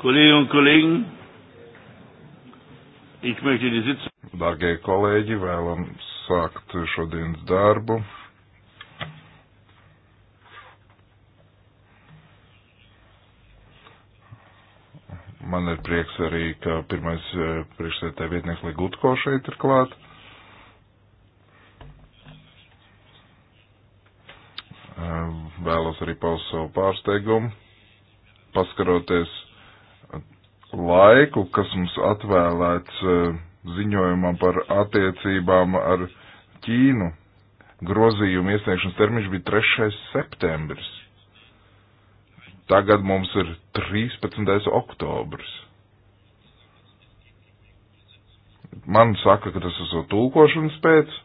Kolleginnen und Kollegen, ich möchte die Sitzung. Dargie kolēģi, vēlam sākt šodienas darbu. Man ir prieks arī, ka pirmais eh, priekšsētāja vietnieks Ligutko šeit ir klāt. Eh, vēlos arī paust savu pārsteigumu, paskaroties laiku, kas mums atvēlēts e, ziņojumam par attiecībām ar Ķīnu. Grozījuma iesniegšanas termiņš bija 3. septembris. Tagad mums ir 13. oktobris. Man saka, ka tas esmu tulkošanas pēc,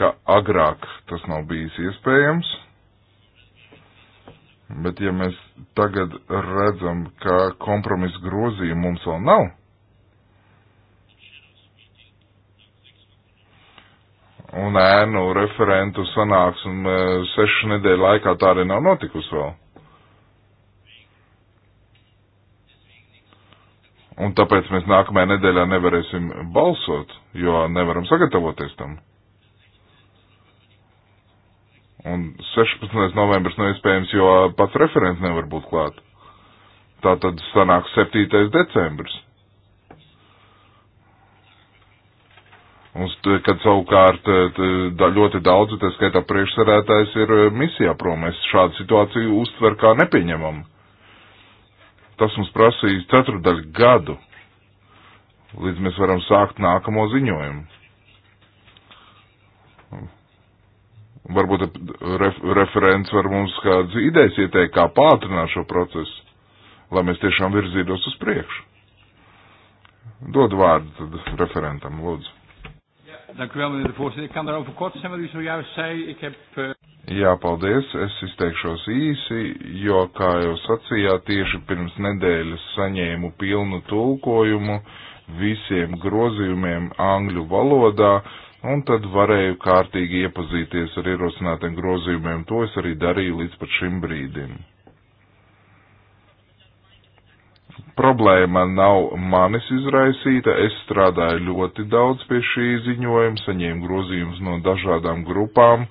ka agrāk tas nav bijis iespējams. Bet ja mēs tagad redzam, ka kompromisa grozījuma mums vēl nav, un ēnu referentu sanāksme sešu nedēļu laikā tā arī nav notikusi vēl. Un tāpēc mēs nākamajā nedēļā nevarēsim balsot, jo nevaram sagatavoties tam. Un 16. novembris nav iespējams, jo pats referents nevar būt klāt. Tā tad sanāk 7. decembris. Un, kad savukārt e, da, ļoti daudzi, tā skaitā priekšsarētājs, ir e, misijā prom. Es šādu situāciju uztveru kā nepieņemamu. Tas mums prasīs ceturdaļu gadu, līdz mēs varam sākt nākamo ziņojumu. Varbūt ref, referents var mums kādas idejas ieteikt, kā pātrināt šo procesu, lai mēs tiešām virzītos uz priekšu. Dod vārdu tad referentam, lūdzu. Dank u wel, meneer de voorzitter. Ik kan daarover kort zijn wat u zojuist zei. Ik heb... Uh... Jā, paldies. Es izteikšos īsi, jo, kā jau sacījāt, tieši pirms nedēļas saņēmu pilnu tulkojumu visiem grozījumiem angļu valodā, un tad varēju kārtīgi iepazīties ar ierosinātiem grozījumiem. To es arī darīju līdz pat šim brīdim. Problēma nav manis izraisīta, es strādāju ļoti daudz pie šī ziņojuma, saņēmu grozījumus no dažādām grupām,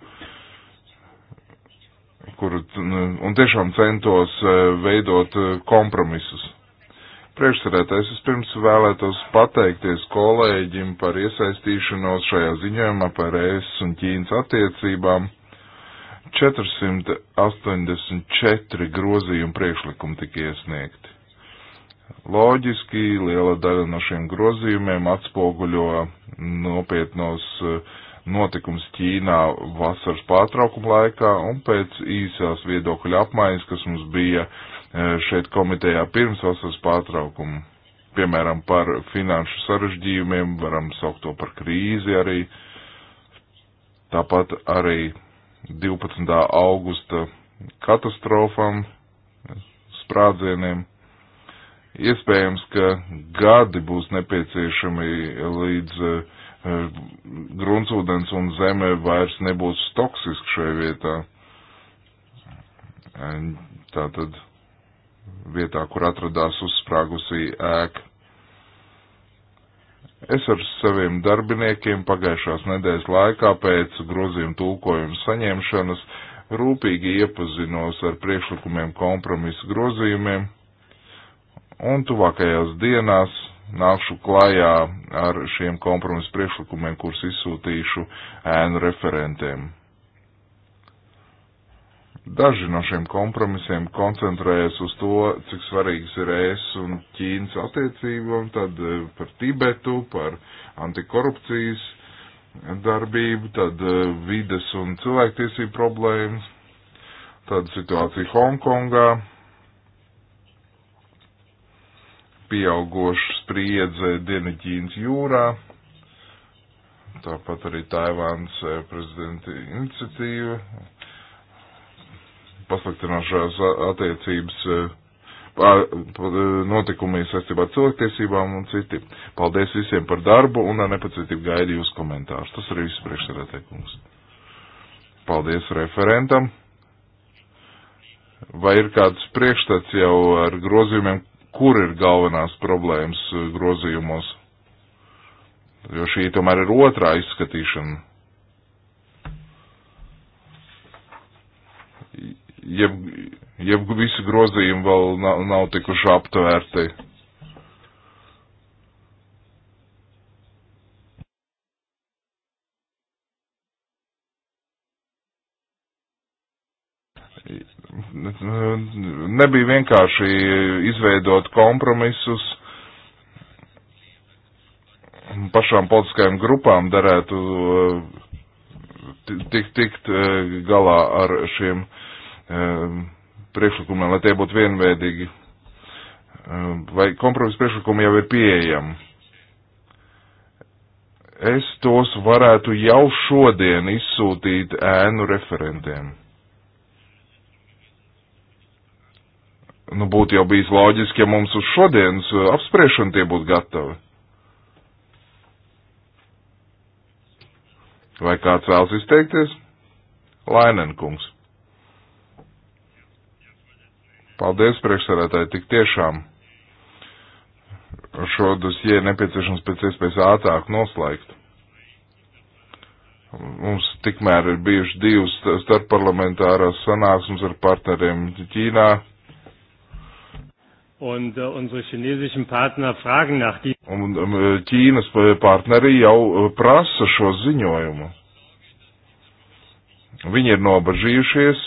kur, un tiešām centos eh, veidot eh, kompromisus. Priekšsarētājs vispirms vēlētos pateikties kolēģim par iesaistīšanos šajā ziņojumā par ES un Ķīnas attiecībām. 484 grozījumu priekšlikumu tika iesniegti. Loģiski liela daļa no šiem grozījumiem atspoguļo nopietnos eh, notikums Ķīnā vasaras pārtraukuma laikā un pēc īsās viedokļa apmaiņas, kas mums bija uh, Eh, šeit komitejā pirms vasaras pārtraukuma. Piemēram, par finanšu sarežģījumiem, varam saukt to par krīzi arī. Tāpat arī 12. augusta katastrofām, sprādzieniem. Iespējams, ka gadi būs nepieciešami līdz uh, gruntsūdens un zeme vairs nebūs toksiski šajā vietā. Tātad vietā, kur atradās uzsprāgusī ēka. Es ar saviem darbiniekiem pagājušās nedēļas laikā pēc grozījuma tulkojuma saņemšanas rūpīgi iepazinos ar priekšlikumiem kompromisu grozījumiem, un tuvākajās dienās nākšu klājā ar šiem kompromisu priekšlikumiem, kurus izsūtīšu ēnu referentiem. Daži no šiem kompromisiem koncentrējas uz to, cik svarīgs ir ES un Ķīnas attiecībām, tad eh, par Tibetu, par antikorupcijas darbību, tad eh, vides un cilvēktiesību problēmas, tad situācija Hongkongā, pieaugoša spriedze Dienvidķīnas jūrā, tāpat arī Taivāns eh, prezidenta iniciatīva pasliktinošās attiecības e, e, notikumī saistībā ar cilvēktiesībām un citi. Paldies visiem par darbu un ar nepacietību gaidu jūs komentārus. Tas arī viss priekšsēdētājums. Paldies referentam. Vai ir kāds priekšstats jau ar grozījumiem, kur ir galvenās problēmas e, grozījumos? Jo šī tomēr ir otrā izskatīšana. jeb, jeb visi grozījumi vēl nav, nav tikuši aptvērti. Nebija vienkārši izveidot kompromisus. Pašām politiskajām grupām darētu eh, tikt, tikt eh, galā ar šiem uh, Ehm, priekšlikumiem, lai tie būtu vienveidīgi. Ehm, vai kompromisa priekšlikumi jau ir pieejami? Es tos varētu jau šodien izsūtīt ēnu referentiem. Nu, būtu jau bijis loģiski, ja mums uz šodienas eh, apspriešanu tie būtu gatavi. Vai kāds vēlas izteikties? Lainenkungs. Paldies, priekšsarētāji, tik tiešām šo dosie nepieciešams pēc iespējas ātrāk noslēgt. Mums tikmēr ir bijuši divas starpparlamentārās sanāksmes ar partneriem Ķīnā. Und uh, unsere chinesischen Partner fragen nach die. Un um, äh, Ķīnas äh, partneri jau prasa šo ziņojumu. Viņi ir nobažījušies,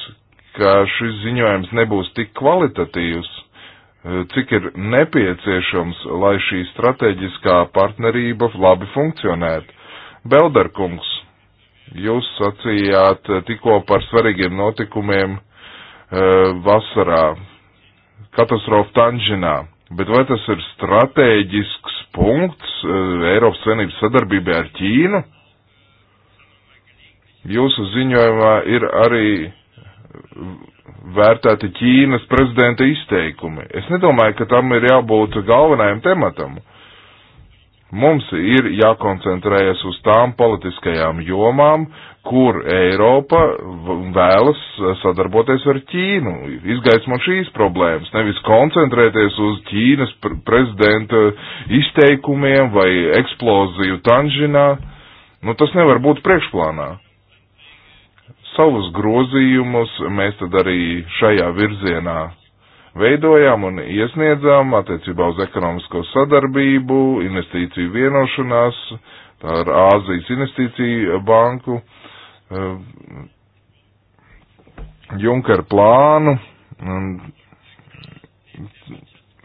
ka šis ziņojums nebūs tik kvalitatīvs, e, cik ir nepieciešams, lai šī strateģiskā partnerība labi funkcionētu. Belderkungs, jūs sacījāt e, tikko par svarīgiem notikumiem e, vasarā, katastrofa Tanžinā, bet vai tas ir strateģisks punkts Eiropas Savienības sadarbībā ar Ķīnu? Jūsu ziņojumā ir arī vērtēti Ķīnas prezidenta izteikumi. Es nedomāju, ka tam ir jābūt galvenajam tematam. Mums ir jākoncentrējas uz tām politiskajām jomām, kur Eiropa vēlas sadarboties ar Ķīnu, izgaismo šīs problēmas, nevis koncentrēties uz Ķīnas pr prezidenta izteikumiem vai eksploziju Tanžinā. Nu, tas nevar būt priekšplānā. Savus grozījumus mēs tad arī šajā virzienā veidojām un iesniedzām attiecībā uz ekonomisko sadarbību, investīciju vienošanās, tā ir Āzijas investīciju banku, eh, Junker plānu.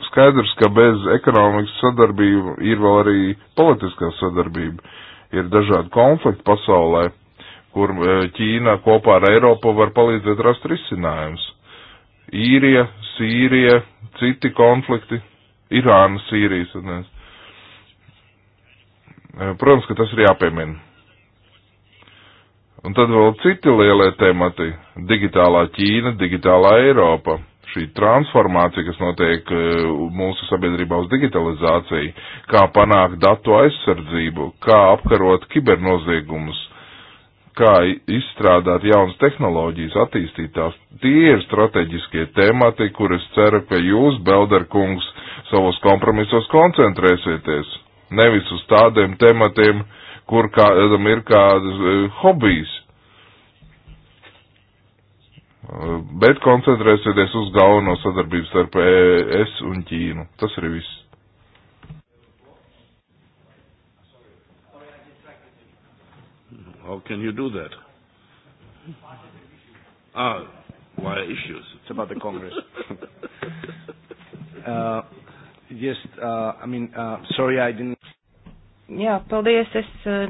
Skaidrs, ka bez ekonomikas sadarbība ir vēl arī politiskā sadarbība. Ir dažādi konflikti pasaulē kur e, Ķīna kopā ar Eiropu var palīdzēt rast risinājums. Īrija, Sīrija, citi konflikti, Irāna, Sīrijas. Nes. Protams, ka tas ir jāpiemina. Un tad vēl citi lielie temati - digitālā Ķīna, digitālā Eiropa. Šī transformācija, kas notiek e, mūsu sabiedrībā uz digitalizāciju, kā panākt datu aizsardzību, kā apkarot kibernoziegumus, kā izstrādāt jaunas tehnoloģijas, attīstīt tās. Tie ir strateģiskie temati, kur es ceru, ka jūs, Belder kungs, savos kompromisos koncentrēsieties. Nevis uz tādiem tematiem, kur kādam ir kādas e, hobijas, e, bet koncentrēsieties uz galveno sadarbību starp ES un Ķīnu. Tas ir viss. How can you do that? Ah, why issues? It's about the Congress. uh, yes, uh, I mean, uh, sorry I didn't. Jā, paldies. Es uh,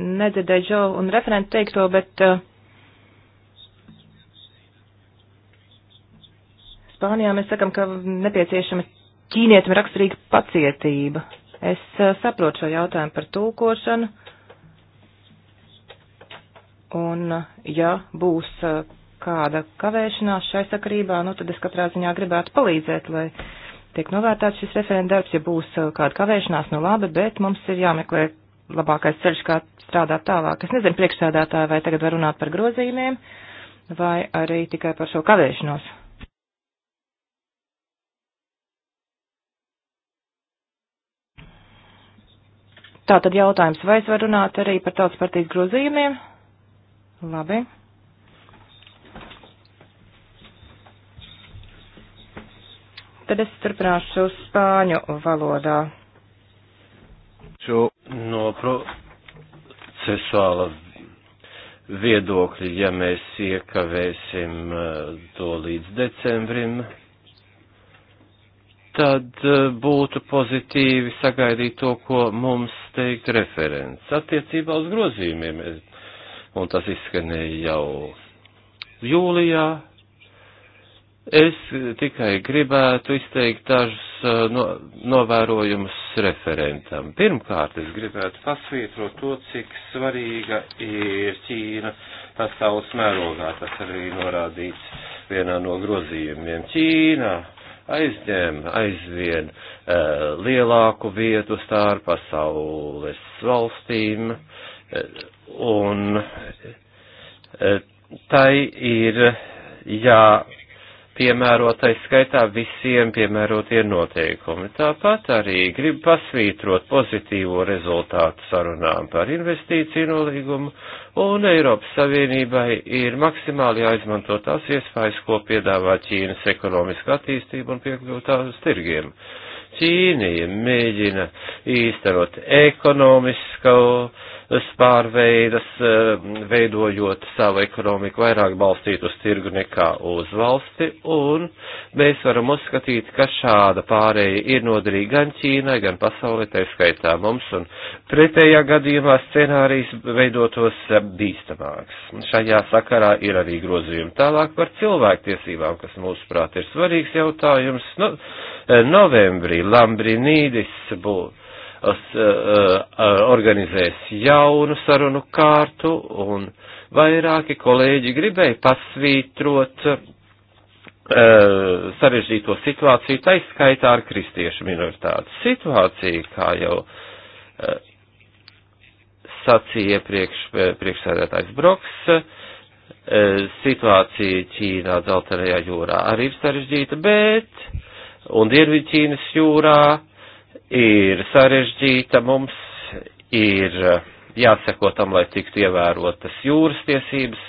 nedzirdēju Džo un referentu teikto, bet uh, Spānijā mēs sakam, ka nepieciešama ķīnietim raksturīga pacietība. Es uh, saprotu šo jautājumu par tūkošanu. Un, ja būs uh, kāda kavēšanās šai sakarībā, nu, tad es katrā ziņā gribētu palīdzēt, lai tiek novērtāts šis referenda darbs, ja būs uh, kāda kavēšanās, nu labi, bet mums ir jāmeklē labākais ceļš, kā strādāt tālāk. Es nezinu, priekšsēdētāji, vai tagad var runāt par grozījumiem, vai arī tikai par šo kavēšanos. Tātad jautājums, vai es varu runāt arī par tautas partijas grozījumiem? Labi. Tad es turpināšu spāņu valodā. Šo no procesuāla viedokļa, ja mēs iekavēsim eh, to līdz decembrim, tad eh, būtu pozitīvi sagaidīt to, ko mums teikt referents. Attiecībā uz grozījumiem un tas izskanēja jau jūlijā. Es tikai gribētu izteikt dažus eh, no, novērojumus referentam. Pirmkārt, es gribētu pasvītrot to, cik svarīga ir Ķīna pasaules mērogā. Tas arī norādīts vienā no grozījumiem. Ķīna aizņem aizvien e, lielāku vietu starp pasaules valstīm. E, un e, tai ir jāpiemērotais skaitā visiem piemērotie noteikumi. Tāpat arī grib pasvītrot pozitīvo rezultātu sarunām par investīciju nolīgumu, un Eiropas Savienībai ir maksimāli jāizmanto tās iespējas, ko piedāvā Ķīnas ekonomiska attīstība un piekļūtās tirgiem. Ķīnija mēģina īstenot ekonomisko uh, pārveidas, e, veidojot savu ekonomiku vairāk balstīt uz tirgu nekā uz valsti, un mēs varam uzskatīt, ka šāda pārēja ir noderīga gan Ķīnai, gan pasaulē, tai skaitā mums, un pretējā gadījumā scenārijs veidotos bīstamāks. Šajā sakarā ir arī grozījumi tālāk par cilvēktiesībām, kas mūsuprāt ir svarīgs jautājums. No, nu, e, novembrī Lambrinīdis būs Eh, eh, eh, organizēs jaunu sarunu kārtu, un vairāki kolēģi gribēja pasvītrot sarežģīto situāciju, taiskaitā ar kristiešu minoritāti. Situācija, kā jau sacīja priekš, priekšsēdētājs Broks, situācija Ķīnā dzeltenajā jūrā arī ir sarežģīta, bet un Dienvidķīnas jūrā ir sarežģīta, mums ir eh, jāseko tam, lai tiktu ievērotas jūras tiesības,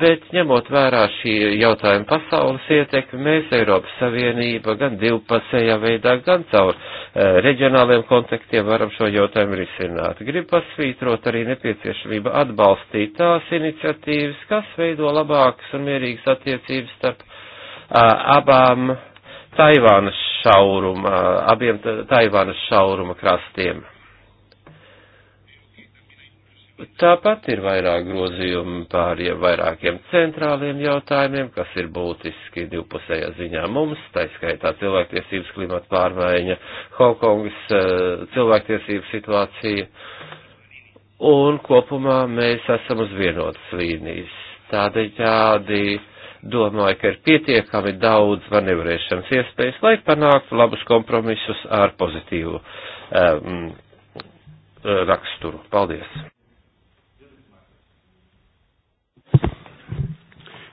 bet ņemot vērā šī jautājuma pasaules ietekmi, mēs Eiropas Savienība gan divpasējā veidā, gan caur uh, reģionāliem kontaktiem varam šo jautājumu risināt. Gribu pasvītrot arī nepieciešamību atbalstīt tās iniciatīvas, kas veido labākas un mierīgas attiecības starp uh, abām Taivānas šauruma, abiem Taivānas šauruma krastiem. Tāpat ir vairāk grozījumu pār vairākiem centrāliem jautājumiem, kas ir būtiski divpusējā ziņā mums, tā skaitā cilvēktiesības klimata pārmaiņa, Hongkongas cilvēktiesības situācija, un kopumā mēs esam uz vienotas līnijas. Tādējādi. Ja domāju, ka ir pietiekami daudz manevrēšanas iespējas, lai panāktu labus kompromisus ar pozitīvu um, raksturu. Paldies!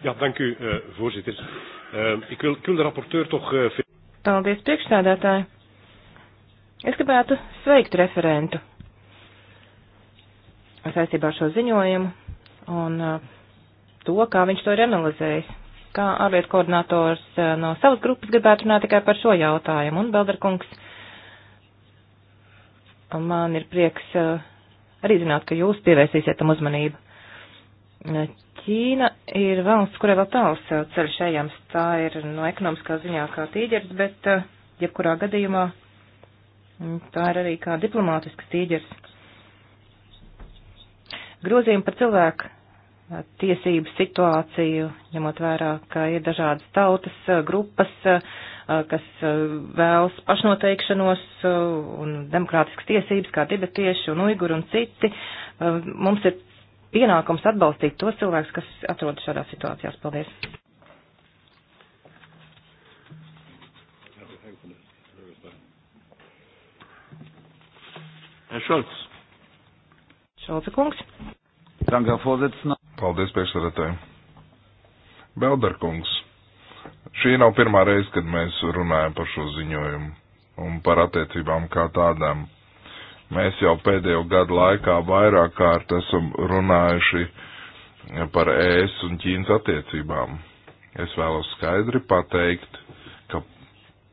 Ja, dank u, uh, voorzitter. Uh, ik, wil, ik wil de rapporteur toch. Uh, Paldies, priekšstādātāji. Es gribētu sveikt referentu saistībā ar šo ziņojumu un uh, to, kā viņš to ir analizējis kā ārlietu koordinators eh, no savas grupas gribētu runāt tikai par šo jautājumu. Un, Belderkungs, man ir prieks eh, arī zināt, ka jūs pievērsīsiet tam uzmanību. Eh, Ķīna ir valsts, kurai vēl tāls ceļš ejams. Tā ir no ekonomiskā ziņā kā tīģers, bet jebkurā gadījumā mm, tā ir arī kā diplomātisks tīģers. Grozījumi par cilvēku tiesību situāciju, ņemot vērā, ka ir dažādas tautas eh, grupas, eh, kas eh, vēlas pašnoteikšanos un demokrātiskas tiesības, kā tibetieši un uiguri un citi. Mums ir pienākums atbalstīt tos cilvēkus, kas atrodas šādās situācijās. Paldies! Herr Scholz. Scholz, Kungs. Danke, Herr Vorsitzender. Paldies, priekšsēdētāji. Belderkungs, šī nav pirmā reize, kad mēs runājam par šo ziņojumu un par attiecībām kā tādām. Mēs jau pēdējo gadu laikā vairāk kārt esam runājuši par ES un Ķīnas attiecībām. Es vēlos skaidri pateikt, ka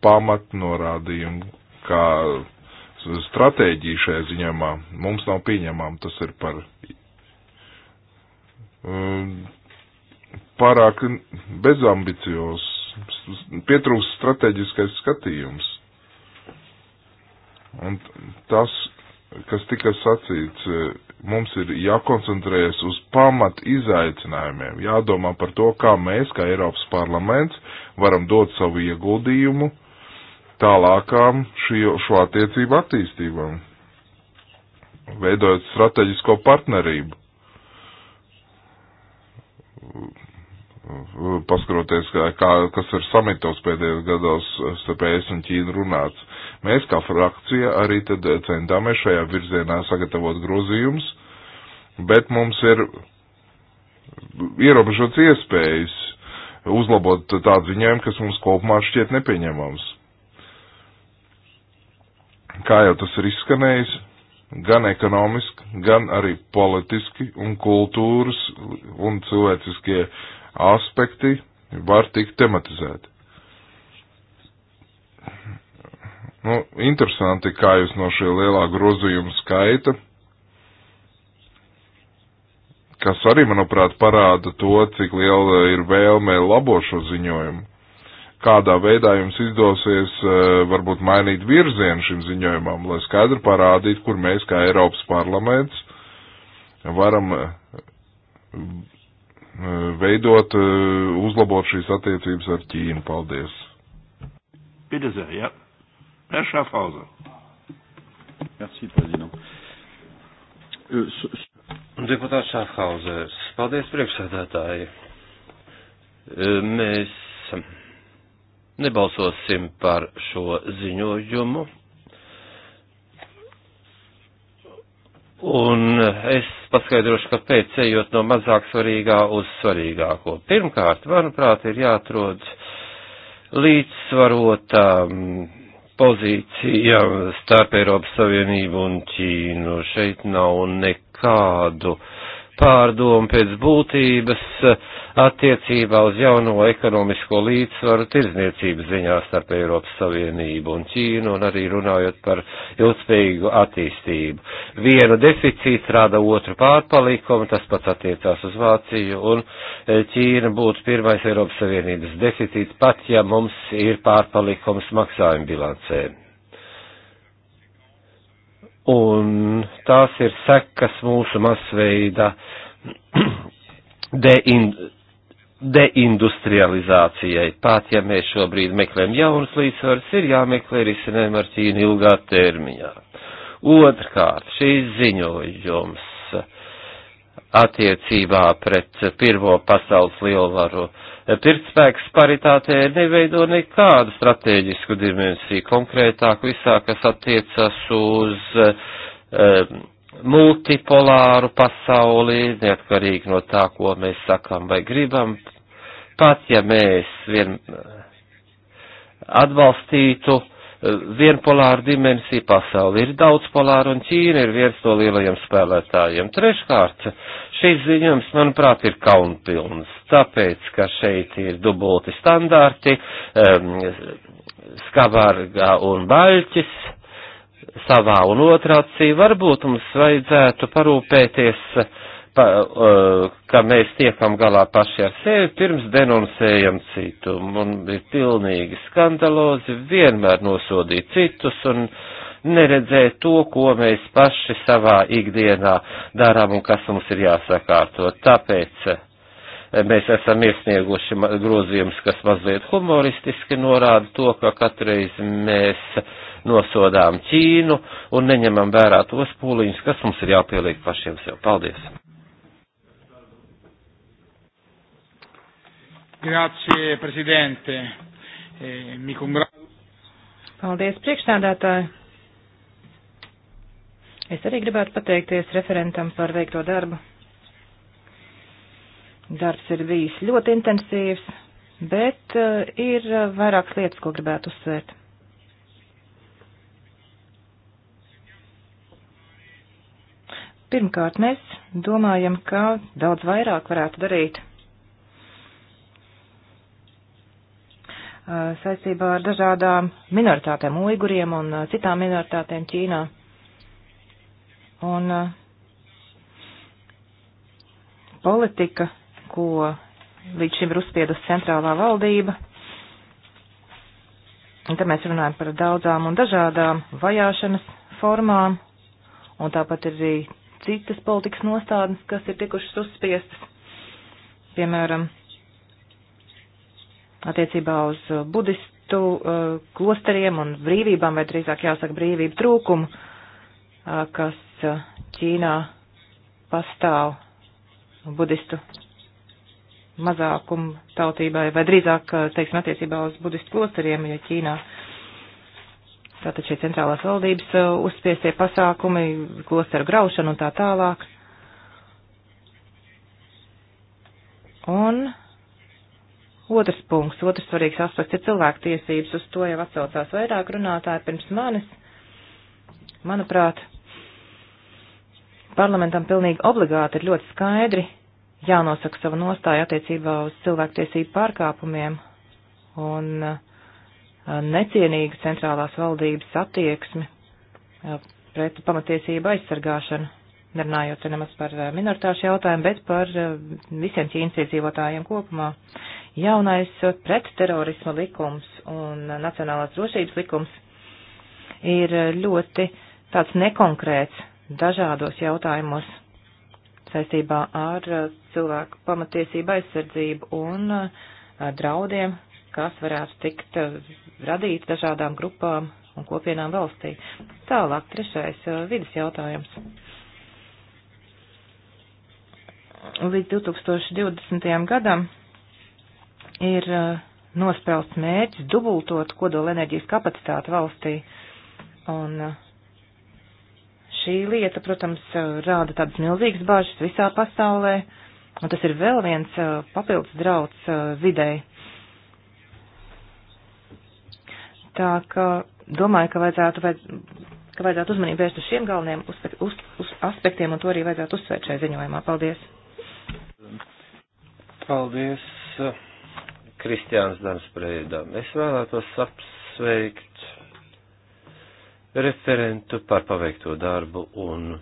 pamatnorādījumi, kā stratēģija šajā ziņamā mums nav pieņemama. Tas ir par Um, pārāk bezambicios, pietrūks strateģiskais skatījums. Un tas, kas tika sacīts, e, mums ir jākoncentrējas uz pamat izaicinājumiem, jādomā par to, kā mēs, kā Eiropas parlaments, varam dot savu ieguldījumu tālākām šo, šo attiecību attīstībām, veidojot strateģisko partnerību paskaroties, kā, kas ir samitos pēdējos gados starp ES un Ķīnu runāts. Mēs kā frakcija arī tad centāmies šajā virzienā sagatavot grozījums, bet mums ir ierobežots iespējas uzlabot tādu ziņojumu, kas mums kopumā šķiet nepieņemams. Kā jau tas ir izskanējis, gan ekonomiski, gan arī politiski un kultūras un cilvēciskie aspekti var tikt tematizēti. Nu, interesanti, kā jūs no šī lielā grozījuma skaita, kas arī, manuprāt, parāda to, cik liela ir vēlme labo šo ziņojumu kādā veidā jums izdosies eh, varbūt mainīt virzienu šim ziņojumam, lai skaidri parādītu, kur mēs kā Eiropas parlaments varam eh, eh, veidot, uzlabot šīs attiecības ar Ķīnu. Paldies! Bitte sehr, ja. Herr Schaffhauser. Merci, Präsident. Euh, Deputāts Schaffhausers, paldies priekšsēdētāji. Euh, mēs nebalsosim par šo ziņojumu. Un es paskaidrošu, kāpēc ejot no mazāk svarīgā uz svarīgāko. Pirmkārt, manuprāt, ir jāatrod līdzsvarotā mm, pozīcija starp Eiropas Savienību un Ķīnu. Šeit nav nekādu pārdomu pēc būtības. Uh, attiecībā uz jauno ekonomisko līdzsvaru tirzniecības ziņā starp Eiropas Savienību un Ķīnu un arī runājot par ilgspējīgu attīstību. Vienu deficīts rada otru pārpalikumu, tas pats attiecās uz Vāciju un e, Ķīna būtu pirmais Eiropas Savienības deficīts, pat ja mums ir pārpalikums maksājuma bilancē. Un tās ir sekas mūsu masveida deindustrializācijas deindustrializācijai. Pat ja mēs šobrīd meklējam jaunus līdzsvarus, ir jāmeklē risinājumi ar Ķīnu ilgā termiņā. Otrkārt, šīs ziņojums attiecībā pret pirmo pasaules lielvaru pirtspēks paritātē neveido nekādu strateģisku dimensiju konkrētāk visā, kas attiecas uz um, multipolāru pasauli, neatkarīgi no tā, ko mēs sakam vai gribam. Pat ja mēs vien atbalstītu eh, vienpolāru dimensiju pasauli, ir daudzpolāru un Ķīna ir viens no lielajiem spēlētājiem. Treškārt, šīs ziņojums, manuprāt, ir kaunpilns, tāpēc, ka šeit ir dubulti standārti, um, skavārgā un baļķis savā un otrā acī. Varbūt mums vajadzētu parūpēties, pa, uh, ka mēs tiekam galā paši ar sevi pirms denunsējam citu. Un ir pilnīgi skandalozi vienmēr nosodīt citus un neredzēt to, ko mēs paši savā ikdienā darām un kas mums ir jāsakārto. Tāpēc eh, mēs esam iesnieguši grozījums, kas mazliet humoristiski norāda to, ka katreiz mēs uh, nosodām Ķīnu un neņemam vērā tos pūliņus, kas mums ir jāpieliek pašiem sev. Paldies! Grazie, prezidente. Eh, mi congratulo. Paldies, priekšstādātāji. Es arī gribētu pateikties referentam par veikto darbu. Darbs ir bijis ļoti intensīvs, bet eh, ir eh, vairākas lietas, ko gribētu uzsvērt. Pirmkārt, mēs domājam, ka daudz vairāk varētu darīt saistībā ar dažādām minoritātēm, uiguriem un citām minoritātēm Ķīnā. Un politika, ko līdz šim ir uzspiedusi centrālā valdība, un te mēs runājam par daudzām un dažādām vajāšanas formām, un tāpat ir arī citas politikas nostādnes, kas ir tikušas uzspiestas, piemēram, attiecībā uz uh, budistu uh, klosteriem un brīvībām, vai drīzāk jāsaka brīvību trūkumu, uh, kas uh, Ķīnā pastāv budistu mazākumu tautībai, vai drīzāk, uh, teiksim, attiecībā uz budistu klosteriem, ja Ķīnā uh, Tātad šie centrālās valdības uh, uzspiestie pasākumi, klosteru graušana un tā tālāk. Un otrs punkts, otrs svarīgs aspekts ir cilvēktiesības. Uz to jau atsaucās vairāk runātāji pirms manis. Manuprāt, parlamentam pilnīgi obligāti ir ļoti skaidri jānosaka sava nostāja attiecībā uz cilvēktiesību pārkāpumiem. Un uh, necienīga centrālās valdības attieksme pret pamatiesību aizsargāšanu, nerunājot nemaz par minoritāšu jautājumu, bet par visiem Ķīnas iedzīvotājiem kopumā. Jaunais pretterorisma likums un nacionālās drošības likums ir ļoti tāds nekonkrēts dažādos jautājumos saistībā ar cilvēku pamatiesību aizsardzību un draudiem, kas varētu tikt eh, radīts dažādām grupām un kopienām valstī. Tālāk, trešais eh, vidas jautājums. Līdz 2020. gadam ir eh, nosprausts mērķis dubultot kodolenerģijas kapacitāti valstī. Un šī lieta, protams, rāda tādas milzīgas bažas visā pasaulē, un tas ir vēl viens papildus drauds videi. Tā ka domāju, ka vajadzētu, vajadz, ka vajadzētu uzmanību vērst uz šiem galvenajiem uz, uz, uz aspektiem, un to arī vajadzētu uzsvērt šajā ziņojumā. Paldies! Paldies, Kristiāns Dansprēdam. Es vēlētos apsveikt referentu par paveikto darbu un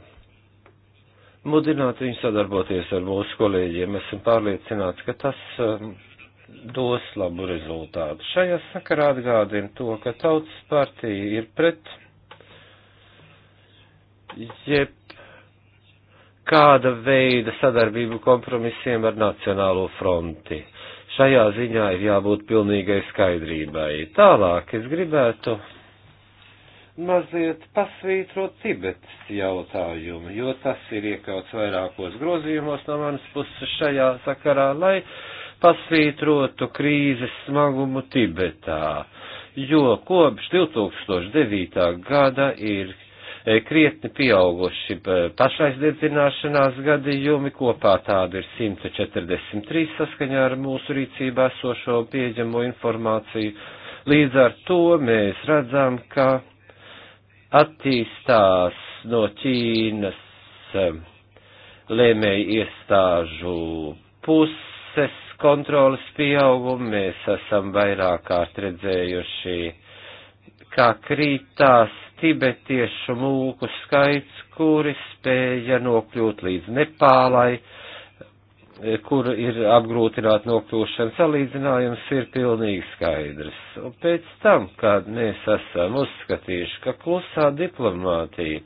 mudināt viņu sadarboties ar mūsu kolēģiem. Esmu pārliecināts, ka tas um, dos labu rezultātu. Šajā sakarā atgādina to, ka tautas partija ir pret jeb kāda veida sadarbību kompromisiem ar Nacionālo fronti. Šajā ziņā ir jābūt pilnīgai skaidrībai. Tālāk es gribētu mazliet pasvītrot Tibetas jautājumu, jo tas ir iekauts vairākos grozījumos no manas puses šajā sakarā, lai uh, pasvītrotu krīzes smagumu Tibetā, jo kopš 2009. gada ir e, krietni pieauguši e, pašaizdedzināšanās gadījumi, kopā tādu ir 143 saskaņā ar mūsu rīcībā esošo pieejamo informāciju. Līdz ar to mēs redzam, ka attīstās no Ķīnas e, lēmēji iestāžu puses kontrolas pieaugumu mēs esam vairāk kārt redzējuši, kā krītās tibetiešu mūku skaits, kuri spēja nokļūt līdz Nepālai, kur ir apgrūtināt nokļūšana, salīdzinājums ir pilnīgi skaidrs. Un pēc tam, kad mēs esam uzskatījuši, ka klusā diplomātija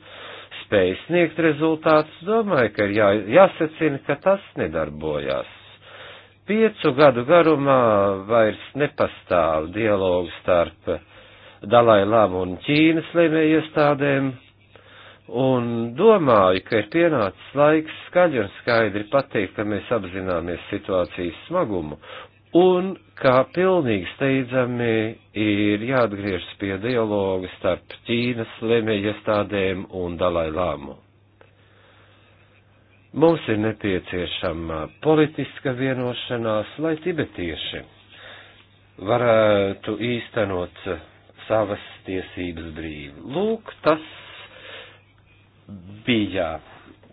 spēj sniegt rezultātus, domāju, ka ir jā, jāsacina, ka tas nedarbojās piecu gadu garumā vairs nepastāv dialogu starp Dalai Lama un Ķīnas lēmēju iestādēm, un domāju, ka ir pienācis laiks skaļi un skaidri pateikt, ka mēs apzināmies situācijas smagumu, un kā pilnīgi steidzami ir jāatgriežas pie dialogu starp Ķīnas lēmēju iestādēm un Dalai Lāmu. Mums ir nepieciešama politiska vienošanās, lai tibetieši varētu īstenot savas tiesības brīvi. Lūk, tas bija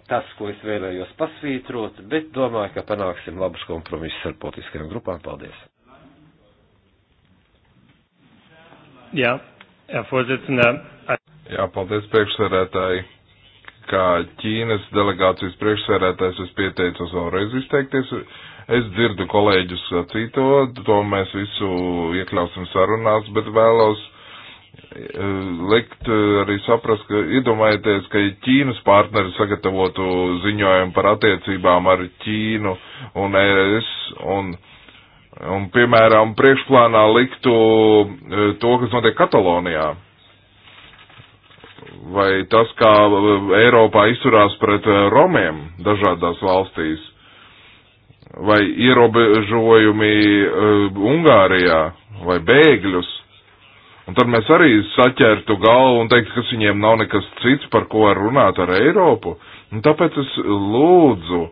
tas, ko es vēlējos pasvītrot, bet domāju, ka panāksim labus kompromisus ar politiskajām grupām. Paldies! Jā, Jā, paldies priekšsarētāji kā Ķīnas delegācijas priekšsēdētājs es pieteicos vēlreiz izteikties. Es dzirdu kolēģus sacīto, to mēs visu iekļausim sarunās, bet vēlos e, likt e, arī saprast, ka iedomājieties, ka Ķīnas partneri sagatavotu ziņojumu par attiecībām ar Ķīnu un ES un, un piemēram, priekšplānā liktu e, to, kas notiek Katalonijā vai tas, kā uh, Eiropā izturās pret uh, romiem dažādās valstīs, vai ierobežojumi uh, Ungārijā, vai bēgļus. Un tad mēs arī saķertu galvu un teiktu, ka viņiem nav nekas cits, par ko runāt ar Eiropu. Un tāpēc es lūdzu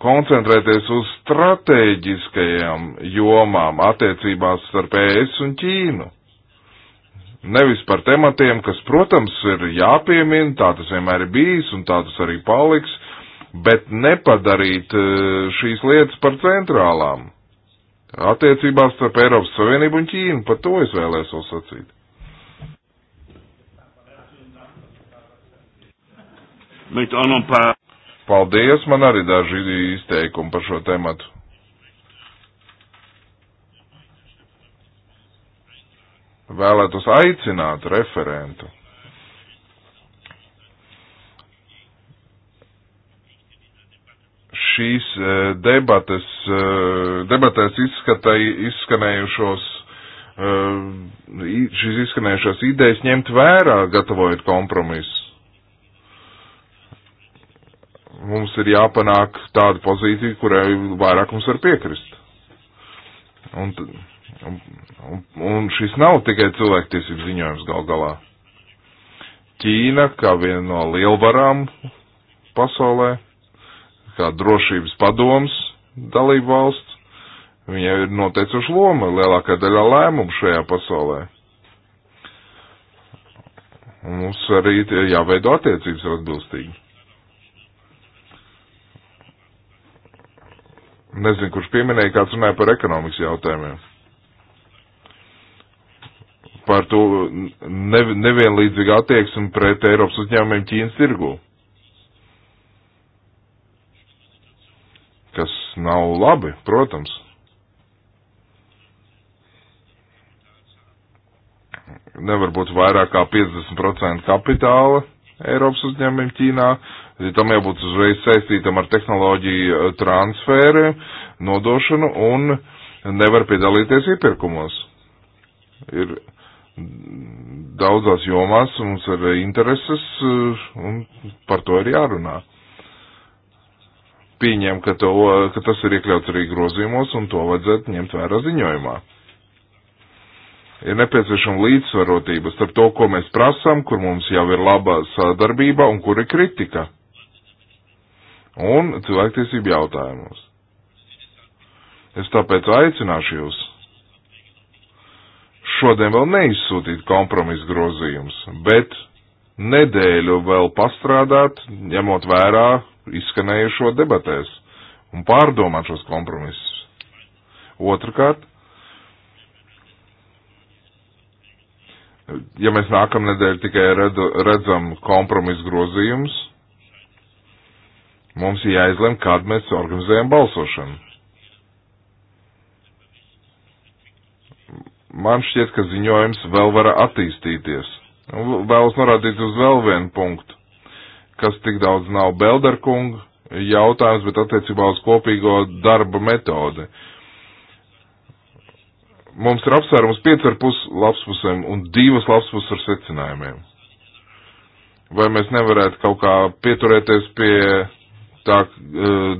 koncentrēties uz stratēģiskajām jomām attiecībās starp ES un Ķīnu nevis par tematiem, kas, protams, ir jāpiemina, tā tas vienmēr ir bijis un tā tas arī paliks, bet nepadarīt e, šīs lietas par centrālām. Attiecībās starp Eiropas Savienību un Ķīnu, par to es vēlēsos sacīt. Paldies, man arī daži izteikumi par šo tematu. vēlētos aicināt referentu šīs eh, debates, eh, debatēs izskatai, izskanējušos, eh, šīs izskanējušās idejas ņemt vērā, gatavojot kompromisu. Mums ir jāpanāk tāda pozīcija, kurai vairāk mums var piekrist. Un Un, un, un šis nav tikai cilvēktiesību ziņojums gal galā. Ķīna, kā viena no lielvarām pasaulē, kā drošības padoms dalību valsts, viņai ir noteicuši loma lielākā daļā lēmumu šajā pasaulē. Un mums arī jāveido attiecības atbilstīgi. Nezinu, kurš pieminēja, kāds runāja par ekonomikas jautājumiem par to nevienlīdzīgu attieksmi pret Eiropas uzņēmumiem Ķīnas tirgū. Kas nav labi, protams. Nevar būt vairāk kā 50% kapitāla Eiropas uzņēmumiem Ķīnā. Tam jābūt uzreiz saistītam ar tehnoloģiju eh, transferu, nodošanu un nevar piedalīties iepirkumos. Ir daudzās jomās mums ir intereses eh, un par to ir jārunā. Pieņem, ka, to, ka tas ir iekļauts arī grozījumos un to vajadzētu ņemt vērā ziņojumā. Ir nepieciešama līdzsvarotība starp to, ko mēs prasām, kur mums jau ir laba sadarbība un kur ir kritika. Un cilvēktiesību jautājumos. Es tāpēc aicināšu jūs šodien vēl neizsūtīt kompromisu grozījums, bet nedēļu vēl pastrādāt, ņemot vērā izskanējušo debatēs un pārdomāt šos kompromisus. Otrakārt, ja mēs nākamnedēļ tikai redzam kompromisu grozījumus, mums ir jāizlem, kad mēs organizējam balsošanu. man šķiet, ka ziņojums vēl var attīstīties. Vēlos norādīt uz vēl vienu punktu, kas tik daudz nav Belderkunga jautājums, bet attiecībā uz kopīgo darba metodi. Mums ir apsvērums 5,5 lapspusēm un 2 lapspus ar secinājumiem. Vai mēs nevarētu kaut kā pieturēties pie tā eh,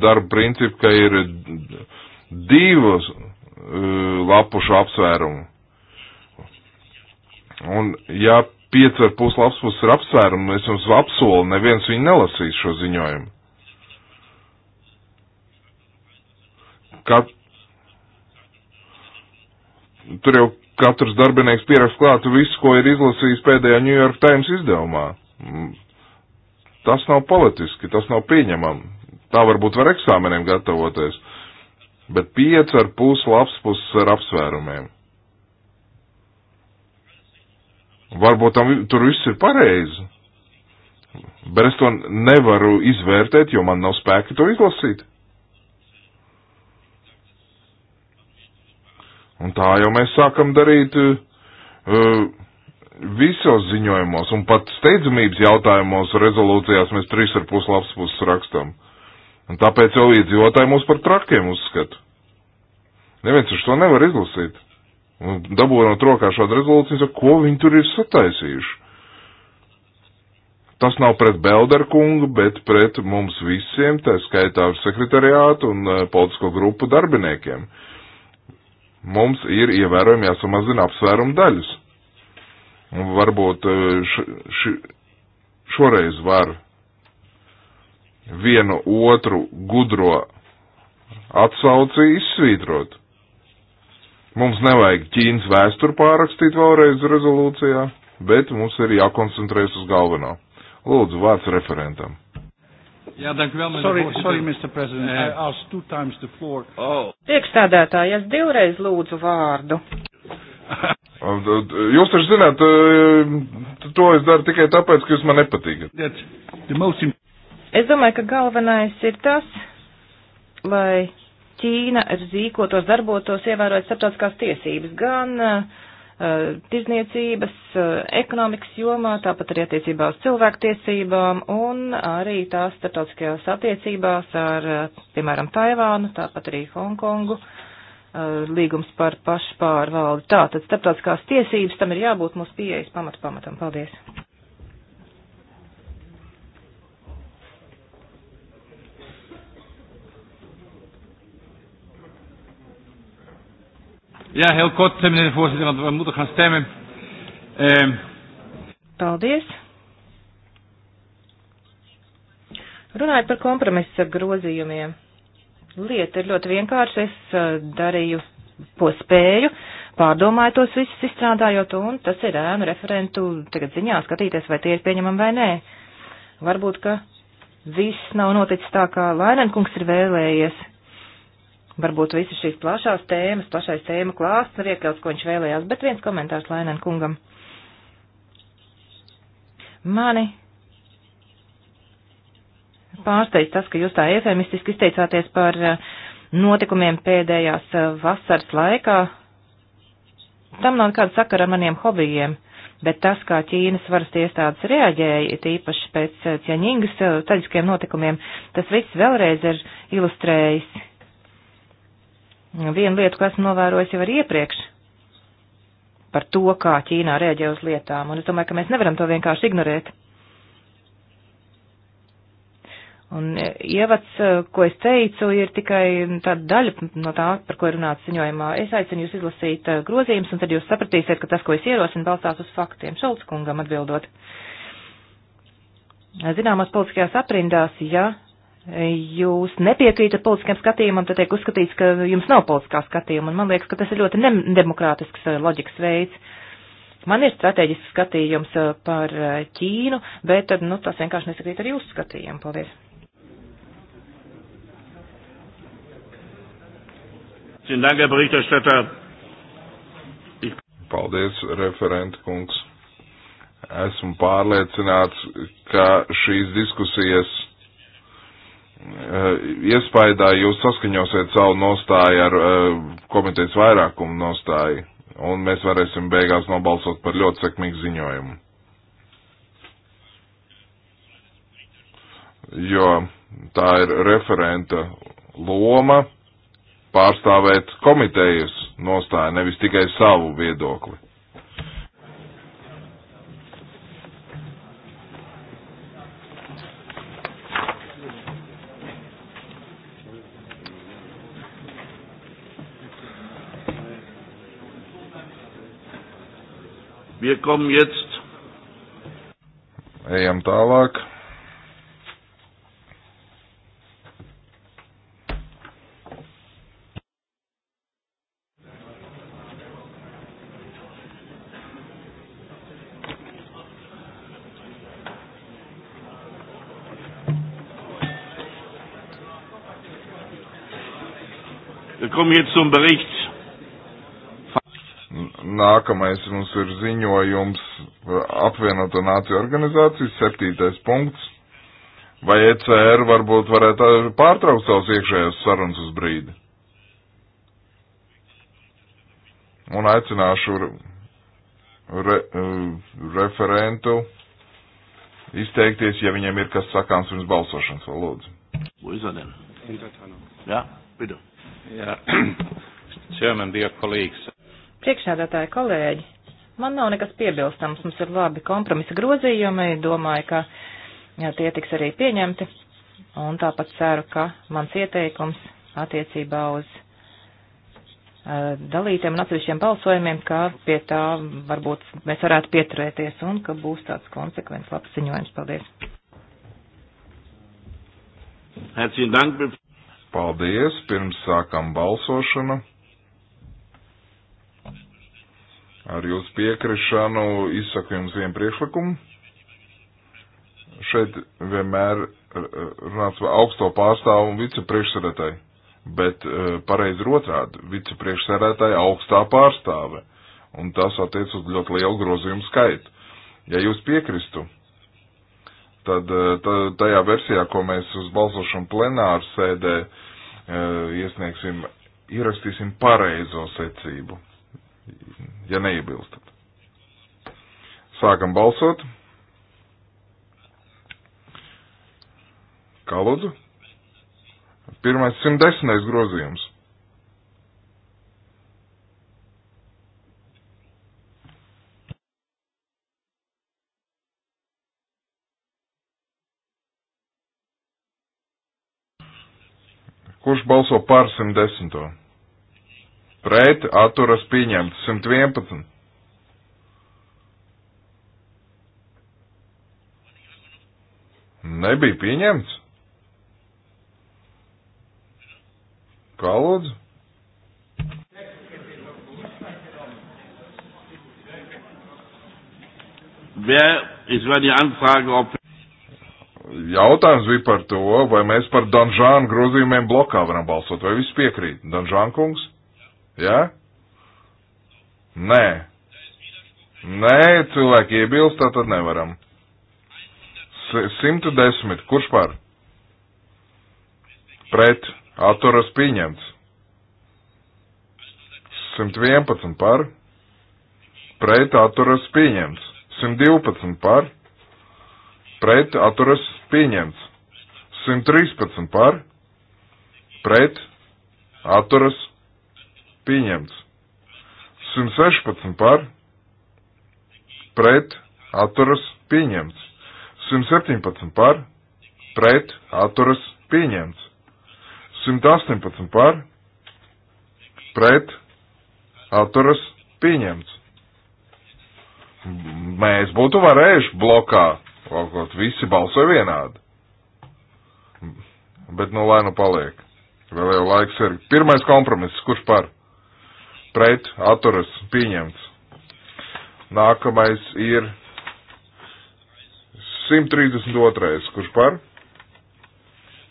darba principa, ka ir divas eh, lapušu apsvērumu? Un ja pieci ar pus lapspus ir apsvērumi, es jums apsolu, neviens viņu nelasīs šo ziņojumu. Kat... Tur jau katrs darbinieks pierakst klātu visu, ko ir izlasījis pēdējā New York Times izdevumā. Mm. Tas nav politiski, tas nav pieņemam. Tā varbūt var eksāmeniem gatavoties, bet pieci ar pus lapspus ar apsvērumiem. Varbūt tam, tur viss ir pareizi. Bet es to nevaru izvērtēt, jo man nav spēki to izlasīt. Un tā jau mēs sākam darīt uh, visos ziņojumos, un pat steidzamības jautājumos rezolūcijās mēs trīs ar pus labs puses rakstam. Un tāpēc jau iedzīvotāji mūs par trakiem uzskata. Neviens uz to nevar izlasīt dabūjot rokā šādu rezolūciju, saka, ko viņi tur ir sataisījuši. Tas nav pret Belderu kungu, bet pret mums visiem, tā skaitā sekretariātu un e, politisko grupu darbiniekiem. Mums ir ievērojami jāsamazina apsvērumu daļas. Un varbūt e, š, š, šoreiz var vienu otru gudro atsauci izsvītrot. Mums nevajag Ķīnas vēsturi pārrakstīt vēlreiz rezolūcijā, bet mums ir jākoncentrējas uz galveno. Lūdzu, vārds referentam. Jā, dank vēl, sorry, sorry, Mr. President, eh. I asked two times the floor. Oh. Priekšstādātāji, es divreiz lūdzu vārdu. Um, jūs taču zināt, eh, to es daru tikai tāpēc, ka jūs man nepatīkat. Es domāju, ka galvenais ir tas, lai Ķīna rīkotos, darbotos, ievērojot starptautiskās tiesības gan uh, tirzniecības, uh, ekonomikas jomā, tāpat arī attiecībā uz cilvēktiesībām un arī tās starptautiskajās attiecībās ar, uh, piemēram, Taivānu, tāpat arī Hongkongu, uh, līgums par pašpārvaldi. Tātad starptautiskās tiesības tam ir jābūt mūsu pieejas pamat pamatam. Paldies! Jā, heel kort, meneer de voorzitter, want we moeten gaan stemmen. Um. Paldies. Runājot par kompromisa grozījumiem. Lieta ir ļoti vienkārša. Es eh, darīju, ko spēju, pārdomāju tos visus izstrādājot, un tas ir ēnu referentu tagad ziņā skatīties, vai tie ir pieņemami vai nē. Varbūt, ka viss nav noticis tā, kā Lainenkungs ir vēlējies varbūt visas šīs plašās tēmas, plašais tēma klāsts ir iekļauts, ko viņš vēlējās, bet viens komentārs Lainan kungam. Mani pārsteidz tas, ka jūs tā efemistiski izteicāties par eh, notikumiem pēdējās eh, vasaras laikā. Tam nav nekāda sakara ar maniem hobijiem bet tas, kā Ķīnas varas iestādes reaģēja, tīpaši pēc Ķieņingas eh, traģiskiem notikumiem, tas viss vēlreiz ir ilustrējis Viena lieta, ko esmu novērojis jau arī iepriekš par to, kā Ķīnā rēģē uz lietām, un es domāju, ka mēs nevaram to vienkārši ignorēt. Un e, ievads, e, ko es teicu, ir tikai tāda daļa no tā, par ko ir runāts ziņojumā. Es aicinu jūs izlasīt e, grozījumus, un tad jūs sapratīsiet, ka tas, ko es ierosinu, balstās uz faktiem. Šalts kungam atbildot. Zināmās politiskajās aprindās, ja jūs nepiekrītat politiskiem skatījumam, tad tiek uzskatīts, ka jums nav politiskā skatījuma. Un man liekas, ka tas ir ļoti nedemokrātisks eh, loģikas veids. Man ir strateģisks skatījums eh, par eh, Ķīnu, bet nu, tas vienkārši nesakrīt ar jūsu skatījumu. Paldies! Paldies, referenta kungs. Esmu pārliecināts, ka šīs diskusijas Eh, iespaidā jūs saskaņosiet savu nostāju ar eh, komitejas vairākumu nostāju, un mēs varēsim beigās nobalsot par ļoti sekmīgu ziņojumu. Jo tā ir referenta loma pārstāvēt komitejas nostāju, nevis tikai savu viedokli. Wir kommen jetzt. Ejam tālāk. Wir kommen jetzt zum Bericht Nākamais mums ir ziņojums eh, apvienoto nāciju organizācijas, septītais punkts. Vai ECR varbūt varētu eh, pārtraukt savus iekšējos sarunas uz brīdi? Un aicināšu re, eh, referentu izteikties, ja viņiem ir kas sakāms pirms balsošanas, vēl lūdzu. Wo ist er denn? Hinter Tanok. Ja, bitte. Ja, Chairman, dear colleagues. Priekšsēdētāji kolēģi, man nav nekas piebilstams, mums ir labi kompromisa grozījumi, domāju, ka jā, tie tiks arī pieņemti, un tāpat ceru, ka mans ieteikums attiecībā uz uh, dalītiem un atsevišķiem balsojumiem, ka pie tā varbūt mēs varētu pieturēties un ka būs tāds konsekvents labs ziņojums. Paldies! Paldies! Pirms sākam balsošanu Ar jūsu piekrišanu izsaku jums vienu priekšlikumu. Šeit vienmēr runāts par augsto pārstāvu un vicepriekšsēdētāju, bet e, pareizi otrādi - vicepriekšsēdētāja augstā pārstāve, un tas attiec uz ļoti lielu grozījumu skaitu. Ja jūs piekristu, tad e, tajā versijā, ko mēs uz balsošanu plenāru sēdē e, iesniegsim, ierakstīsim pareizo secību ja neiebilstat. Sākam balsot. Kā lūdzu? Pirmais 110. grozījums. Kurš balso par 110? pret atturas pieņemts 111. Nebija pieņemts? Kā lūdzu? Jautājums bija par to, vai mēs par Danžānu grozījumiem blokā varam balsot, vai viss piekrīt. Danžānkungs? kungs? Ja? Nē. Nē, cilvēki iebilst, tā tad nevaram. 110. Kurš par? Pret. Atturas pieņemts. 111 par. Pret. Atturas pieņemts. 112 par. Pret. Atturas pieņemts. 113 par. Pret. Atturas pieņemts. 116 par, pret, atturas, pieņemts. 117 par, pret, atturas, pieņemts. 118 par, pret, atturas, pieņemts. Mēs būtu varējuši blokā, kaut visi balsoja vienādi. Bet nu lai nu paliek. Vēl jau laiks ir. Pirmais kompromiss, kurš par? pret atturas pieņemts. Nākamais ir 132. Kurš par?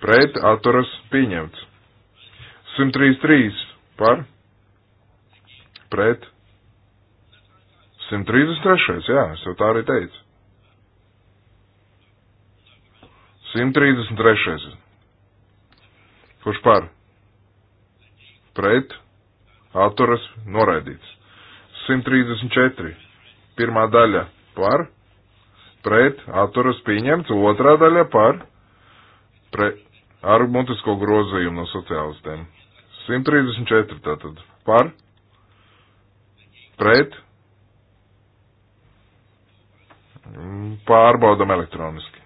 Pret atturas pieņemts. 133 par? Pret. 133. Jā, es jau tā arī teicu. 133. Kurš par? Pret atturas noraidīts. 134. Pirmā daļa par, pret, atturas pieņemts, otrā daļa par, pre, ar mutisko grozījumu no sociālistiem. 134 tātad par, pret, pārbaudam elektroniski.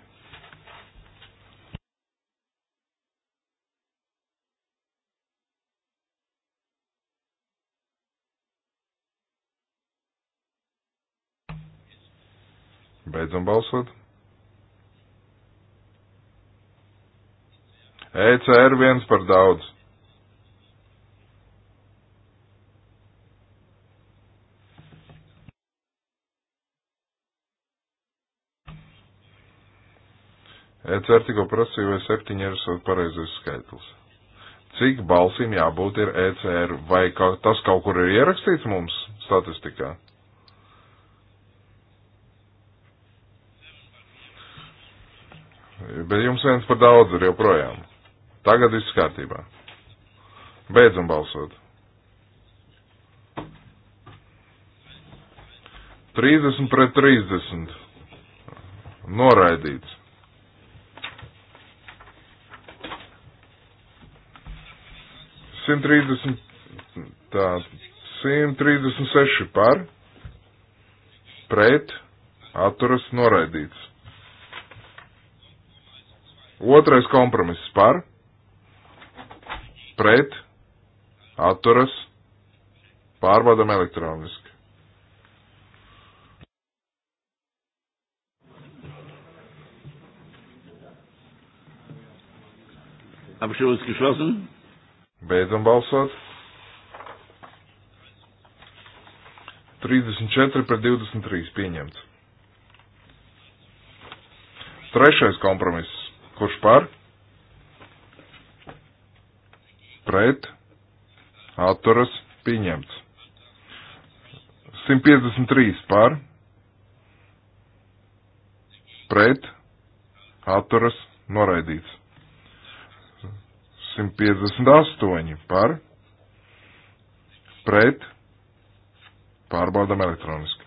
Beidzam balsot. ECR viens par daudz. ECR tikko prasīja, vai septiņi ir pareizais skaitlis. Cik balsīm jābūt ir ECR, vai ka, tas kaut kur ir ierakstīts mums statistikā? Bet jums viens par daudz ir joprojām. Tagad viss kārtībā. Beidzam balsot. 30 pret 30. Noraidīts. Simt trīsdesmit, tā, simt trīsdesmit seši par, pret, atturas noraidīts. Otrais kompromiss par, pret, atturas, pārbaudam elektroniski. Abstimmung ist geschlossen. Beidzam balsot. 34 pret 23 pieņemts. Trešais kompromiss Kurš par? Pret. Atturas pieņemts. 153 par. Pret. Atturas noraidīts. 158 par. Pret. Pārbaudam elektroniski.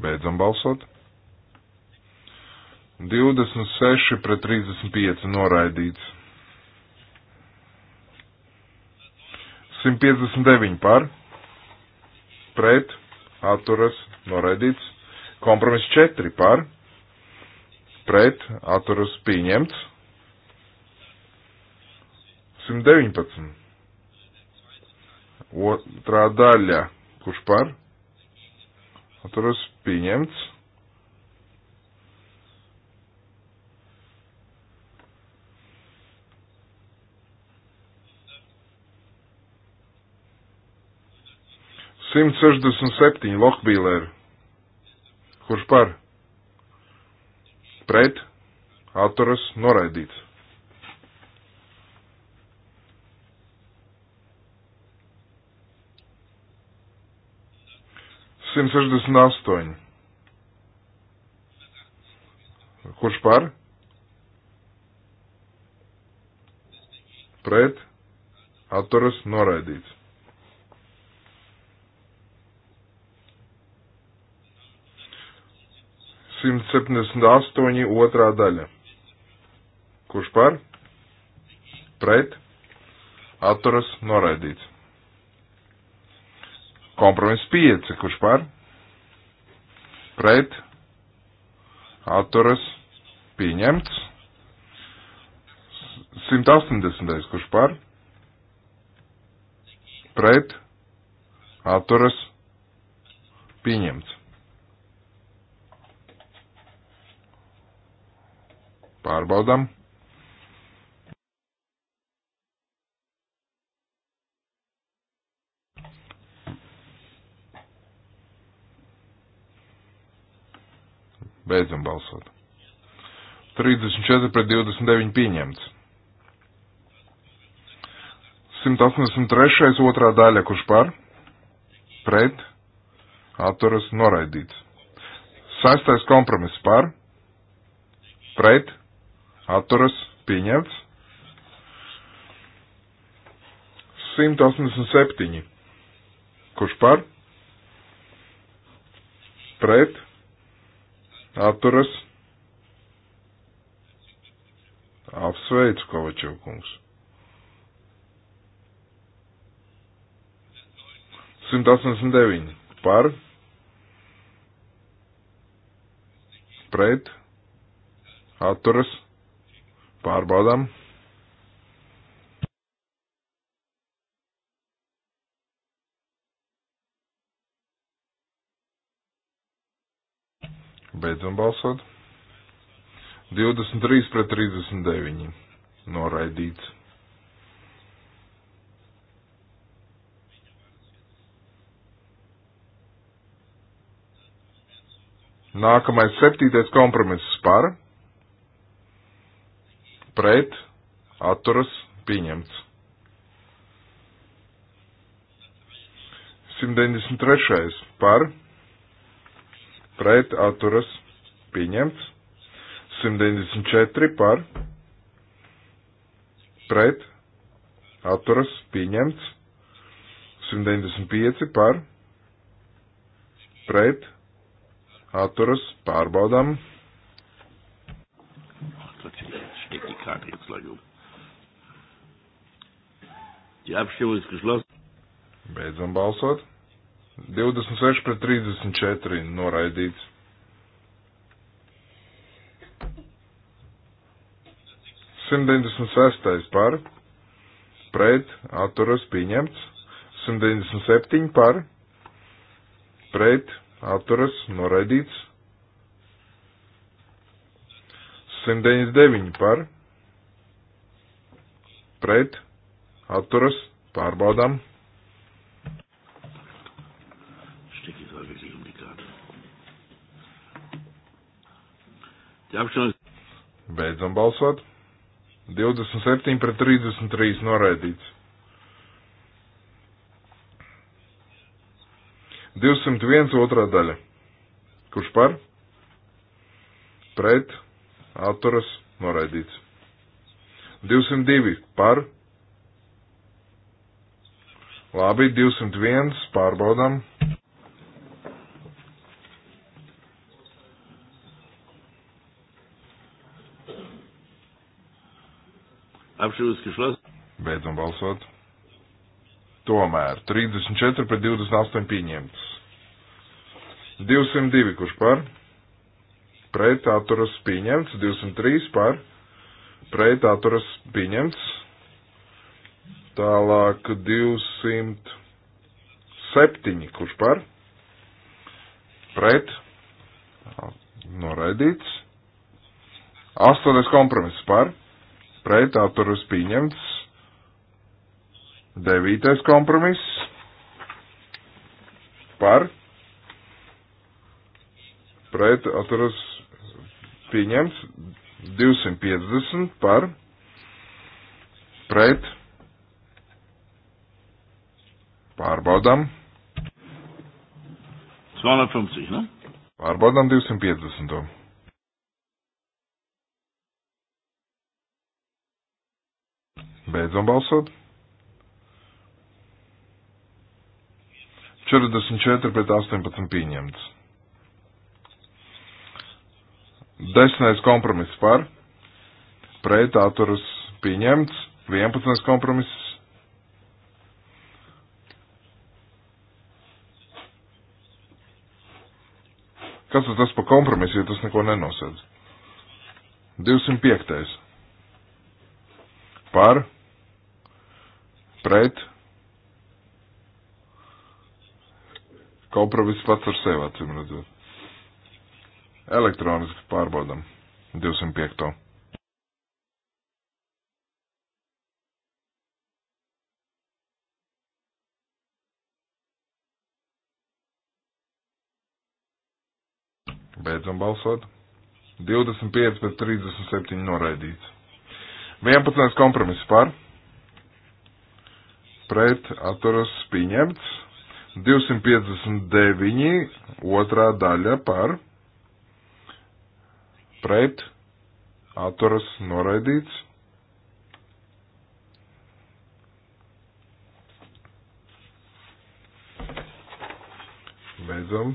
Beidzam balsot. 26 pret 35 noraidīts. 159 par, pret, atturas, noraidīts. Kompromiss 4 par, pret, atturas, pieņemts. 119. Otrā daļa, kurš par, Atturas pieņemts. Simt sešdesmit septiņi Lokbīleri. Kurš par? Pret? Atturas noraidīts. 168. Kurš par? Pret. Atturas noraidīts. Simt septiņdesmit astoņi otrā daļa. Kurš par? Pret. Atturas noraidīts. Kompromiss 5, kurš par? Pret. Atturas. Pieņemts. 180. kurš par? Pret. Atturas. Pieņemts. Pārbaudām. Beidzam balsot. 34 pret 29 pieņemts. 183. otrā daļa, kurš par, pret, atturas noraidīts. Sastais kompromiss par, pret, atturas pieņemts. 187. Kurš par, pret, atturas. Apsveicu, Kovačevkungs. 189 par, pret, atturas, pārbaudām. Beidzam balsot. 23 pret 39. Noraidīts. Nākamais septītais kompromiss par, pret, atturas, pieņemts. 193. par, pret atturas pieņemts. 194 par pret atturas pieņemts. 195 par pret atturas pārbaudām. Die Abstimmung ist geschlossen. Beidzam balsot. 26 pret 34 noraidīts. 196 par, pret, atturas pieņemts, 197 par, pret, atturas noraidīts, 199 par, pret, atturas pārbaudām. Ķepšanas. Beidzam balsot. 27 pret 33 noraidīts. 201 otrā daļa. Kurš par? Pret. Atturas. Noraidīts. 202 par. Labi, 201 pārbaudām. Abstimmung geschlossen. Beidzam balsot. Tomēr 34 pret 28 pieņemts. 202 kurš par, pret atturas pieņemts, 203 par, pret atturas pieņemts, tālāk 207 kurš par, pret, noraidīts, 8 kompromiss par, pret atturas pieņemts. Devītais kompromiss par pret atturas pieņemts 250 par pret pārbaudām. 250, ne? Pārbaudām 250. Beidzam balsot. 44 pret 18 pieņemts. Desmitais kompromiss par, pret atturas pieņemts, 11. kompromiss. Kas tad tas par kompromisu, ja tas neko nenosēdz? 205. par, pret. Kompromiss pats ar sevi acīm redzot. Elektroniski pārbaudam 205. Beidzam balsot. 25 pret 37 noraidīts. 11. kompromiss par pret atturas pieņemts. 259 otrā daļa par pret atturas noraidīts. Beidzam.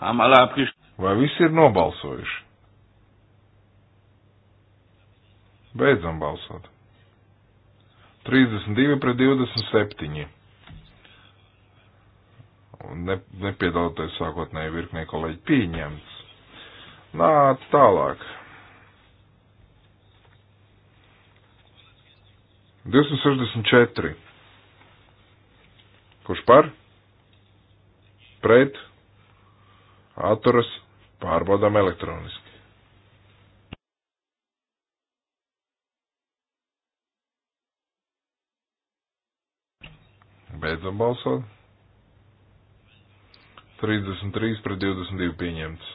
Vai visi ir nobalsojuši? Beidzam balsot. 32 pret 27. Ne, nepiedaloties sākotnēji virknē kolēģi pieņemts. Nāc tālāk. 264. Kurš par? Pret? atturas pārbaudām elektroniski. Beidzam balsot. 33 pret 22 pieņemts.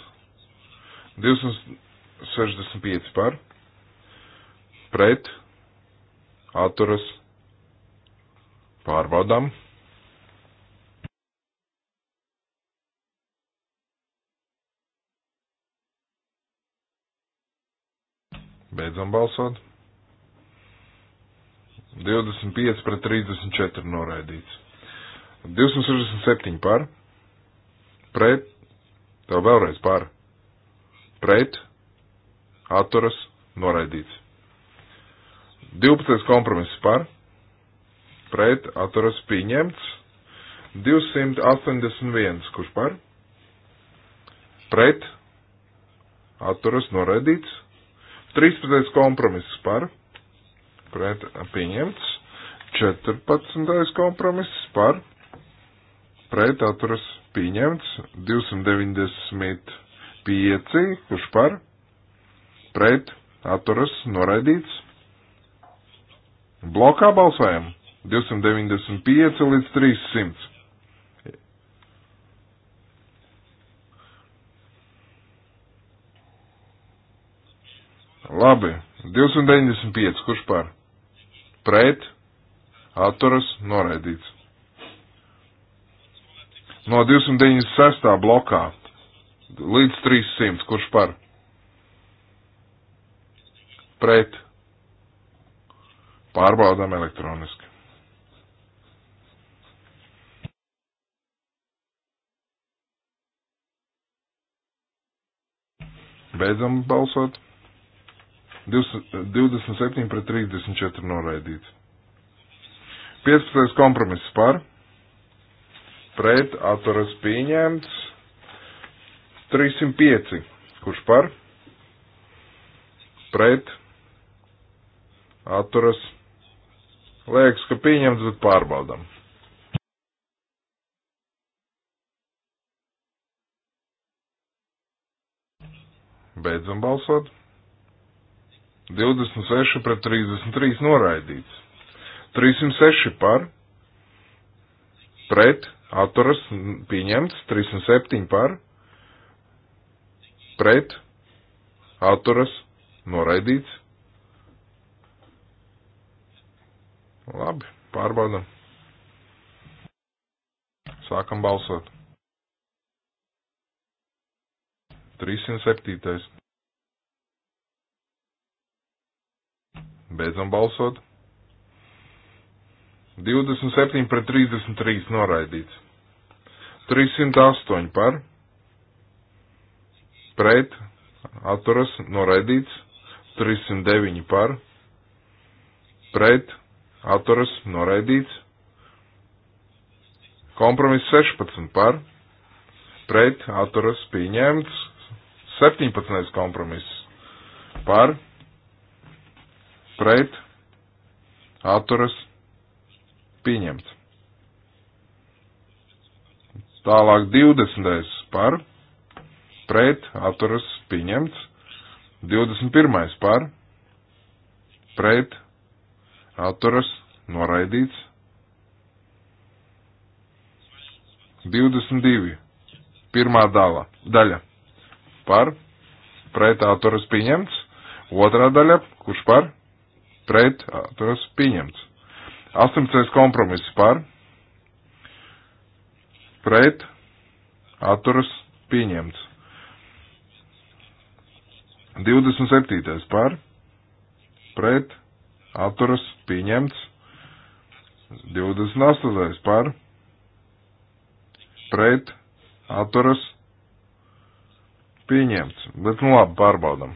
265 par. Pret. Atturas. Pārbaudām. Beidzam balsot. 25 pret 34 noraidīts. 267 par. Pret. Tev vēlreiz par. Pret. Atturas. Noraidīts. 12 kompromiss par. Pret. Atturas. Pieņemts. 281. Kurš par? Pret. Atturas. Noraidīts. 13. kompromiss par, pret pieņemts, 14. kompromiss par, pret atturas pieņemts, 295, kurš par, pret atturas noraidīts. Blokā balsojam 295 līdz 300 Labi, 295, kurš par? Pret, atturas, noraidīts. No 296. blokā līdz 300, kurš par? Pret, pārbaudām elektroniski. Beidzam balsot. 27 pret 34 noraidīts. 15. kompromiss par, pret atturas pieņemts 305, kurš par, pret atturas, liekas, ka pieņemts, bet pārbaudam. Beidzam balsot. 26 pret 33 noraidīts. 306 par, pret, atturas, pieņemts, 307 par, pret, atturas, noraidīts. Labi, pārbaudam. Sākam balsot. 307. Beidzam balsot. 27 pret 33 noraidīts. 308 par. Pret. Atturas noraidīts. 309 par. Pret. Atturas noraidīts. Kompromiss 16 par. Pret. Atturas pieņemts. 17. kompromiss par pret, atturas, pieņemts. Tālāk 20. par, pret, atturas, pieņemts. 21. par, pret, atturas, noraidīts. 22. Pirmā dāla, daļa par, pret, atturas, pieņemts. Otrā daļa, kurš par, pret, atturas pieņemts. 18. kompromiss par, pret, atturas pieņemts. 27. par, pret, atturas pieņemts. 28. par, pret, atturas pieņemts. Bet nu labi, pārbaudam.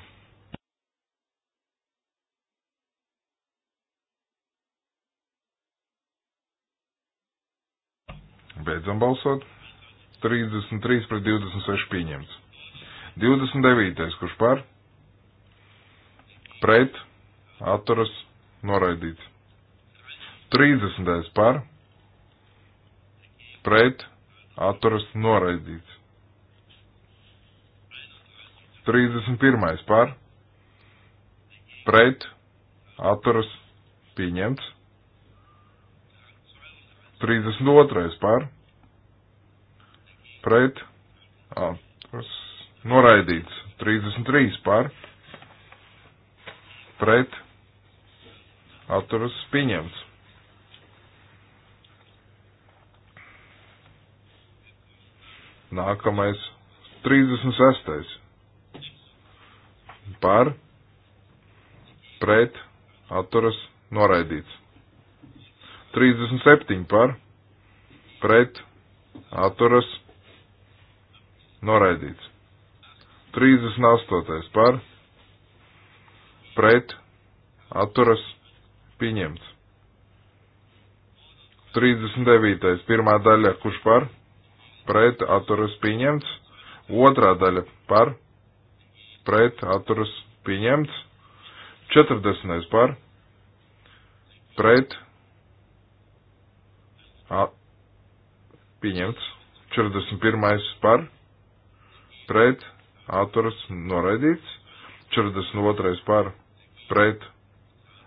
Beidzam balsot. 33 pret 26 pieņemts. 29. kurš par? Pret, atturas, noraidīts. 30. par? Pret, atturas, noraidīts. 31. par? Pret, atturas, pieņemts. 32. par? pret, kas noraidīts, 33 par, pret, atturas pieņemts. Nākamais 36. Par, pret, atturas, noraidīts. 37 par, pret, atturas, noraidīts Noraidīts. 38. par, pret, atturas, pieņemts. 39. pirmā daļa, kurš par, pret, atturas, pieņemts. Otrā daļa par, pret, atturas, pieņemts. 40. par, pret, at, pieņemts. 41. par, pret pret, atturas noraidīts, 42. par, pret,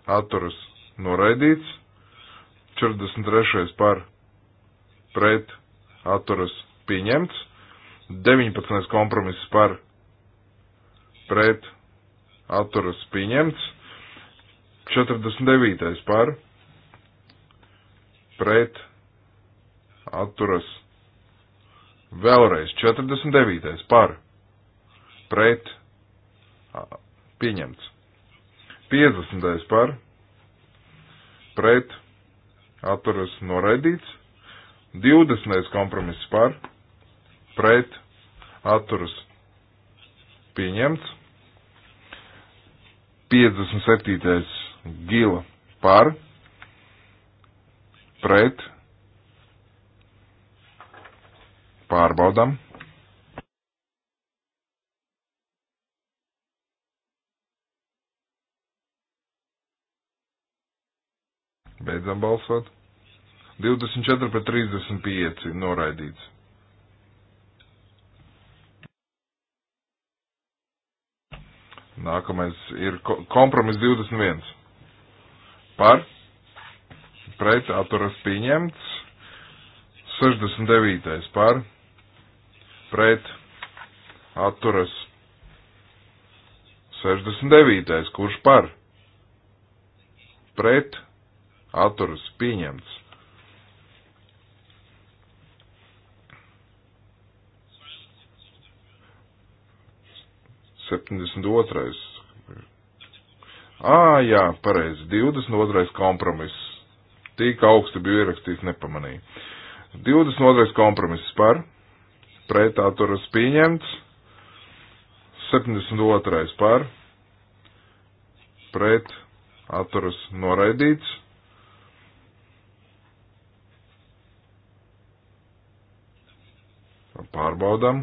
atturas noraidīts, 43. par, pret, atturas pieņemts, 19. kompromiss par, pret, atturas pieņemts, 49. par, pret, atturas Vēlreiz 49. par pret pieņemts. 50. par pret atturas noraidīts. 20. kompromiss par pret atturas pieņemts. 57. gila par pret Pārbaudam. Beidzam balsot. 24 pret 35 noraidīts. Nākamais ir kompromis 21. Par, pret, atturas pieņemts. 69. par, pret atturas 69. kurš par pret atturas pieņemts. Septiņdesmit otrais. Ā, jā, pareizi. Divdesmit otrais kompromiss. Tik augsti bija ierakstīts, nepamanīju. 22. kompromiss par, pretā turas pieņemts. 72. par pret atturas noraidīts. Pārbaudam.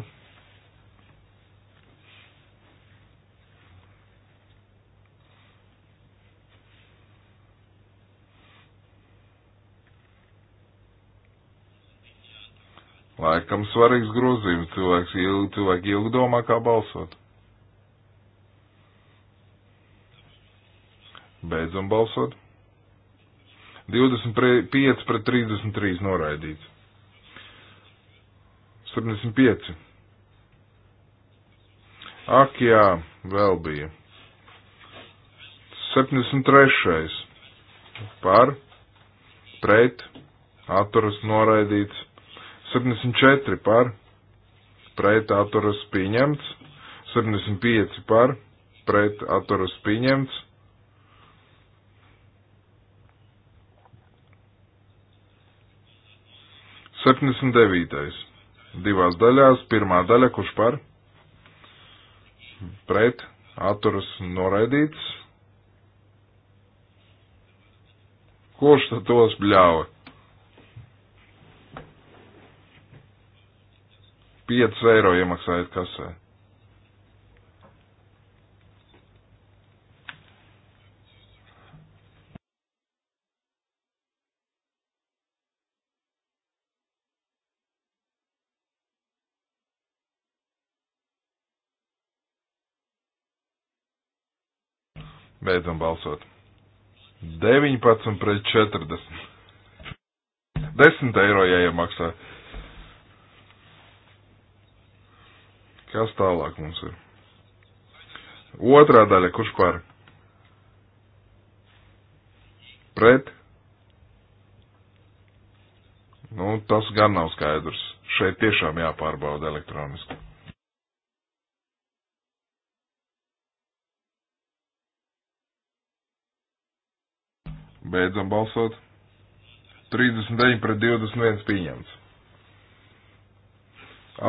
Laikam svarīgs grozījums, cilvēks ilgi, cilvēki ilgi domā, kā balsot. Beidzam balsot. 25 pret 33 noraidīts. 75. Ak jā, vēl bija. 73. Par, pret, atturas noraidīts. 74 par, pret atturas pieņemts, 75 par, pret atturas pieņemts. Septiņdesmit devītais. Divās daļās. Pirmā daļa, kurš par? Pret. Atturas noraidīts. Kurš tad tos bļāva? 5 eiro iemaksājat kasē. Beidzam balsot. 19 pret 40. 10 eiro jāiemaksā. Ja Kas tālāk mums ir? Otrā daļa, kurš par? Pret? Nu, tas gan nav skaidrs. Šeit tiešām jāpārbauda elektroniski. Beidzam balsot. 39 pret 21 pieņemts.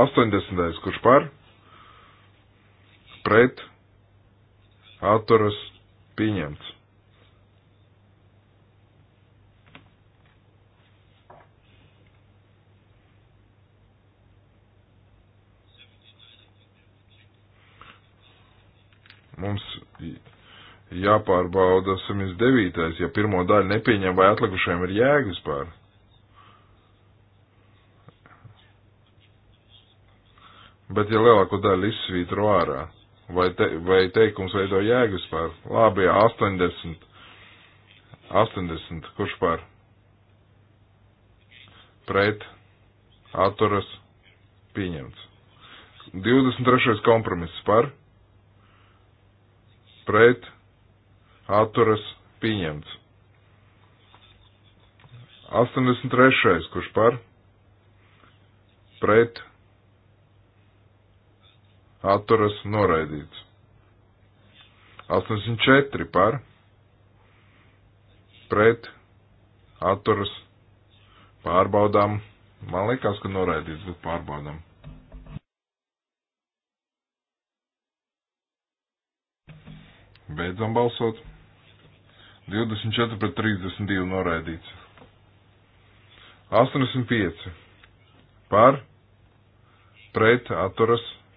80. kurš par? pret, atturas pieņemts. Mums jāpārbauda 109. ja pirmo daļu nepieņem, vai atlikušajiem ir jēga vispār. Bet ja lielāko daļu izsvītro ārā. Vai, te, vai teikums veido jēgu vispār? Labi, 80. 80. Kurš pār? Pret. Atturas. Pieņemts. 23. kompromiss par. Pret. Atturas. Pieņemts. 83. kurš par. Pret atturas noraidīts. 84 par pret atturas pārbaudām. Man liekas, ka noraidīts, bet pārbaudām. Beidzam balsot. 24 pret 32 noraidīts. 85 par pret atturas pārbaudām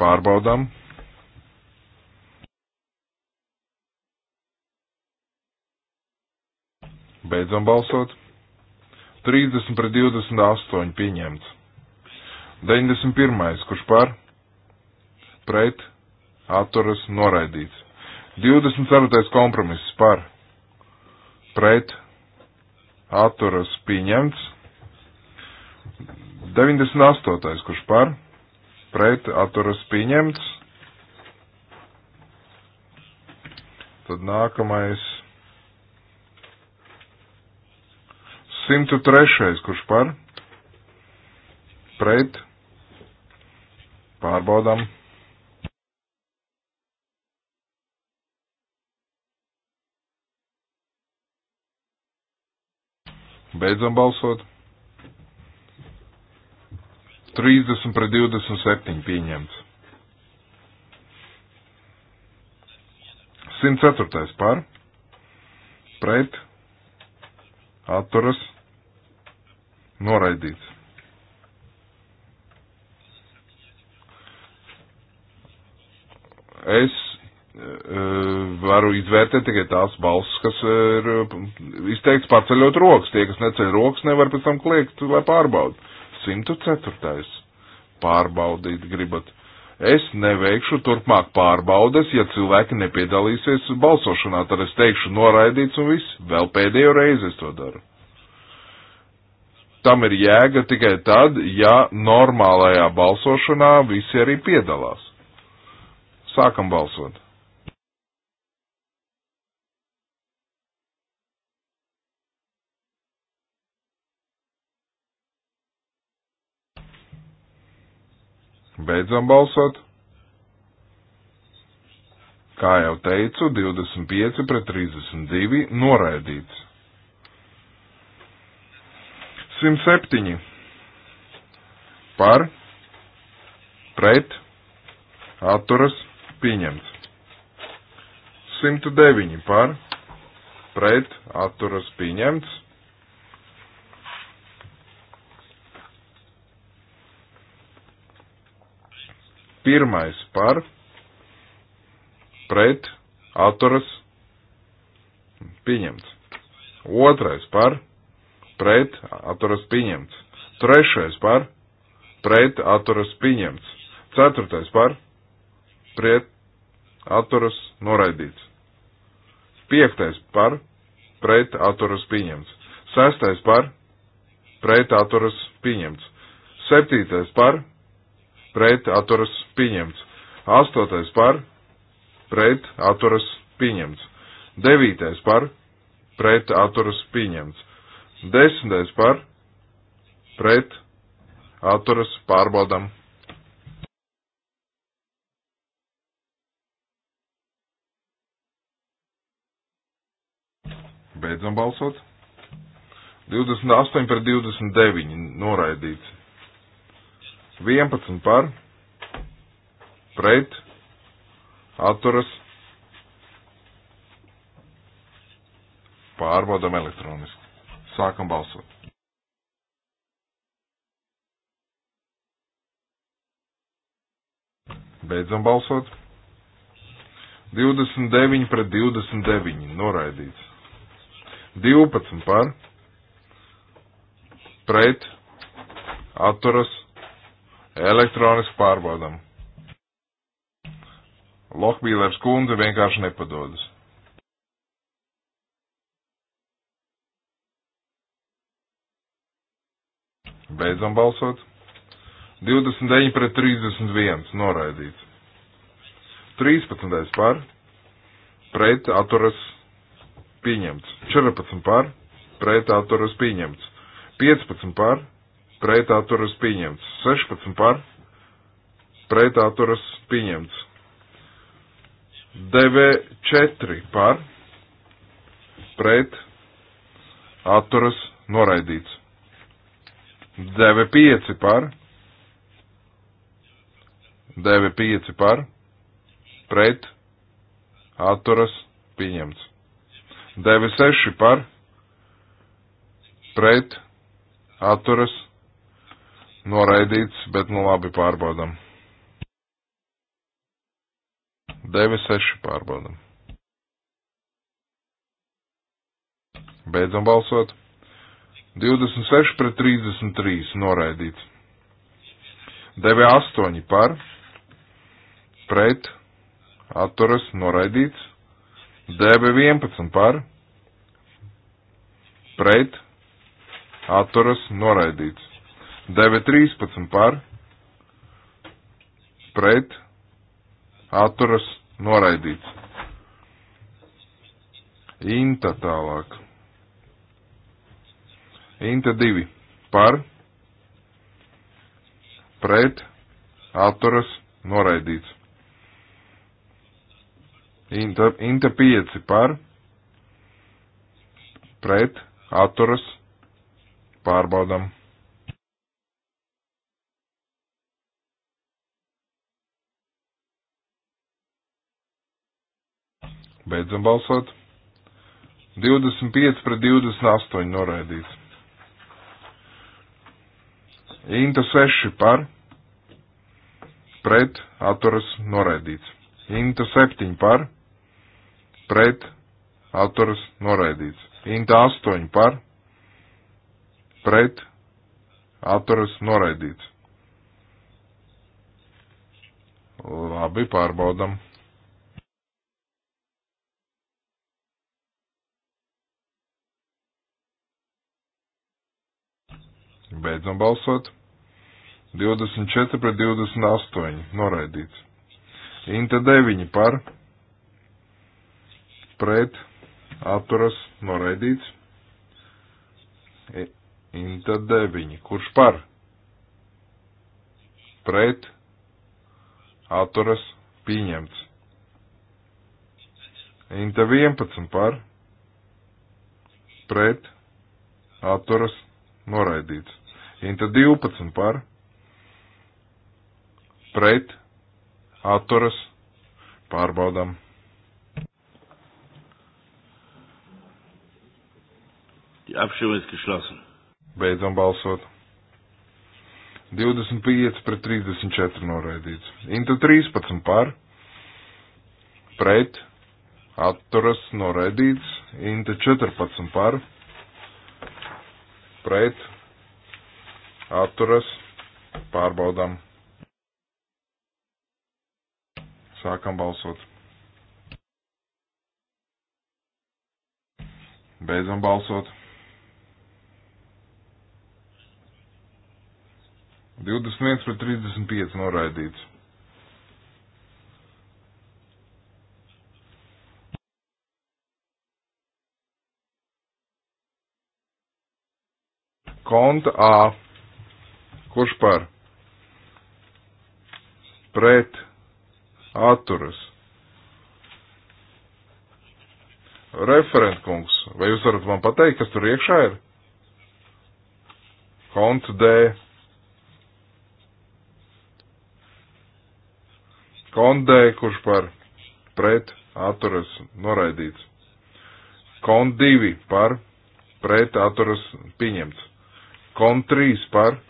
Pārbaudām. Beidzam balsot. 30 pret 28 pieņemts. 91. Kurš par? Pret. Atturas noraidīts. 24. kompromiss par. Pret. Atturas pieņemts. 98. kurš par pret atturas pieņemts. Tad nākamais 103. kurš par pret pārbaudām. Beidzam balsot. 30 pret 27 pieņemts. 104. par, pret, atturas, noraidīts. Es e, varu izvērtēt tikai tās balsis, kas ir eh, izteikts pārceļot rokas. Tie, kas neceļ rokas, nevar pēc tam kliegt, lai pārbaudu. 104. Pārbaudīt gribat. Es neveikšu turpmāk pārbaudes, ja cilvēki nepiedalīsies balsošanā, tad es teikšu noraidīts un viss. Vēl pēdējo reizi es to daru. Tam ir jēga tikai tad, ja normālajā balsošanā visi arī piedalās. Sākam balsot. Beidzam balsot. Kā jau teicu, 25 pret 32 noraidīts. 107 par, pret, atturas, pieņemts. 109 par, pret, atturas, pieņemts. Pirmais par, pret, atturas, pieņemts. Otrais par, pret, atturas, pieņemts. Trešais par, pret, atturas, pieņemts. Ceturtais par, pret, atturas, noraidīts. Piektais par, pret, atturas, pieņemts. Sestais par, pret, atturas, pieņemts. Septītais par, pret, atturas, pieņemts. Astotais par, pret, atturas, pieņemts. Devītais par, pret, atturas, pieņemts. Desmitais par, pret, atturas, pārbaudam. Beidzam balsot. 28 par 29 noraidīts. 11 par, pret, atturas, pārbaudam elektroniski. Sākam balsot. Beidzam balsot. 29 pret 29 noraidīts. 12 par, pret, atturas, elektroniski pārbaudam. Lohbīlers kundze vienkārši nepadodas. Beidzam balsot. 29 pret 31 noraidīts. 13 pār, pret atturas pieņemts. 14 pār, pret atturas pieņemts. 15 pār, pret atturas pieņemts. 16 pār, pret atturas pieņemts. DV4 par pret atturas noraidīts. DV5 par DV5 par pret atturas pieņemts. DV6 par pret atturas noraidīts, bet nu labi pārbaudam. 9-6 pārbaudam. Beidzam balsot. 26 pret 33 noraidīts. 9-8 par, pret, atturas, noraidīts. 9-11 par, pret, atturas, noraidīts. 9-13 par, pret, atturas, Noraidīts. Inta tālāk. Inta divi. Par. Pret. Atturas. Noraidīts. Inta, inta pieci. Par. Pret. Atturas. Pārbaudam. Beidzam balsot. 25 pret 28 noraidīts. Inta 6 par, pret, atturas noraidīts. Inta 7 par, pret, atturas noraidīts. Inta 8 par, pret, atturas noraidīts. Labi, pārbaudam. Beidzam balsot. 24 pret 28 noraidīts. Inta 9 par pret atturas noraidīts. E, inta 9. Kurš par? Pret atturas pieņemts. Inta 11 par pret atturas noraidīts. Inta 12 par, pret, atturas, pārbaudam. Die Abstimmung ist geschlossen. Beidzam balsot. 25 pret 34 noraidīts. Inta 13 par, pret, atturas noraidīts. Inta 14 par, pret, atturas, pārbaudām. Sākam balsot. Beidzam balsot. 21 pret 35 noraidīts. Konta A Kurš par? Pret. Atturas. Referentkungs, vai jūs varat man pateikt, kas tur iekšā ir? Konts D. Kondē, kurš par pret atturas noraidīts. Kond 2 par pret atturas pieņemts. Kond 3 par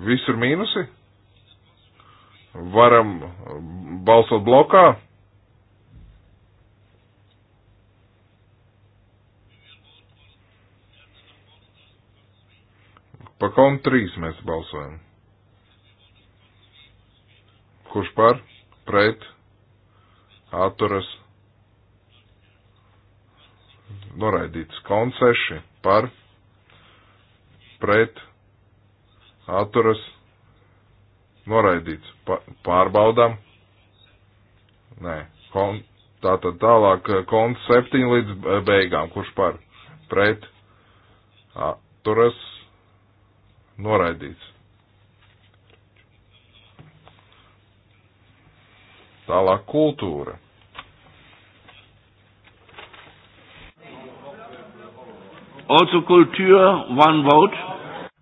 Visur mīnusi? Varam balsot blokā? Pa kom trīs mēs balsojam. Kurš par? Pret? Atturas? Noraidīts. Kon seši par? Pret? atturas noraidīts. Pa, pārbaudām. Nē. Kon, tā tad tālāk konts 7 līdz beigām. Kurš par? Pret. Atturas noraidīts. Tālāk kultūra. Also Kultur, one vote.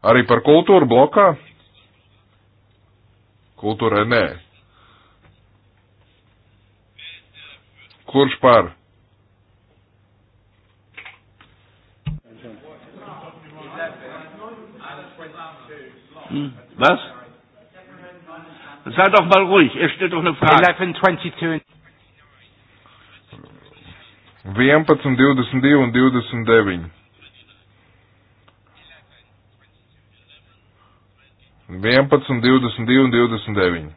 Arī par kultūru blokā? Kultūrai nē. Kurš par? Hm, was? Sei doch mal ruhig, es steht doch eine Frage. 11, 22. 11, 22 un 29. 11, 22 un 29.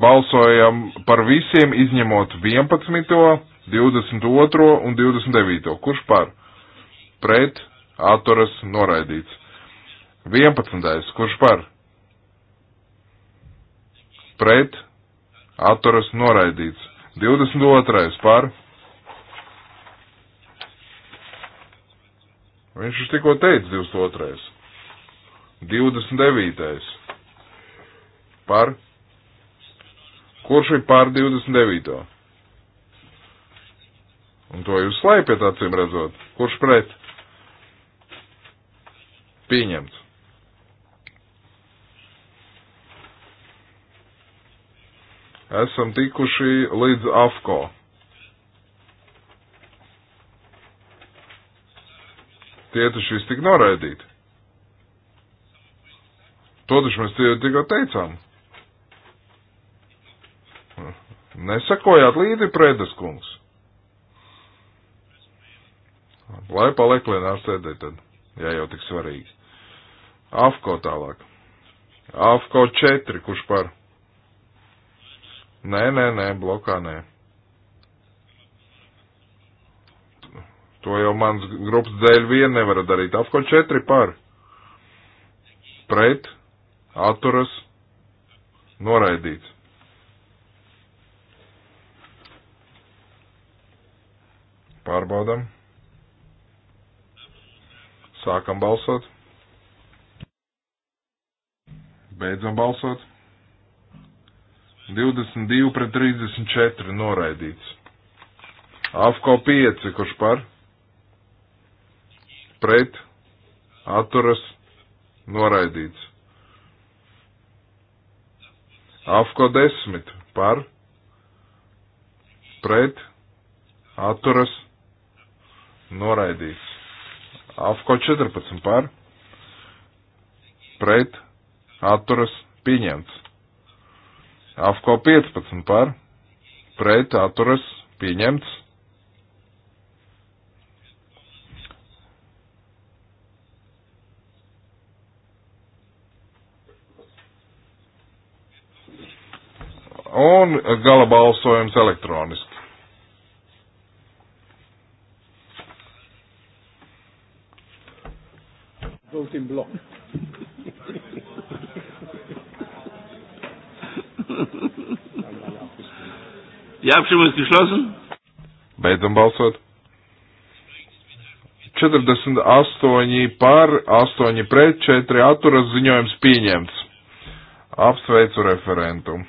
Balsojam par visiem, izņemot 11, 22 un 29. Kurš par? Pret, atturas, noraidīts. 11. Kurš par? Pret, atturas, noraidīts. 22. par? Viņš tikko teica 22. 29. Par. Kurš ir pār 29. Un to jūs slēpjat acīm redzot. Kurš pret? Pieņemts. Esam tikuši līdz AFCO. Tie taču viss tik noraidīti. To taču mēs tikko teicām. Nesakojāt līdzi, Prēdas kungs. Lai paliek plenārs sēdē tad, ja jau tik svarīgi. Afko tālāk. Afko 4, kurš par? Nē, nē, nē, blokā nē. To jau mans grupas dēļ vien nevar darīt. Afko 4 par. Pret atturas, noraidīts. Pārbaudam. Sākam balsot. Beidzam balsot. 22 pret 34 noraidīts. Afko 5, kurš par? Pret, atturas, noraidīts. AFCO 10 par pret atturas noraidīts. AFCO 14 par pret atturas pieņemts. AFCO 15 par pret atturas pieņemts. un gala balsojums elektroniski. Vote in block. Die Abstimmung ist geschlossen. Beidzam balsot. 48 par, 8 pret, 4 atturas ziņojums pieņemts. Apsveicu referentumu.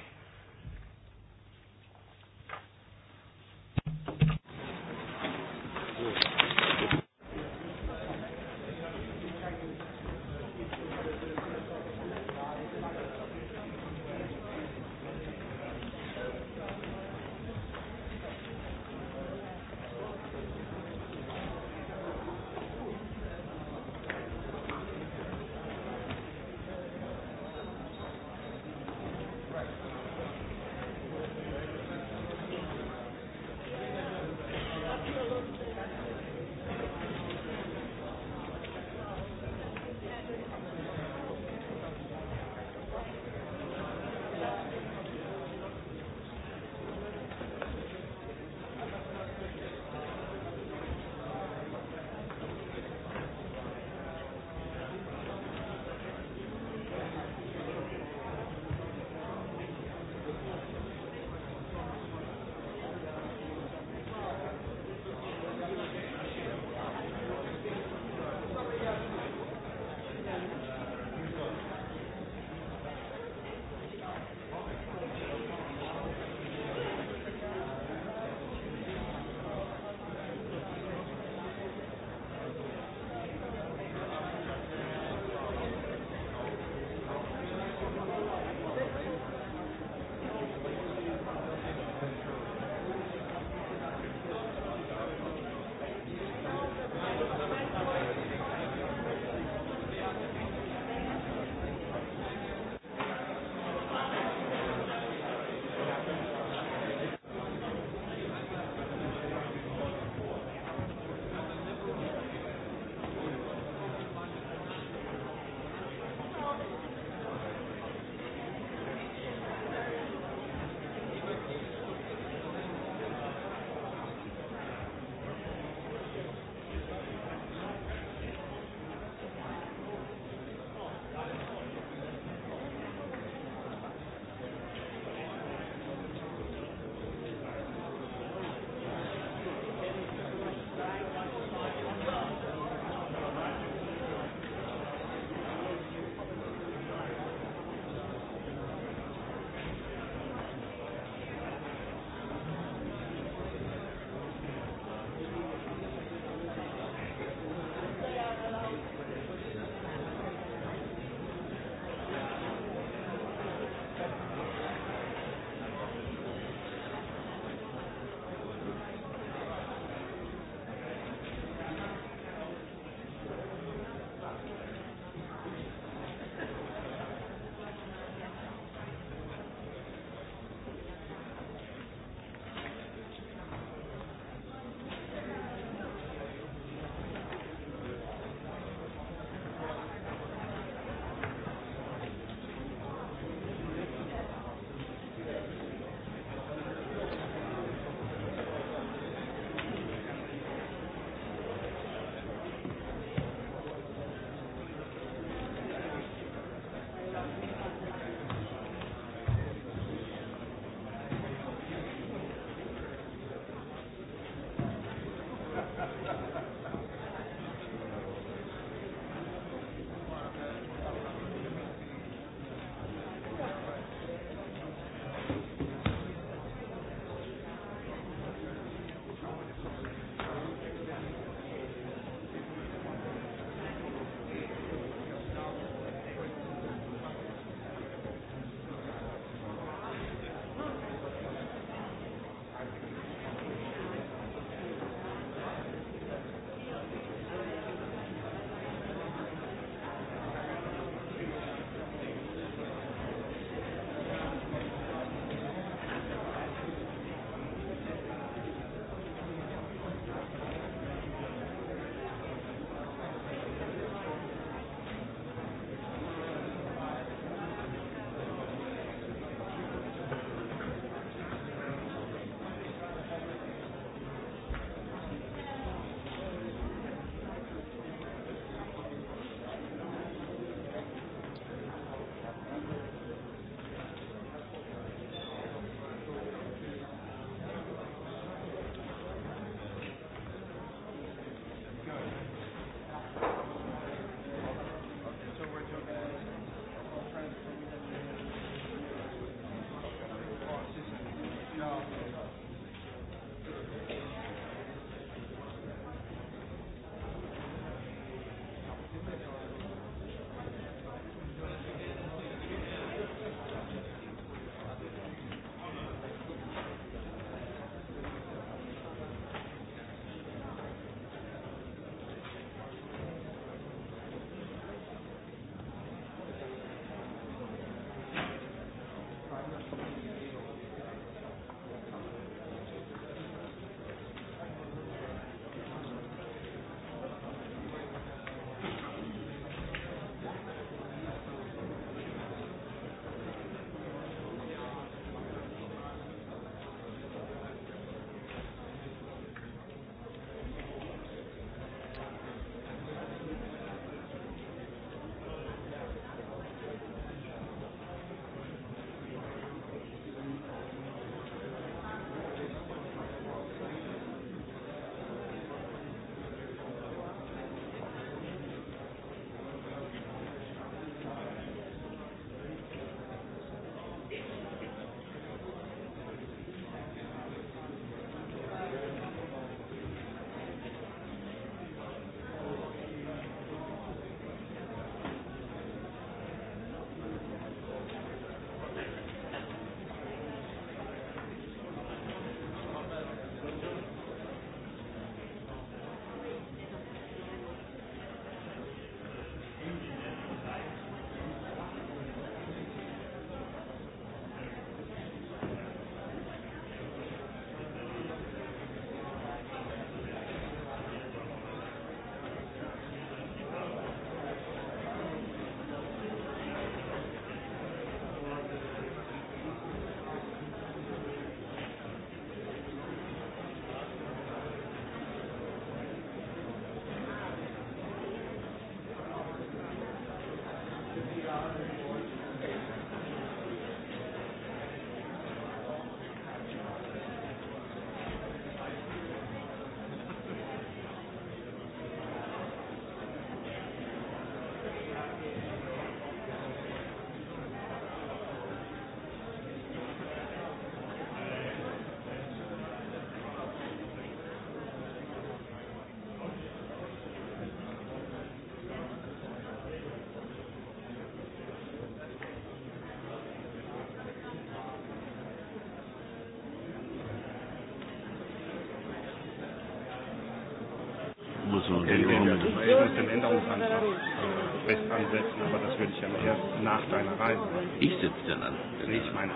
muss man okay, nee, wir müssen den Änderungsantrag äh, fest ansetzen, aber das würde ich ja erst nach deiner Reise. Ich sitze dann an. Nee, ich meine.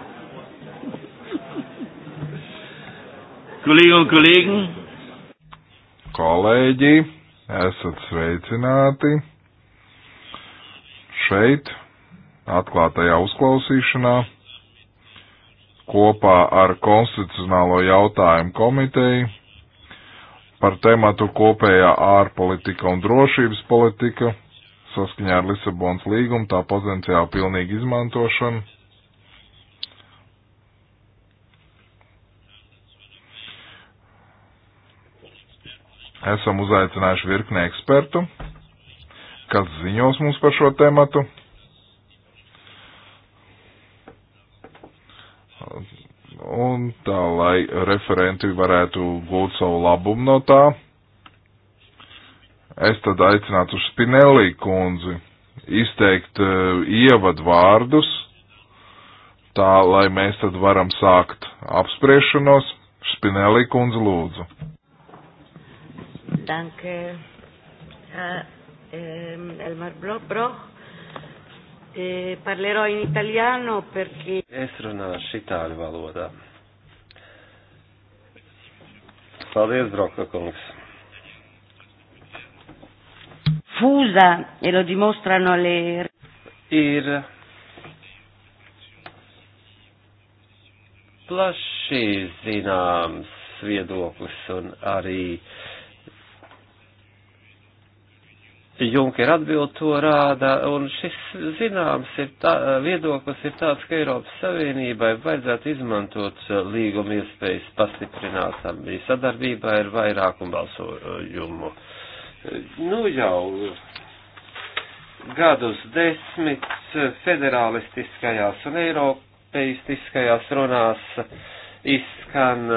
Kolleginnen und Kollegen. Kolēģi, esat sveicināti šeit, atklātajā uzklausīšanā, kopā ar Konstitucionālo jautājumu komiteju par tēmatu kopējā ārpolitika un drošības politika saskaņā ar Lisabonas līgumu, tā potenciāla pilnīga izmantošana. Esam uzaicinājuši virkni ekspertu, kas ziņos mums par šo tēmatu un tā, lai referenti varētu gūt savu labumu no tā. Es tad aicinātu Spinelli kundzi izteikt uh, eh, ievadu vārdus, tā, lai mēs tad varam sākt apspriešanos. Spinelli kundze lūdzu. Danke. Uh, um, Elmar Broch. E parlerò in italiano perché... Es runāšu itāļu valodā. Paldies, Broka kungs. Fusa, e lo dimostrano le... Ir plaši zināms viedoklis un arī uh, Junkera atbild to rāda, un šis zināms ir tā, viedoklis ir tāds, ka Eiropas Savienībai vajadzētu izmantot uh, līguma iespējas pastiprinātam, ja sadarbībā ir vairākumu balsojumu. Nu jau gadus desmit uh, federālistiskajās un eiropeistiskajās runās izskan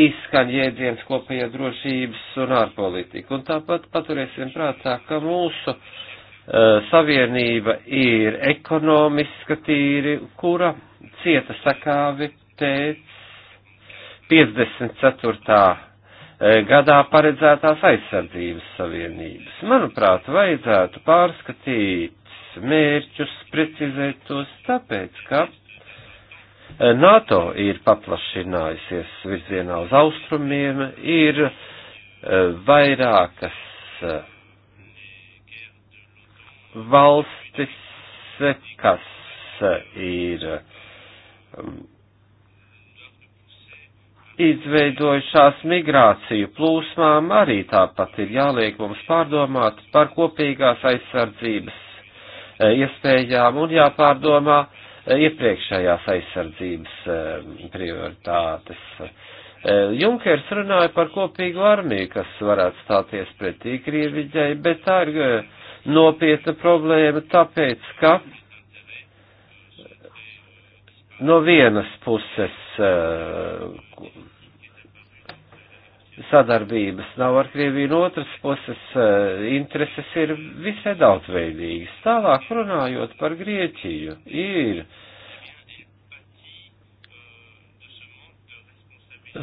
izskan jēdziens kopējā drošības un ārpolitika. Un tāpat paturēsim prātā, ka mūsu uh, savienība ir ekonomiska tīri, kura cieta sakāvi pēc 54. Eh, gadā paredzētās aizsardzības savienības. Manuprāt, vajadzētu pārskatīt mērķus, precizēt tos tāpēc, ka Eh, NATO ir paplašinājusies virzienā uz austrumiem, ir eh, vairākas eh, valstis, kas ir izveidojušās migrāciju plūsmām, arī tāpat ir jāliek mums pārdomāt par kopīgās aizsardzības iespējām un jāpārdomā, uh, Eh, iepriekšējās aizsardzības eh, prioritātes. Eh, Junkers runāja par kopīgu armiju, kas varētu stāties pretī Krieviģai, bet tā ir nopietna problēma, tāpēc, ka no vienas puses sadarbības nav ar Krieviju, no otras puses eh, intereses ir visai daudzveidīgas. Tālāk runājot par Grieķiju, ir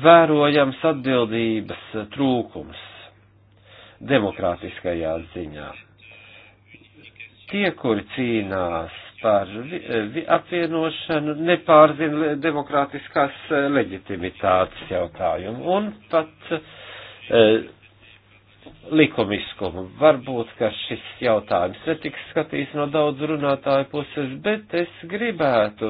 vērojams atbildības trūkums demokrātiskajā ziņā. Tie, kuri cīnās par apvienošanu nepārzina demokrātiskās e, leģitimitātes jautājumu un pat eh, likumiskumu. Varbūt, ka šis jautājums netiks skatīts no daudz runātāju puses, bet es gribētu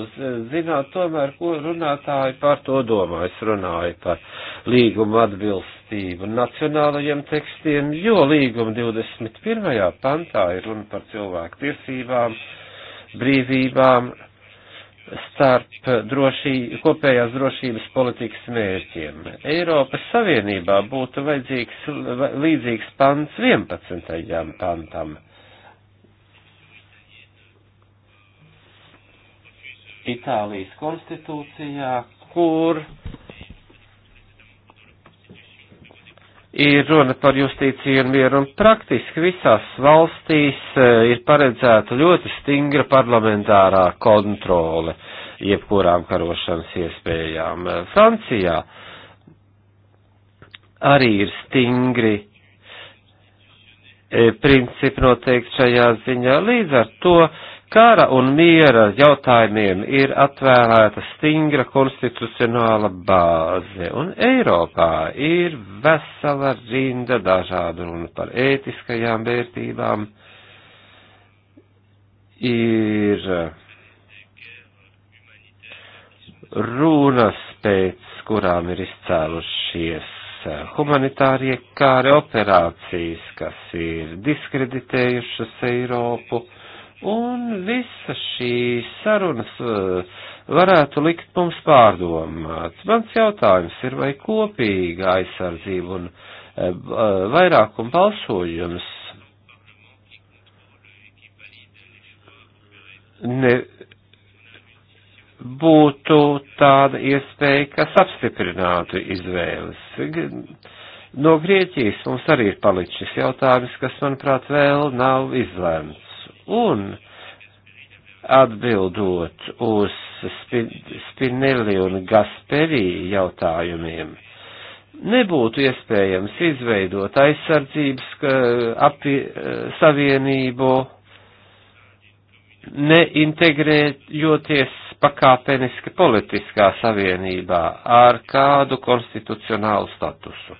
zināt tomēr, ko runātāji par to domā. Es runāju par līguma atbilstību nacionālajiem tekstiem, jo līguma 21. pantā ir runa par cilvēku tiesībām brīvībām starp drošī, kopējās drošības politikas mērķiem. Eiropas Savienībā būtu vajadzīgs līdzīgs pants 11. pantam. Itālijas konstitūcijā, kur ir runa par justīciju un mieru, un praktiski visās valstīs e, ir paredzēta ļoti stingra parlamentārā kontrole jebkurām karošanas iespējām. E, Francijā arī ir stingri e, principi noteikti šajā ziņā. Līdz ar to Kara un miera jautājumiem ir atvēlēta stingra konstitucionāla bāze, un Eiropā ir vesela rinda dažādu runu par ētiskajām vērtībām, ir runas pēc kurām ir izcēlušies humanitārie kāri operācijas, kas ir diskreditējušas Eiropu Un visa šī sarunas eh, varētu likt mums pārdomāt. Mans jautājums ir, vai kopīga aizsardzība un eh, eh, vairākuma balsojums ne būtu tāda iespēja, kas apstiprinātu izvēles. No Grieķijas mums arī ir palicis šis jautājums, kas, manuprāt, vēl nav izlēmts Un atbildot uz Spinelli un Gasperī jautājumiem, nebūtu iespējams izveidot aizsardzības api, savienību, neintegrējoties pakāpeniski politiskā savienībā ar kādu konstitucionālu statusu,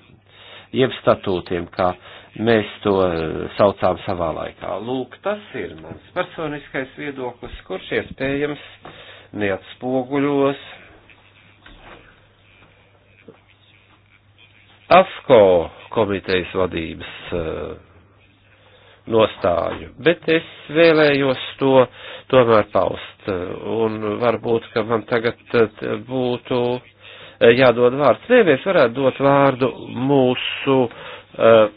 jeb statūtiem, kā uh, mēs to eh, saucām savā laikā. Lūk, tas ir mans personiskais viedoklis, kurš iespējams neatspoguļos AFCO komitejas vadības eh, nostāju, bet es vēlējos to tomēr paust, eh, un varbūt, ka man tagad būtu jādod vārds. Nē, mēs varētu dot vārdu mūsu uh,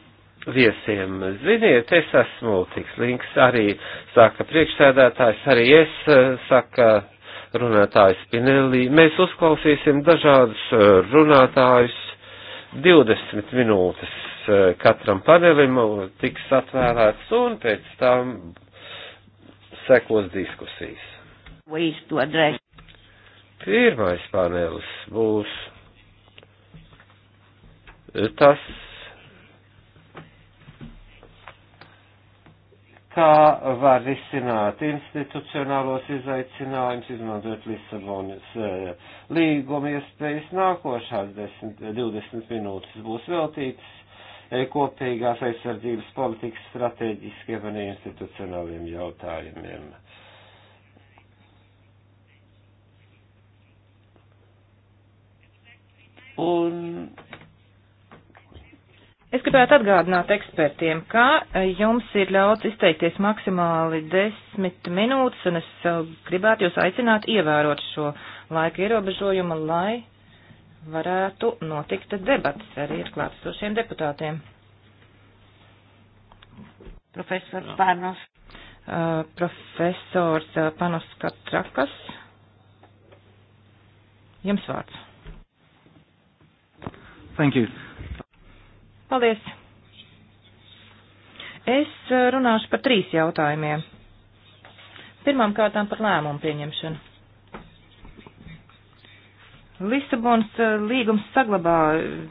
viesiem. Ziniet, es esmu Multiks Links, arī saka priekšsēdētājs, arī es, eh, saka runātājs Pinelli. Mēs uzklausīsim dažādus eh, runātājus 20 minūtes eh, katram panelim tiks atvēlēts un pēc tam sekos diskusijas. Pirmais panelis būs tas kā var risināt institucionālos izaicinājumus, izmantojot Lisabonas eh, līguma iespējas. Nākošās 10, 20 minūtes būs veltītas eh, kopīgās aizsardzības politikas strateģiskiem un institucionāliem jautājumiem. Un Es gribētu atgādināt ekspertiem, ka e, jums ir ļauts izteikties maksimāli desmit minūtes, un es e, gribētu jūs aicināt ievērot šo laika ierobežojumu, lai varētu notikt debatas arī ar klātesošiem deputātiem. E, profesors Panos. Uh, profesors Panos Katrakas. Jums vārds. Thank you. Paldies! Es eh, runāšu par trīs jautājumiem. Pirmām kārtām par lēmumu pieņemšanu. Lisabons eh, līgums saglabā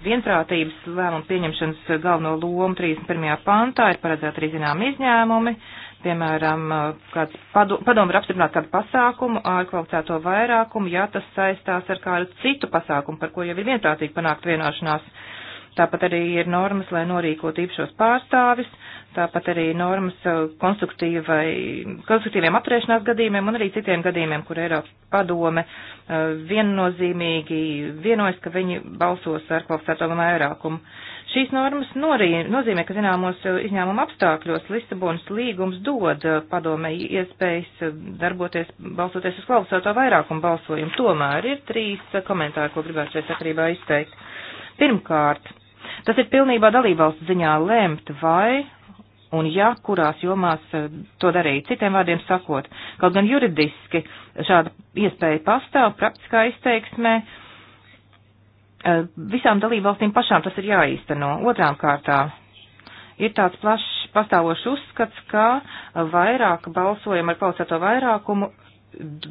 vienprātības lēmumu pieņemšanas eh, galveno lomu 31. pantā, ir paredzēta arī zinām izņēmumi, piemēram, kāds padomu var apstiprināt kādu pasākumu ar kvalificēto vairākumu, ja tas saistās ar kādu citu pasākumu, par ko jau ir vienprātīgi panākt vienošanās. Uh, Tāpat arī ir normas, lai norīkot īpašos pārstāvis, tāpat arī normas uh, konstruktīviem apturēšanās gadījumiem un arī citiem gadījumiem, kur Eiropas padome uh, viennozīmīgi vienojas, ka viņi balsos ar kvalificēto vairākumu. Šīs normas norī, nozīmē, ka zināmos uh, izņēmuma apstākļos Lisabonas līgums dod padomē iespējas darboties, balsoties uz kvalificēto vairākumu balsojumu. Tomēr ir trīs komentāri, ko gribētu šajā sakarībā izteikt. Pirmkārt, Tas ir pilnībā dalībvalsts ziņā lemt, vai un ja kurās jomās eh, to darīt. Citiem vārdiem sakot, kaut gan juridiski šāda iespēja pastāv praktiskā izteiksmē, eh, visām dalībvalstīm pašām tas ir jāīsteno. Otrām kārtām ir tāds plašs pastāvošs uzskats, ka vairāk balsojumu ar palsēto vairākumu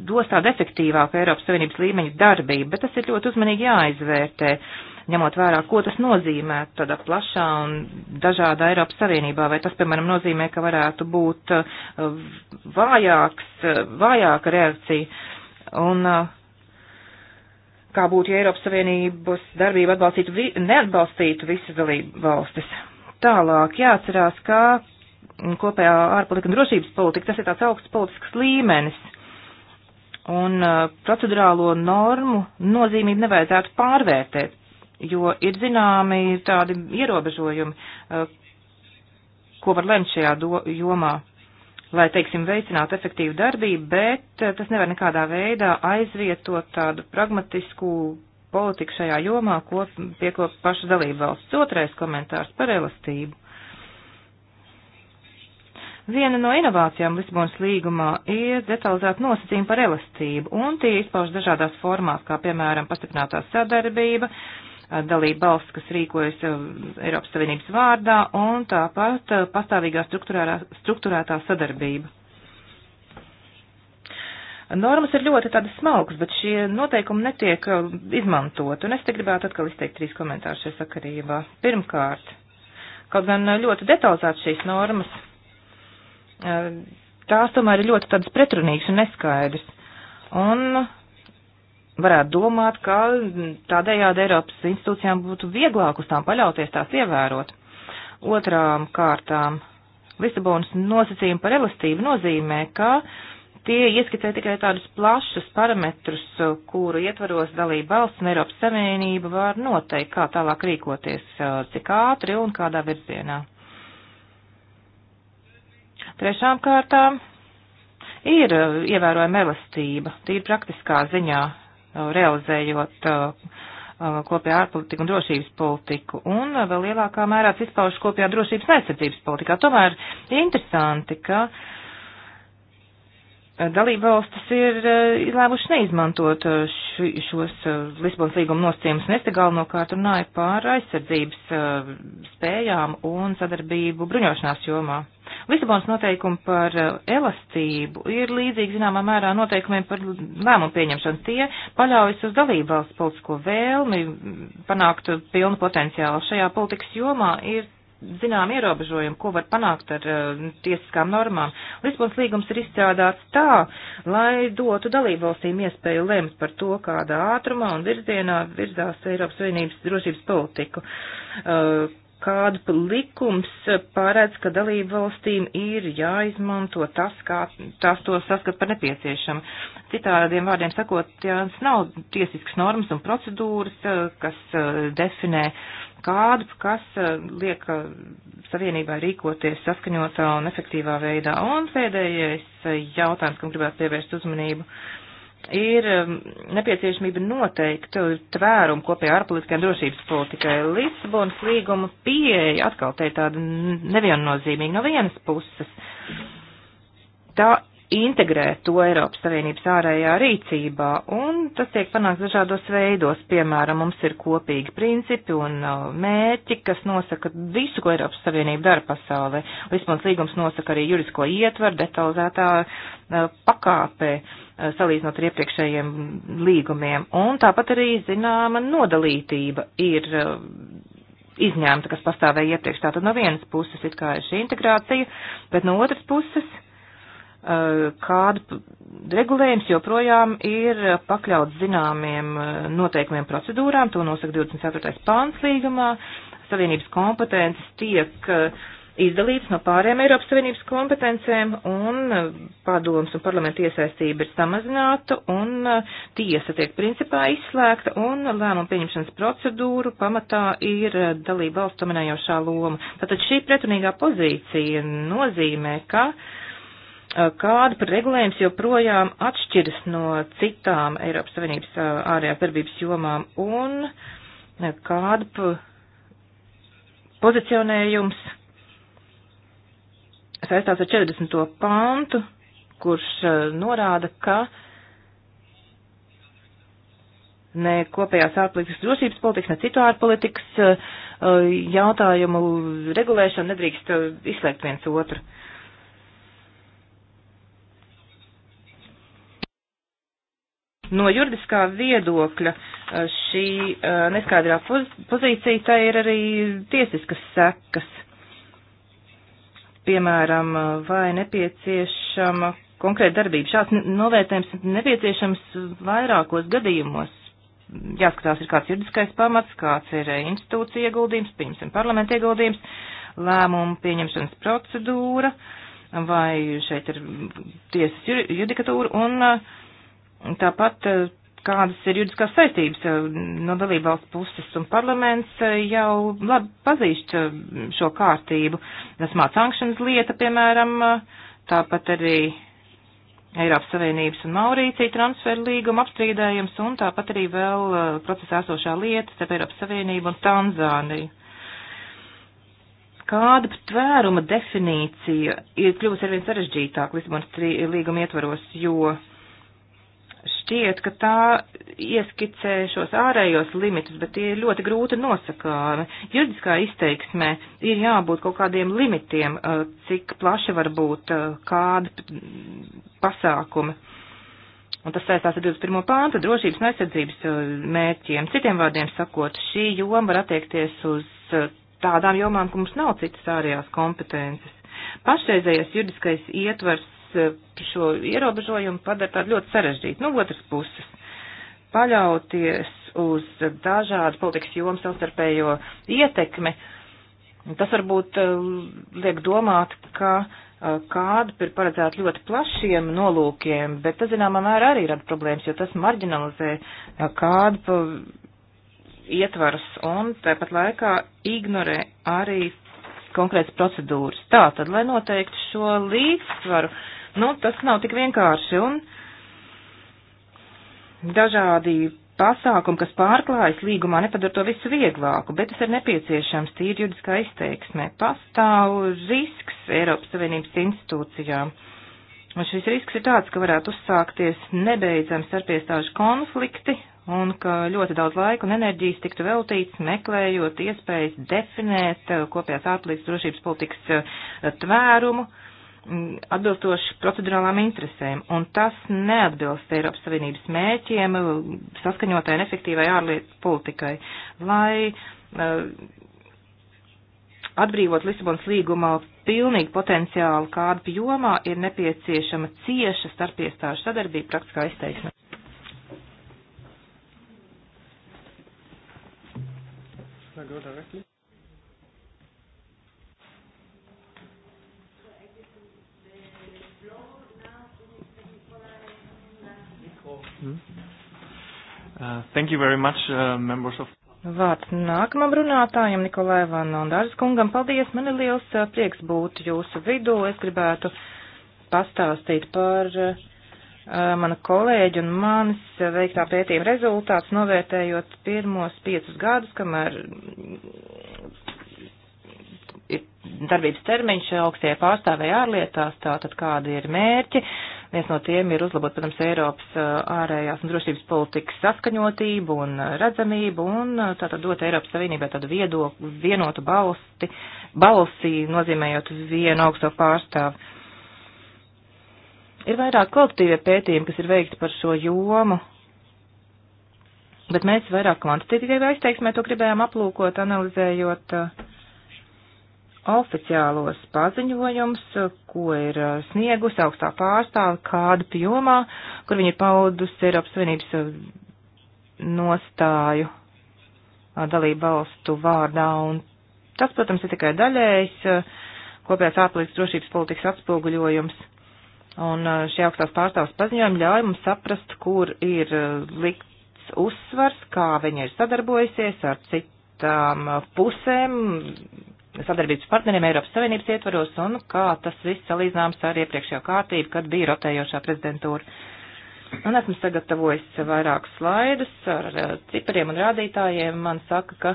dos tādu efektīvāku Eiropas Savienības līmeņa darbību, bet tas ir ļoti uzmanīgi jāizvērtē. Uh, ņemot vērā, ko tas nozīmē tādā plašā un dažādā Eiropas Savienībā, vai tas, piemēram, nozīmē, ka varētu būt uh, vājāks, uh, vājāka reakcija. Un, uh, Kā būtu, ja Eiropas Savienības darbību atbalstītu, vi, neatbalstītu visas dalību valstis? Tālāk jāatcerās, ka kopējā ārpolitika un drošības politika, tas ir tāds augsts politisks līmenis. Un uh, procedurālo normu nozīmību nevajadzētu pārvērtēt jo ir zināmi tādi ierobežojumi, eh, ko var lemt šajā do, jomā, lai, teiksim, veicinātu efektīvu darbību, bet eh, tas nevar nekādā veidā aizvietot tādu pragmatisku politiku šajā jomā, ko piekop pašu dalību valsts. Otrais komentārs par elastību. Viena no inovācijām Lisbonas līgumā ir detalizēta nosacījuma par elastību, un tie izpauž dažādās formās, kā piemēram pastiprinātā sadarbība, uh, dalība valsts, kas rīkojas uh, Eiropas Savienības vārdā, un tāpat uh, pastāvīgā struktūrētā sadarbība. Normas ir ļoti tādas smalkas, bet šie noteikumi netiek uh, izmantot, un es te gribētu atkal izteikt trīs komentārus šajā sakarībā. Pirmkārt, kaut gan ļoti detalizētas šīs normas, tās tomēr ir ļoti tādas pretrunīgas un neskaidras. Un varētu domāt, ka tādējādi Eiropas institūcijām būtu vieglāk uz tām paļauties, tās ievērot. Otrām kārtām Lisabonas nosacījumi par elastību nozīmē, ka tie ieskicē tikai tādus plašus parametrus, kuru ietvaros dalība valsts un Eiropas Savienība var noteikt, kā tālāk rīkoties, cik ātri un kādā virzienā. Trešām kārtām ir ievērojama elastība, tīri praktiskā ziņā, Uh, realizējot uh, uh, kopējā ārpolitiku un drošības politiku, un vēl lielākā mērā tas izpaužas kopējā drošības aizsardzības politikā. Tomēr interesanti, ka uh, dalībvalstis ir eh, izlēmuši neizmantot eh, šos eh, Lisbonas līguma nosacījumus, un es te galvenokārt runāju par aizsardzības spējām un sadarbību bruņošanās jomā. Lisabonas noteikumi par elastību ir līdzīgi zināmā mērā noteikumiem par lēmumu pieņemšanu. Tie paļaujas uz dalībvalsts politisko vēlmi panākt pilnu potenciālu. Šajā politikas jomā ir zinām ierobežojumi, ko var panākt ar uh, tiesiskām normām. Lisbons līgums ir izstrādāts tā, lai dotu dalībvalstīm iespēju lemt par to, kādā ātrumā un virzienā virzās Eiropas Savienības drošības politiku. Uh, kādu likums paredz, ka dalību valstīm ir jāizmanto tas, kā tās to saskat par nepieciešamu. Citādiem vārdiem sakot, tās nav tiesiskas normas un procedūras, kas definē kādu, kas liek savienībai rīkoties saskaņotā un efektīvā veidā. Un pēdējais jautājums, kam gribētu pievērst uzmanību. Uh, ir um, nepieciešamība noteikt tvērumu kopējā ārpolitiskā un drošības politikai. Lisabonas līguma pieeja atkal te tāda neviennozīmīga no vienas puses. Tā integrēt to Eiropas Savienības ārējā rīcībā, un tas tiek panāks dažādos veidos. Piemēram, mums ir kopīgi principi un uh, mērķi, kas nosaka visu, ko Eiropas Savienība dara pasaulē. Lisbons līgums nosaka arī juridisko ietvaru detalizētā uh, pakāpē uh, salīdzinot ar iepriekšējiem līgumiem. Un tāpat arī zināma nodalītība ir izņēmta, kas pastāvēja iepriekš. Tātad no vienas puses it kā ir šī integrācija, bet no otras puses Eh, kādu regulējums joprojām ir pakļauts zināmiem eh, noteikumiem procedūrām, to nosaka 24. pāns līgumā, savienības kompetences tiek eh, izdalīts no pārējām Eiropas Savienības kompetencēm, un padoms un parlamenta iesaistība ir samazināta, un tiesa tiek principā izslēgta, un lēmumu pieņemšanas procedūru pamatā ir dalība valsts dominējošā loma. Tātad šī pretrunīgā pozīcija nozīmē, ka uh, kāda regulējums joprojām atšķiras no citām Eiropas Savienības ārējās darbības jomām un kāda pozicionējums saistās ar 40. pantu, kurš norāda, ka ne kopējās ārpolitikas drošības politikas, ne citu ārpolitikas jautājumu regulēšanu nedrīkst izslēgt viens otru. Uh, No juridiskā viedokļa eh, šī eh, neskaidrā pozīcija tā ir arī tiesiskas sekas. Piemēram, eh, vai nepieciešama konkrēta darbība. Šāds novērtējums nepieciešams vairākos gadījumos. Jāskatās, ir kāds juridiskais pamats, kāds ir institūcija ieguldījums, pieņemsim parlamenta ieguldījums, lēmumu pieņemšanas procedūra, vai šeit ir tiesas judikatūra un uh, Tāpat eh, kādas ir juridiskās saistības eh, no dalībvalsts puses, un parlaments eh, jau labi pazīst šo kārtību. Nesmā sankšanas lieta, piemēram, tāpat arī Eiropas Savienības un Maurīcija transferu līguma apstrīdējums, un tāpat arī vēl procesā esošā lieta starp Eiropas Savienību un Tanzāniju. Kāda tvēruma definīcija ir kļuvusi arvien sarežģītāk Lisbonas līguma ietvaros, jo uh, šķiet, ka tā ieskicē šos ārējos limitus, bet tie ir ļoti grūti nosakāmi. Juridiskā izteiksmē ir jābūt kaut kādiem limitiem, uh, cik plaši var būt uh, kādi pasākumi. Un tas saistās ar 21. pānta drošības un aizsardzības uh, mērķiem. Citiem vārdiem sakot, šī joma var attiekties uz tādām jomām, ka mums nav citas ārējās kompetences. Pašreizējais juridiskais ietvars Eh, šo ierobežojumu padara tādu ļoti sarežģītu. No nu, otras puses, paļauties uz dažādu politikas jomu savstarpējo ietekmi, tas varbūt eh, liek domāt, ka eh, kāda ir paredzēta ļoti plašiem nolūkiem, bet tas, zināmā mērā, arī rada problēmas, jo tas marginalizē kādu ietvarus un tāpat laikā ignorē arī konkrētas procedūras. Tā tad, lai noteiktu šo līdzsvaru, Nu, tas nav tik vienkārši un dažādi pasākumi, kas pārklājas līgumā, nepadara to visu vieglāku, bet tas ir nepieciešams tīri juridiskā izteiksmē. Pastāv risks Eiropas Savienības institūcijām. Un šis risks ir tāds, ka varētu uzsākties nebeidzami starpiestāžu konflikti un ka ļoti daudz laika un enerģijas tiktu veltīts meklējot iespējas definēt kopējās ārpolitikas drošības politikas eh, tvērumu. Uh, Mm, atbilstoši procedurālām interesēm, un tas neatbilst Eiropas Savienības mēķiem, uh, saskaņotai un efektīvai ārlietu politikai, lai uh, atbrīvot Lisabonas līgumā pilnīgi potenciālu kādu jomā, ir nepieciešama cieša starpiestāžu sadarbība praktiskā izteiksmē. Can I go directly? Mm. Uh, thank you very much, uh, members of. Vārds nākamam runātājam Nikolai Vanondārs kungam. Paldies, man ir liels uh, prieks būt jūsu vidū. Es gribētu pastāstīt par uh, mana kolēģa un manis veiktā pētījuma rezultāts, novērtējot pirmos piecus gadus, kamēr ir darbības termiņš augstie pārstāvēja ārlietās, tātad kādi ir mērķi, uh, Viens no tiem ir uzlabot, protams, Eiropas uh, ārējās un drošības politikas saskaņotību un uh, redzamību un uh, tātad dot Eiropas Savienībai tādu viedokli, vienotu balsti, balsi, nozīmējot vienu augsto pārstāvu. Ir vairāk kolektīvie pētījumi, kas ir veikti par šo jomu, bet mēs vairāk kvantitatīvajā izteiksmē to gribējām aplūkot, analizējot uh, oficiālos paziņojumus, ko ir eh, sniegusi augstā pārstāve kāda pjomā, kur viņa paudus Eiropas Savienības eh, nostāju eh, dalību valstu vārdā. Un tas, protams, ir tikai daļējs kopējās ārpolitikas drošības politikas atspoguļojums. Un šie augstās pārstāvs paziņojumi ļauj mums saprast, kur ir likts uzsvars, kā viņa ir sadarbojusies ar citām pusēm, sadarbības partneriem Eiropas Savienības ietvaros un kā tas viss salīdzināms ar iepriekšējo kārtību, kad bija rotējošā prezidentūra. Un esmu sagatavojis vairākus slaidus ar eh, cipariem un rādītājiem. Man saka, ka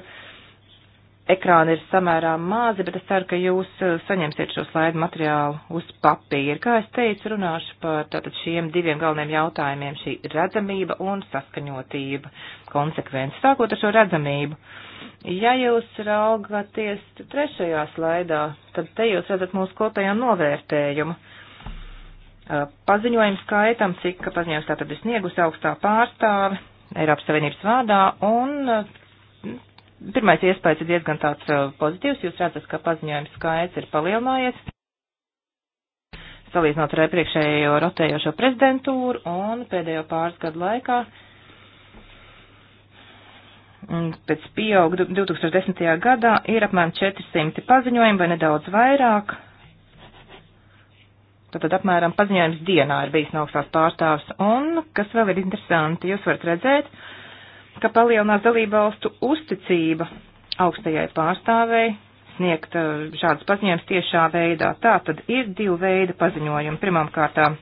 ekrāni ir samērā mazi, bet es ceru, ka jūs uh, saņemsiet šo slaidu materiālu uz papīra. Kā es teicu, runāšu par tātad šiem diviem galveniem jautājumiem - šī redzamība un saskaņotība, konsekvences. Sākot ar šo redzamību. Ja jūs raugaties trešajā slaidā, tad te jūs redzat mūsu kopējo novērtējumu. Uh, paziņojums skaitam, cik paziņojums tātad ir sniegus augstā pārstāve Eiropas Savienības vārdā un uh, Pirmais iespējas ir diezgan tāds uh, pozitīvs. Jūs redzat, ka paziņojums skaits ir palielinājies salīdzinot ar iepriekšējo rotējošo prezidentūru un pēdējo pāris gadu laikā. Pēc pieauga 2010. gadā ir apmēram 400 paziņojumi vai nedaudz vairāk. Tātad apmēram paziņojums dienā ir bijis no augstās pārstāvs. Un, kas vēl ir interesanti, jūs varat redzēt, uh, ka palielinās dalībvalstu uzticība augstajai pārstāvēji sniegt uh, šādas paziņojumas tiešā veidā. Tā tad ir divi veidi paziņojumi. Pirmām kārtām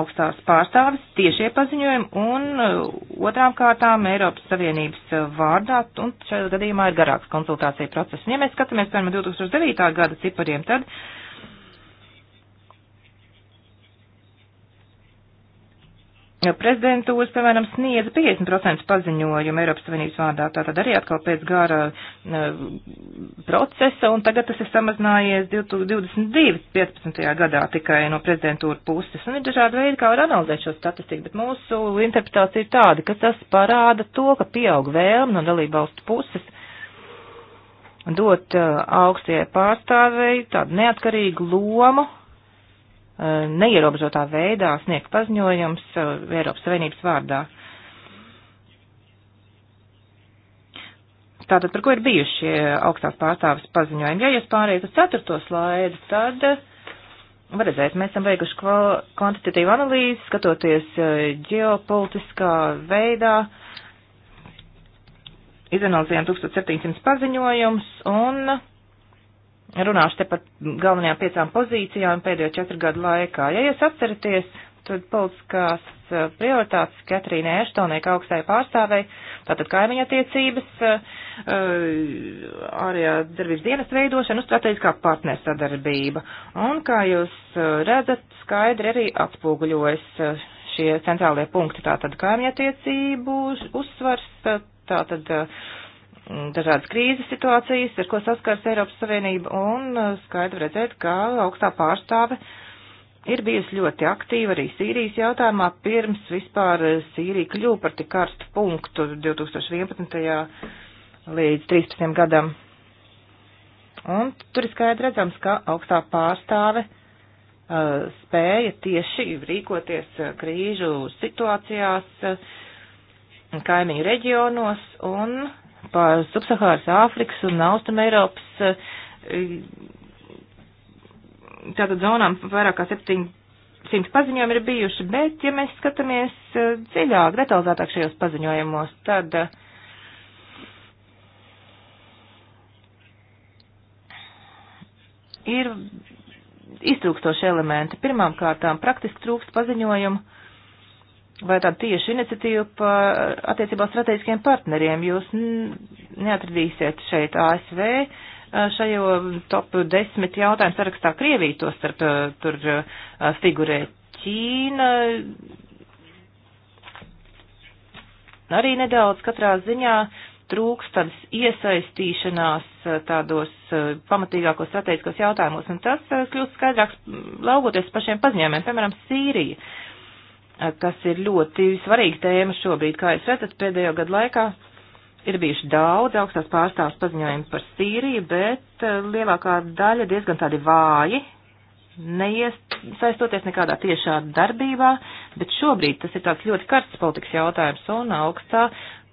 augstās pārstāvis tiešie paziņojumi un uh, otrām kārtām Eiropas Savienības uh, vārdā, un šajā gadījumā ir garāks konsultācija process. Un, ja mēs skatāmies, piemēram, 2009. gada cipariem, tad uh, prezidentūras, piemēram, sniedza 50% paziņojumu Eiropas Savienības vārdā, tātad arī atkal pēc gara procesa, un tagad tas ir samazinājies 2022, 15. gadā tikai no prezidentūra puses, un ir dažādi veidi, kā var analizēt šo statistiku, bet mūsu interpretācija ir tāda, ka tas parāda to, ka pieaug vēlme no dalībvalstu puses dot augstie pārstāvei tādu neatkarīgu lomu Eh, neierobežotā veidā sniegt paziņojums eh, Eiropas Savienības vārdā. Tātad, par ko ir bijušie augstās pārstāvis paziņojumi? Ja jūs pārējat uz ceturto slaidu, tad eh, var redzēt, mēs esam veikuši kvantitatīvu analīzi, skatoties ģeopolitiskā veidā, izanalizējām 1700 paziņojumus un runāšu te par galvenajām piecām pozīcijām pēdējo četru gadu laikā. Ja jūs atceraties, tad politiskās eh, prioritātes Katrīnai Eštonai, kā augstai pārstāvei, tātad kaimiņa attiecības, eh, ārējā darbības dienas veidošana, strateģiskā partnera sadarbība. Un, kā jūs eh, redzat, skaidri arī atspoguļojas šie centrālie punkti, tātad kaimiņa attiecību uzsvars, tātad Mm, dažādas krīzes situācijas, ar ko saskars Eiropas Savienība, un uh, skaidri redzēt, ka augstā pārstāve ir bijusi ļoti aktīva arī Sīrijas jautājumā, pirms vispār uh, Sīrija kļūpa par tik karstu punktu 2011. līdz 13. gadam. Un tur ir skaidri redzams, ka augstā pārstāve uh, spēja tieši rīkoties uh, krīžu situācijās, uh, kaimiņu reģionos, un par subsahāras Āfrikas un Austrum Eiropas eh, tātad zonām vairāk kā 700 paziņojumi ir bijuši, bet ja mēs skatāmies eh, dziļāk, detalizētāk šajos paziņojumos, tad eh, ir iztrūkstoši elementi. Pirmām kārtām praktiski trūkst paziņojumu vai tāda tieša iniciatīva pa attiecībā strateģiskiem partneriem. Jūs neatradīsiet šeit ASV šajo top desmit jautājumu sarakstā Krieviju to starp tur figurē Ķīna. Arī nedaudz katrā ziņā trūks tādas iesaistīšanās tādos pamatīgākos strateģiskos jautājumos, un tas kļūst skaidrāks laugoties pašiem paziņojumiem, piemēram, Sīrija kas ir ļoti svarīga tēma šobrīd, kā jūs redzat, pēdējo gadu laikā ir bijuši daudz augstās pārstāvs paziņojumi par Sīriju, bet eh, lielākā daļa diezgan tādi vāji, neiesaistoties nekādā tiešā darbībā, bet šobrīd tas ir tāds ļoti karsts politikas jautājums un augstā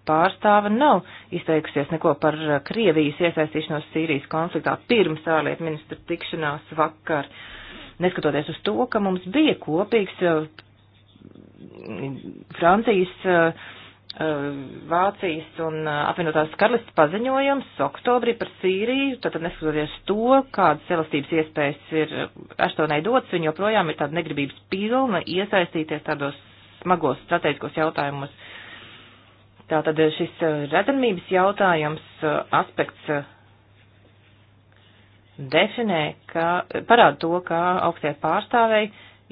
pārstāve nav izteikusies neko par eh, Krievijas iesaistīšanos Sīrijas konfliktā pirms ārlietu ministra tikšanās vakar. Neskatoties uz to, ka mums bija kopīgs eh, Francijas, eh, eh, Vācijas un eh, apvienotās karalists paziņojums oktobrī par Sīriju, tad neskatoties to, kādas elastības iespējas ir Aštonai dots, viņa joprojām ir tāda negribības pilna iesaistīties tādos smagos strateģiskos jautājumos. Tātad šis redzamības jautājums aspekts definē, ka parāda to, ka augstajai pārstāvei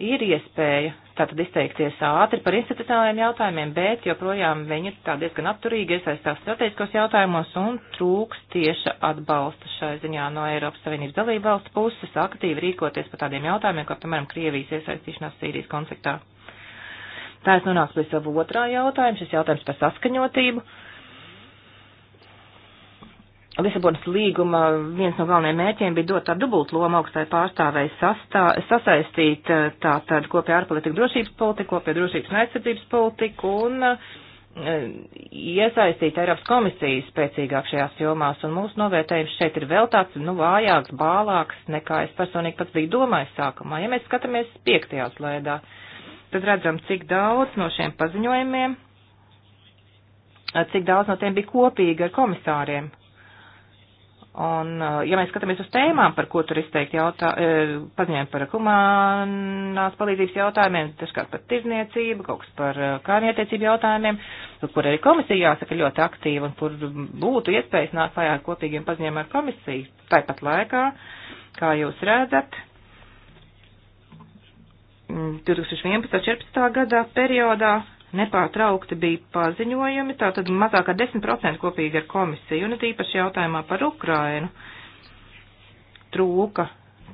ir iespēja tātad izteikties ātri par institucionālajiem jautājumiem, bet joprojām viņi ir tā diezgan apturīgi iesaistās strateģiskos jautājumos un trūks tieša atbalsta šai ziņā no Eiropas Savienības dalību valstu puses aktīvi rīkoties par tādiem jautājumiem, kā, piemēram, Krievijas iesaistīšanās Sīrijas konfliktā. Tā es nonāku pie savu otrā jautājumu, šis jautājums par saskaņotību. Uh, Lisabonas līguma viens no galvenajiem mērķiem bija dot tā dubultu lomu augstai pārstāvēji sasaistīt eh, tā tad kopējā ārpolitika drošības politiku, kopējā drošības un aizsardzības politiku un eh, iesaistīt Eiropas komisiju spēcīgāk šajās jomās. Un mūsu novērtējums šeit ir vēl tāds, nu, vājāks, bālāks, nekā es personīgi pats biju domājis sākumā. Ja mēs skatāmies piektajā slēdā, tad redzam, cik daudz no šiem paziņojumiem, cik daudz no tiem bija kopīgi ar komisāriem Un, uh, ja mēs skatāmies uz tēmām, par ko tur izteikti jautā, uh, paziņojumi par humanās palīdzības jautājumiem, dažkārt par tirzniecību, kaut kas par uh, kārnietiecību jautājumiem, nu, kur arī komisija jāsaka ļoti aktīva un kur būtu iespējas nākt klajā ar kopīgiem paziņojumiem ar komisiju. Tāpat laikā, kā jūs redzat, mm, 2011. un 2014. gadā periodā nepārtraukti bija paziņojumi, tātad mazāk kā 10% kopīgi ar komisiju, un tīpaši jautājumā par Ukrainu trūka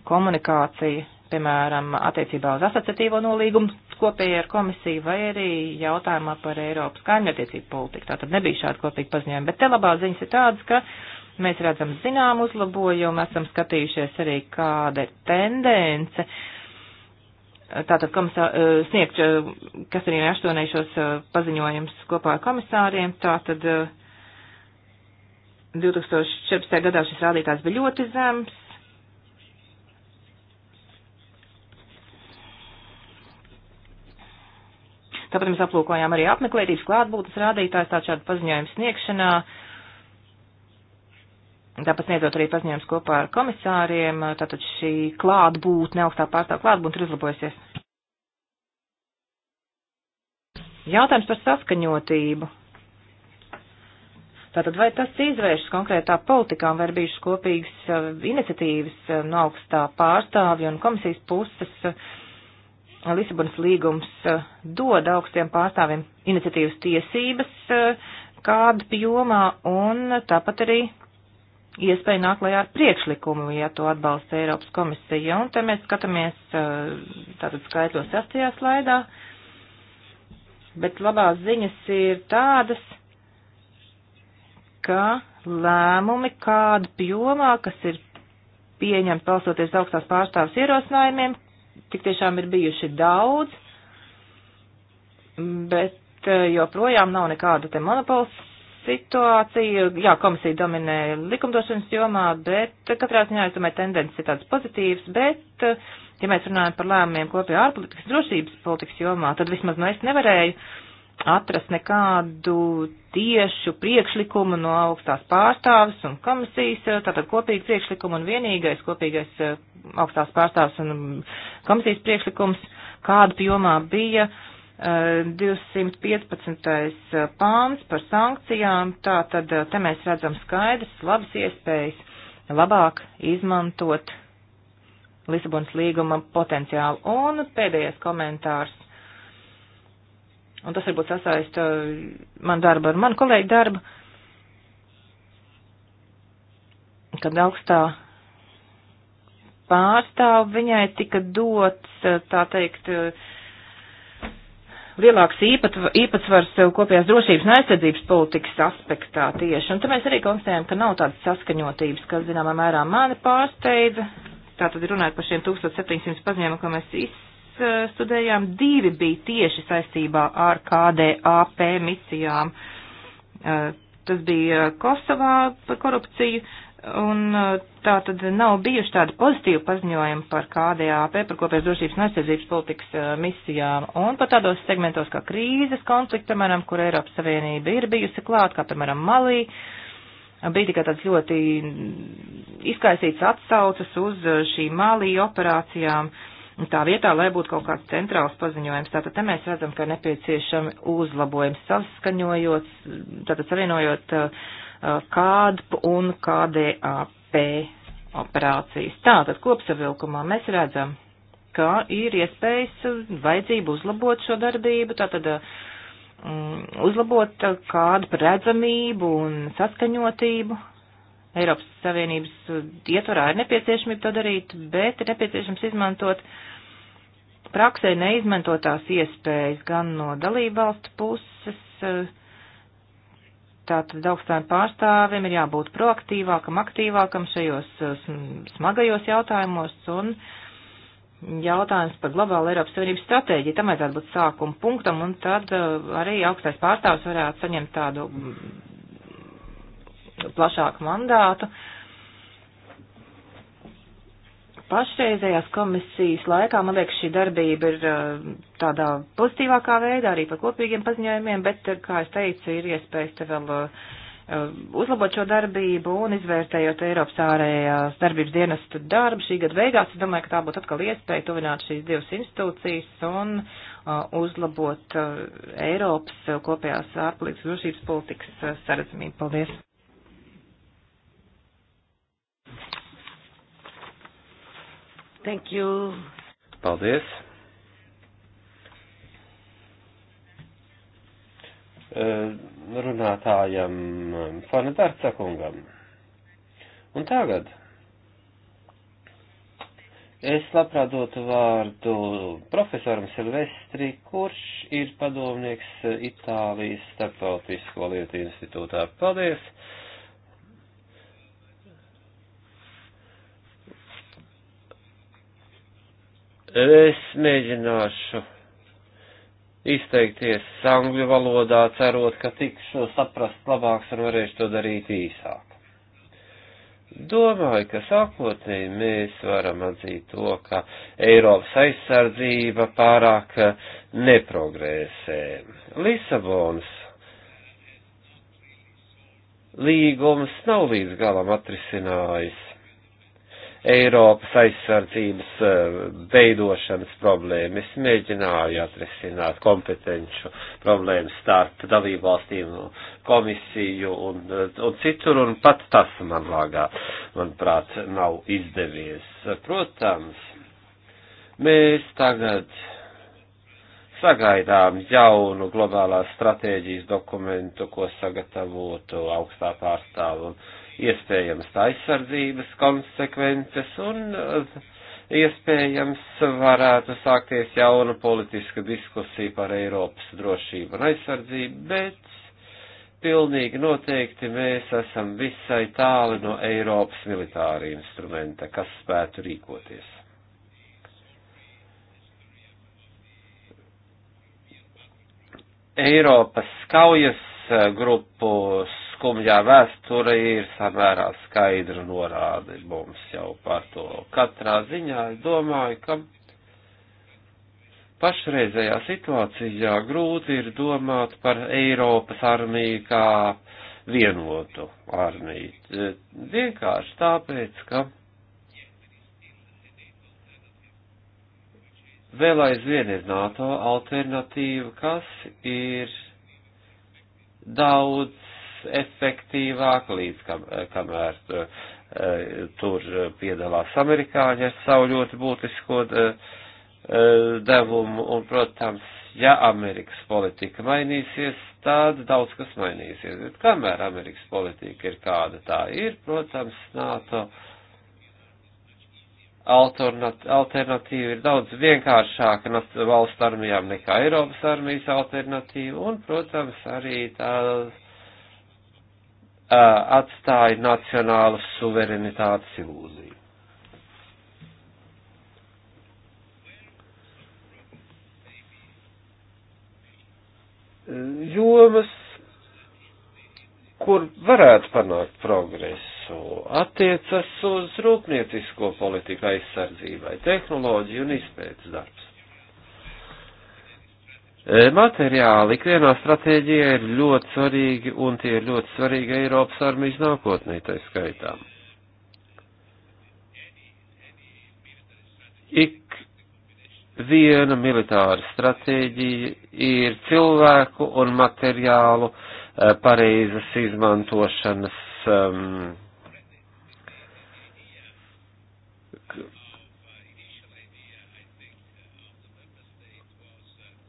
komunikācija, piemēram, attiecībā uz asociatīvo nolīgumu kopēji ar komisiju vai arī jautājumā par Eiropas kaimiņattiecību politiku. Tātad nebija šāda kopīga paziņojuma, bet te labā ziņas ir tādas, ka mēs redzam zinām uzlabojumu, esam skatījušies arī kāda ir tendence. Uh, tātad komisā, eh, sniegt eh, Katarīnai Aštonai šos eh, paziņojumus kopā ar komisāriem. Tātad 2014. gadā šis rādītājs bija ļoti zems. Tāpat mēs aplūkojām arī apmeklētības klātbūtnes rādītājs tā šādu paziņojumu sniegšanā. Uh, Tāpēc sniedzot arī paziņojums kopā ar komisāriem, tātad šī klātbūtne, augstā pārstāv klātbūtne ir uzlabojusies. Jautājums par saskaņotību. Tātad vai tas izvēršas konkrētā politikā, vai ir bijušas kopīgas eh, iniciatīvas eh, no augstā pārstāvja un komisijas puses? Eh, Lisabonas līgums dod augstiem pārstāvim iniciatīvas tiesības kādu jomā un tāpat arī iespēja nākt lajā ar priekšlikumu, ja to atbalsta Eiropas komisija. Un te mēs skatāmies eh, tātad skaitļos sastajā slaidā, bet labās ziņas ir tādas, ka lēmumi kādu jomā, kas ir pieņemti balsoties augstās pārstāvs ierosinājumiem, tik tiešām ir bijuši daudz, bet eh, joprojām nav nekāda te monopols situāciju. Jā, komisija dominē likumdošanas jomā, bet katrā ziņā, es domāju, tendences ir tādas pozitīvas, bet, ja mēs runājam par lēmumiem kopējā ārpolitikas drošības politikas jomā, tad vismaz no nu, es nevarēju atrast nekādu tiešu priekšlikumu no augstās pārstāvis un komisijas, tātad kopīgi priekšlikumu un vienīgais kopīgais eh, augstās pārstāvis un mm, komisijas priekšlikums kādu jomā bija uh, 215. Eh, pāns par sankcijām, tā tad eh, te mēs redzam skaidrs, labas iespējas labāk izmantot Lisabonas līguma potenciālu. Un pēdējais komentārs, un tas varbūt sasaista eh, man darbu ar manu kolēģu darbu, kad augstā pārstāv viņai tika dots, tā teikt, uh, lielāks īpatsvars kopējās drošības un aizsardzības politikas aspektā tieši. Un te mēs arī konstatējam, ka nav tādas saskaņotības, kas zināmā mērā mani pārsteidza. Tātad runājot par šiem 1700 paziņojumiem, ko mēs izstudējām, divi bija tieši saistībā ar KDAP misijām. Eh, tas bija Kosovā par korupciju Un uh, tā tad nav bijuši tādi pozitīvi paziņojumi par KDAP, par kopējas drošības un aizsardzības politikas uh, misijām, un pat tādos segmentos kā krīzes konflikta, piemēram, kur Eiropas Savienība ir bijusi klāt, kā piemēram Malī, bija tikai tāds ļoti izkaisīts atsaucas uz uh, šīm Malī operācijām, tā vietā, lai būtu kaut kāds centrāls paziņojums. Tātad te mēs redzam, ka nepieciešami uzlabojums savskaņojot, tātad savienojot uh, KADP un KDAP operācijas. Tātad kopsavilkumā mēs redzam, ka ir iespējas uh, vajadzību uzlabot šo darbību, tātad uh, mm, uzlabot uh, kādu redzamību un saskaņotību. Eiropas Savienības ietvarā ir nepieciešamība to darīt, bet ir nepieciešams izmantot praksē neizmantotās iespējas gan no dalībvalstu puses, Tātad augstājiem pārstāvim ir jābūt proaktīvākam, aktīvākam šajos eh, smagajos jautājumos un jautājums par globālu Eiropas Savienības stratēģiju. Tam vajadzētu būt sākuma punktam un tad eh, arī augstais pārstāvs varētu saņemt tādu mm, plašāku mandātu. Uh, pašreizējās komisijas laikā, man liekas, šī darbība ir uh, tādā pozitīvākā veidā, arī par kopīgiem paziņojumiem, bet, uh, kā es teicu, ir iespējas te vēl uh, uzlabot šo darbību un izvērtējot Eiropas ārējās darbības dienestu darbu šī gada beigās, es domāju, ka tā būtu atkal iespēja tuvināt šīs divas institūcijas un uzlabot Eiropas kopējās ārpolitikas drošības politikas saredzamību. Paldies! Thank you. Paldies. runātājam Fana Dārca kungam. Un tagad es labprāt dotu vārdu profesoram Silvestri, kurš ir padomnieks Itālijas starptautisko lietu institūtā. Paldies! Es mēģināšu izteikties angļu valodā, cerot, ka tikšu saprast labāks un varēšu to darīt īsāk. Domāju, ka sākotnēji mēs varam atzīt to, ka Eiropas aizsardzība pārāk neprogresē. Lisabons līgums nav līdz galam atrisinājis Eiropas aizsardzības eh, veidošanas problēmu. Es mēģināju atrisināt kompetenču problēmu starp dalībvalstīm, komisiju un, eh, un citur, un pat tas man lāgā, manuprāt, nav izdevies. Protams, mēs tagad sagaidām jaunu globālās stratēģijas dokumentu, ko sagatavotu augstā pārstāvu un iespējams aizsardzības konsekvences un eh, iespējams varētu sākties jauna politiska diskusija par Eiropas drošību un aizsardzību, bet pilnīgi noteikti mēs esam visai tāli no Eiropas militāra instrumenta, kas spētu rīkoties. Eiropas kaujas eh, grupu skumjā vēsture ir samērā skaidra norāde mums jau par to. Katrā ziņā es domāju, ka pašreizējā situācijā grūti ir domāt par Eiropas armiju kā vienotu armiju. E, vienkārši tāpēc, ka vēl aizvien ir NATO alternatīva, kas ir daudz efektīvāk, līdz kam, kamēr eh, tur piedalās amerikāņi ar savu ļoti būtisko eh, eh, devumu. Un, protams, ja Amerikas politika mainīsies, tad daudz kas mainīsies. Bet kamēr Amerikas politika ir kāda tā ir, protams, NATO alternatīva ir daudz vienkāršāka valsts armijām nekā Eiropas armijas alternatīva, un, protams, arī tās Uh, atstāja nacionālas suverenitātes ilūziju. Jomas, kur varētu panākt progresu, attiecas uz rūpniecisko politiku aizsardzībai, tehnoloģiju un izpētes darbs. E, materiāli ikvienā stratēģijā ir ļoti svarīgi, un tie ir ļoti svarīgi Eiropas armijas nākotnē, tai skaitā. Ik viena militāra stratēģija ir cilvēku un materiālu e, pareizas izmantošanas um,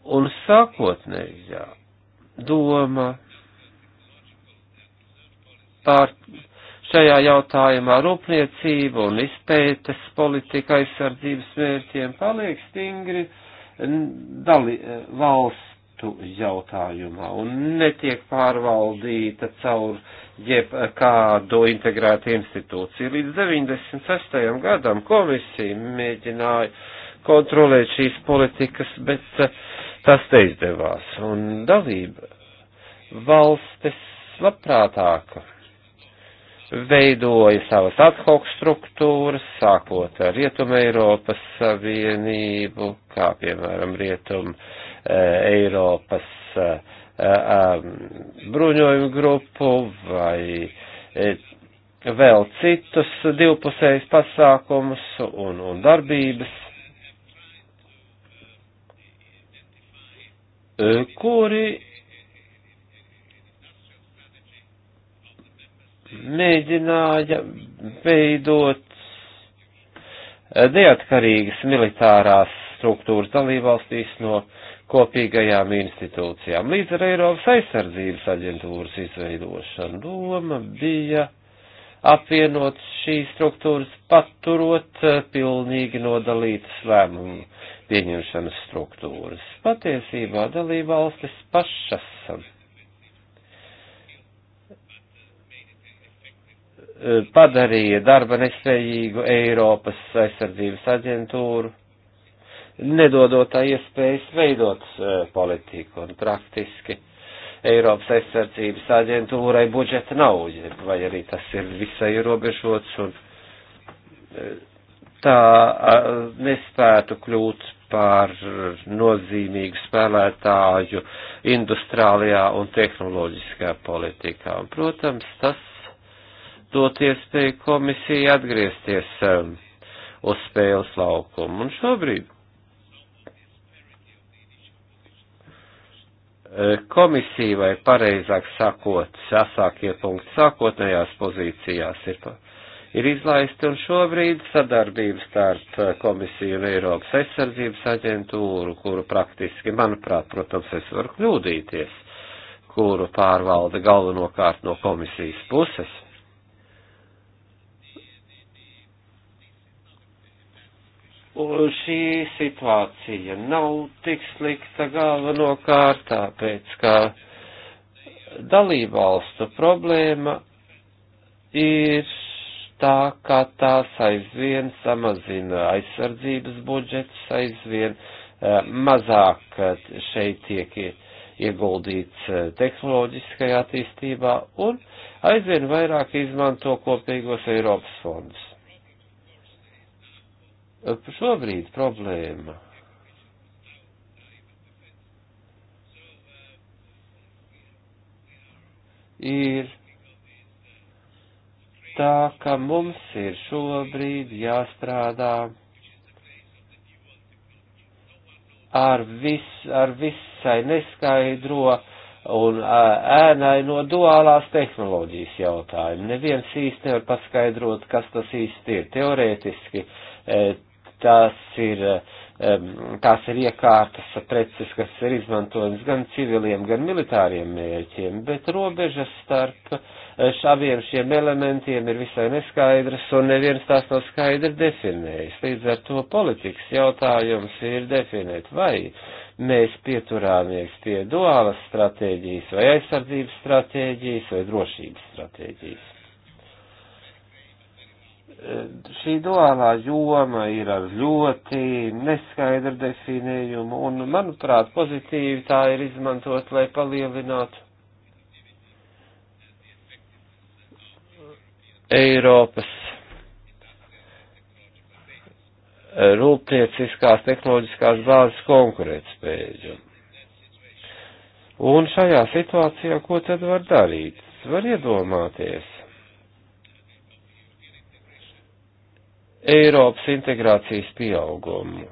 Un sākotnējā doma pār šajā jautājumā rūpniecība un izpētes politika aizsardzības mērķiem paliek stingri dali, e, valstu jautājumā un netiek pārvaldīta caur jeb e, kādu integrētu institūciju. Līdz 96. gadam komisija mēģināja kontrolēt šīs politikas, bet uh, tas te izdevās. Un dalība valstis labprātāk veidoja savas ad hoc struktūras, sākot ar Rietumu Eiropas Savienību, kā piemēram Rietumu eh, Eiropas eh, eh, bruņojumu grupu vai vēl citus divpusējus pasākumus un, un darbības kuri mēģināja veidot neatkarīgas militārās struktūras dalībvalstīs no kopīgajām institūcijām. Līdz ar Eiropas aizsardzības aģentūras izveidošanu doma bija apvienot šīs struktūras, paturot eh, pilnīgi nodalītas lēmumu pieņemšanas struktūras. Patiesībā dalībvalstis pašas eh, padarīja darba nespējīgu Eiropas aizsardzības aģentūru, nedodot tā iespējas veidot eh, politiku un praktiski. Eiropas aizsardzības aģentūrai budžeta nav, vai arī tas ir visai ierobežots un eh, tā nespētu kļūt par nozīmīgu spēlētāju industriālajā un tehnoloģiskajā politikā. Un, protams, tas dot iespēju komisijai atgriezties um, uz spēles laukumu. Un šobrīd uh, komisija vai pareizāk sakot, sasākie punkti sākotnējās pozīcijās ir. Pa, ir izlaisti, un šobrīd sadarbība starp eh, komisiju un Eiropas aizsardzības aģentūru, kuru praktiski, manuprāt, protams, es varu kļūdīties, kuru pārvalda galvenokārt no komisijas puses. Un šī situācija nav tik slikta galvenokārt, tāpēc, ka dalībvalstu problēma ir tā, ka tās aizvien samazina aizsardzības budžets, aizvien e, mazāk e, šeit tiek ieguldīts e, tehnoloģiskajā attīstībā un aizvien vairāk izmanto kopīgos Eiropas fondus. Šobrīd problēma ir tā, ka mums ir šobrīd jāstrādā ar, vis, ar visai neskaidro un ēnai no duālās tehnoloģijas jautājumu. Neviens īsti nevar paskaidrot, kas tas īsti ir. Teorētiski tas ir, tās ir iekārtas preces, kas ir izmantojams gan civiliem, gan militāriem mērķiem, bet robežas starp uh, šaviem eh, šiem elementiem ir visai neskaidrs un neviens tās nav skaidri definējis. Līdz ar to politikas jautājums ir definēt, vai mēs pieturāmies pie duālas stratēģijas vai aizsardzības stratēģijas vai drošības stratēģijas. Eh, šī duālā joma ir ar ļoti neskaidru definējumu un, manuprāt, pozitīvi tā ir izmantot, lai palielinātu Eiropas rūpnieciskās tehnoloģiskās bāzes konkurētspēju. Un šajā situācijā, ko tad var darīt? Var iedomāties. Eiropas integrācijas pieaugumu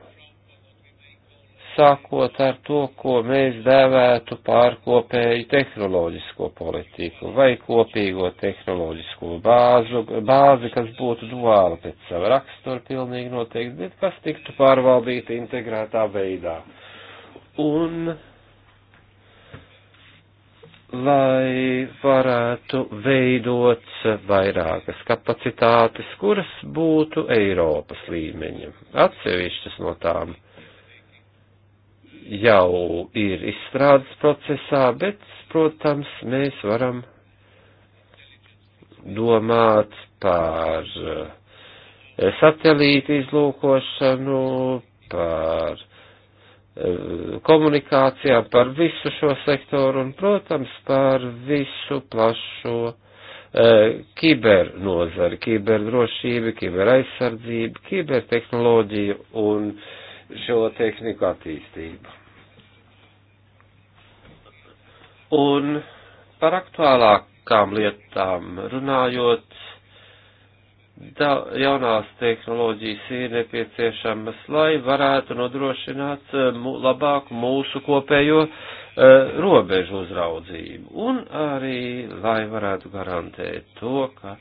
sākot ar to, ko mēs dēvētu par kopēju tehnoloģisko politiku vai kopīgo tehnoloģisko bāzu, bāzi, kas būtu duāla pēc sava rakstura pilnīgi noteikti, bet kas tiktu pārvaldīta integrētā veidā. Un lai varētu veidot vairākas kapacitātes, kuras būtu Eiropas līmeņa. Atsevišķas no tām jau ir izstrādes procesā, bet, protams, mēs varam domāt par eh, satelītu izlūkošanu, par eh, komunikācijām, par visu šo sektoru un, protams, par visu plašo eh, kibernozari, kiberdrošība, kiberaizsardzība, kibertehnoloģija un šo tehniku attīstību. Un par aktuālākām lietām runājot, da, jaunās tehnoloģijas ir nepieciešamas, lai varētu nodrošināt eh, labāku mūsu kopējo uh, robežu uzraudzību un arī, lai varētu garantēt to, ka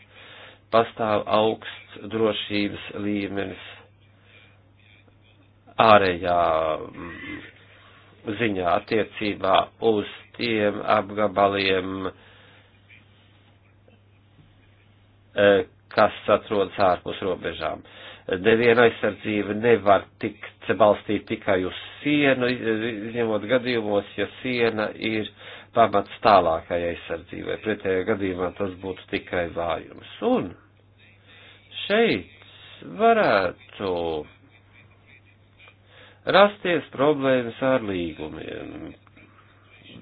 pastāv augsts drošības līmenis ārējā mm, ziņā attiecībā uz tiem apgabaliem, e, kas atrodas ārpus robežām. Neviena aizsardzība nevar tikt balstīt tikai uz sienu, izņemot gadījumos, ja siena ir pamats tālākai aizsardzībai. Pretējā gadījumā tas būtu tikai vājums. Un šeit varētu rasties problēmas ar līgumiem.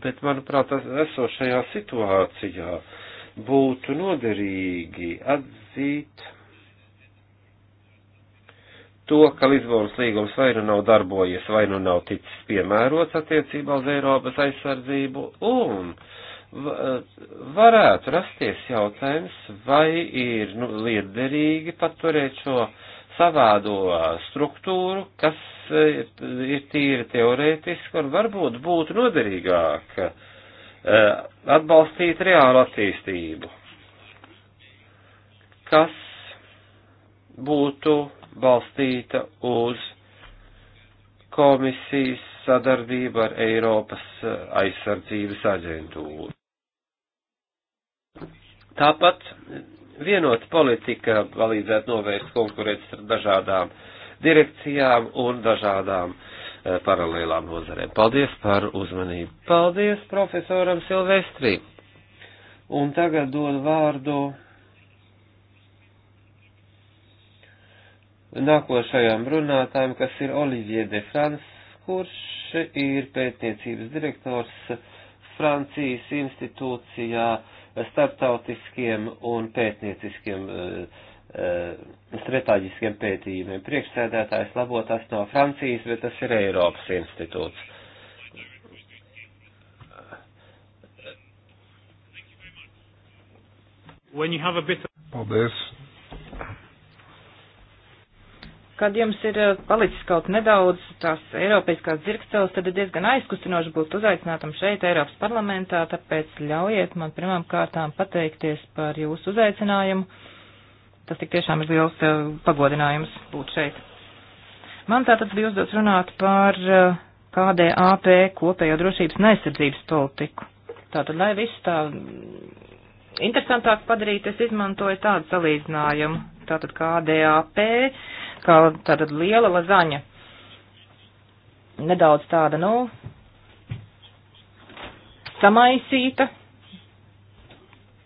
Bet, manuprāt, esošajā situācijā būtu noderīgi atzīt to, ka Lisbonas līgums vai nu nav darbojies, vai nu nav ticis piemērots attiecībā uz Eiropas aizsardzību, un varētu rasties jautājums, vai ir nu, liederīgi paturēt šo uh, savādo struktūru, kas eh, ir tīri teorētiski un varbūt būtu noderīgāk eh, atbalstīt reālu attīstību, kas būtu balstīta uz komisijas sadarbību ar Eiropas eh, aizsardzības aģentūru. Tāpat Vienota politika palīdzētu novērst konkurētas ar dažādām direkcijām un dažādām uh, paralēlām nozarēm. Paldies par uzmanību. Paldies profesoram Silvestrī. Un tagad dod vārdu nākošajam runātājam, kas ir Olivier de France, kurš ir pētniecības direktors Francijas institūcijā uh, starptautiskiem un pētnieciskiem eh, eh, strateģiskiem pētījumiem. Priekšsēdētājs labo tas no Francijas, bet tas ir Eiropas institūts. Bit... Paldies. Kad jums ir eh, palicis kaut nedaudz tās eiropeiskās dzirkstels, tad ir diezgan aizkustinoši būt uzaicinātam šeit Eiropas parlamentā, tāpēc ļaujiet man pirmām kārtām pateikties par jūsu uzaicinājumu. Tas tik tiešām ir liels eh, pagodinājums būt šeit. Man tātad bija uzdots runāt par eh, KDAP kopējo drošības un aizsardzības politiku. Tātad, lai viss tā interesantāk padarīt, es izmantoju tādu salīdzinājumu. Tātad KDAP kā tāda liela lazaņa. Nedaudz tāda, nu, samaisīta.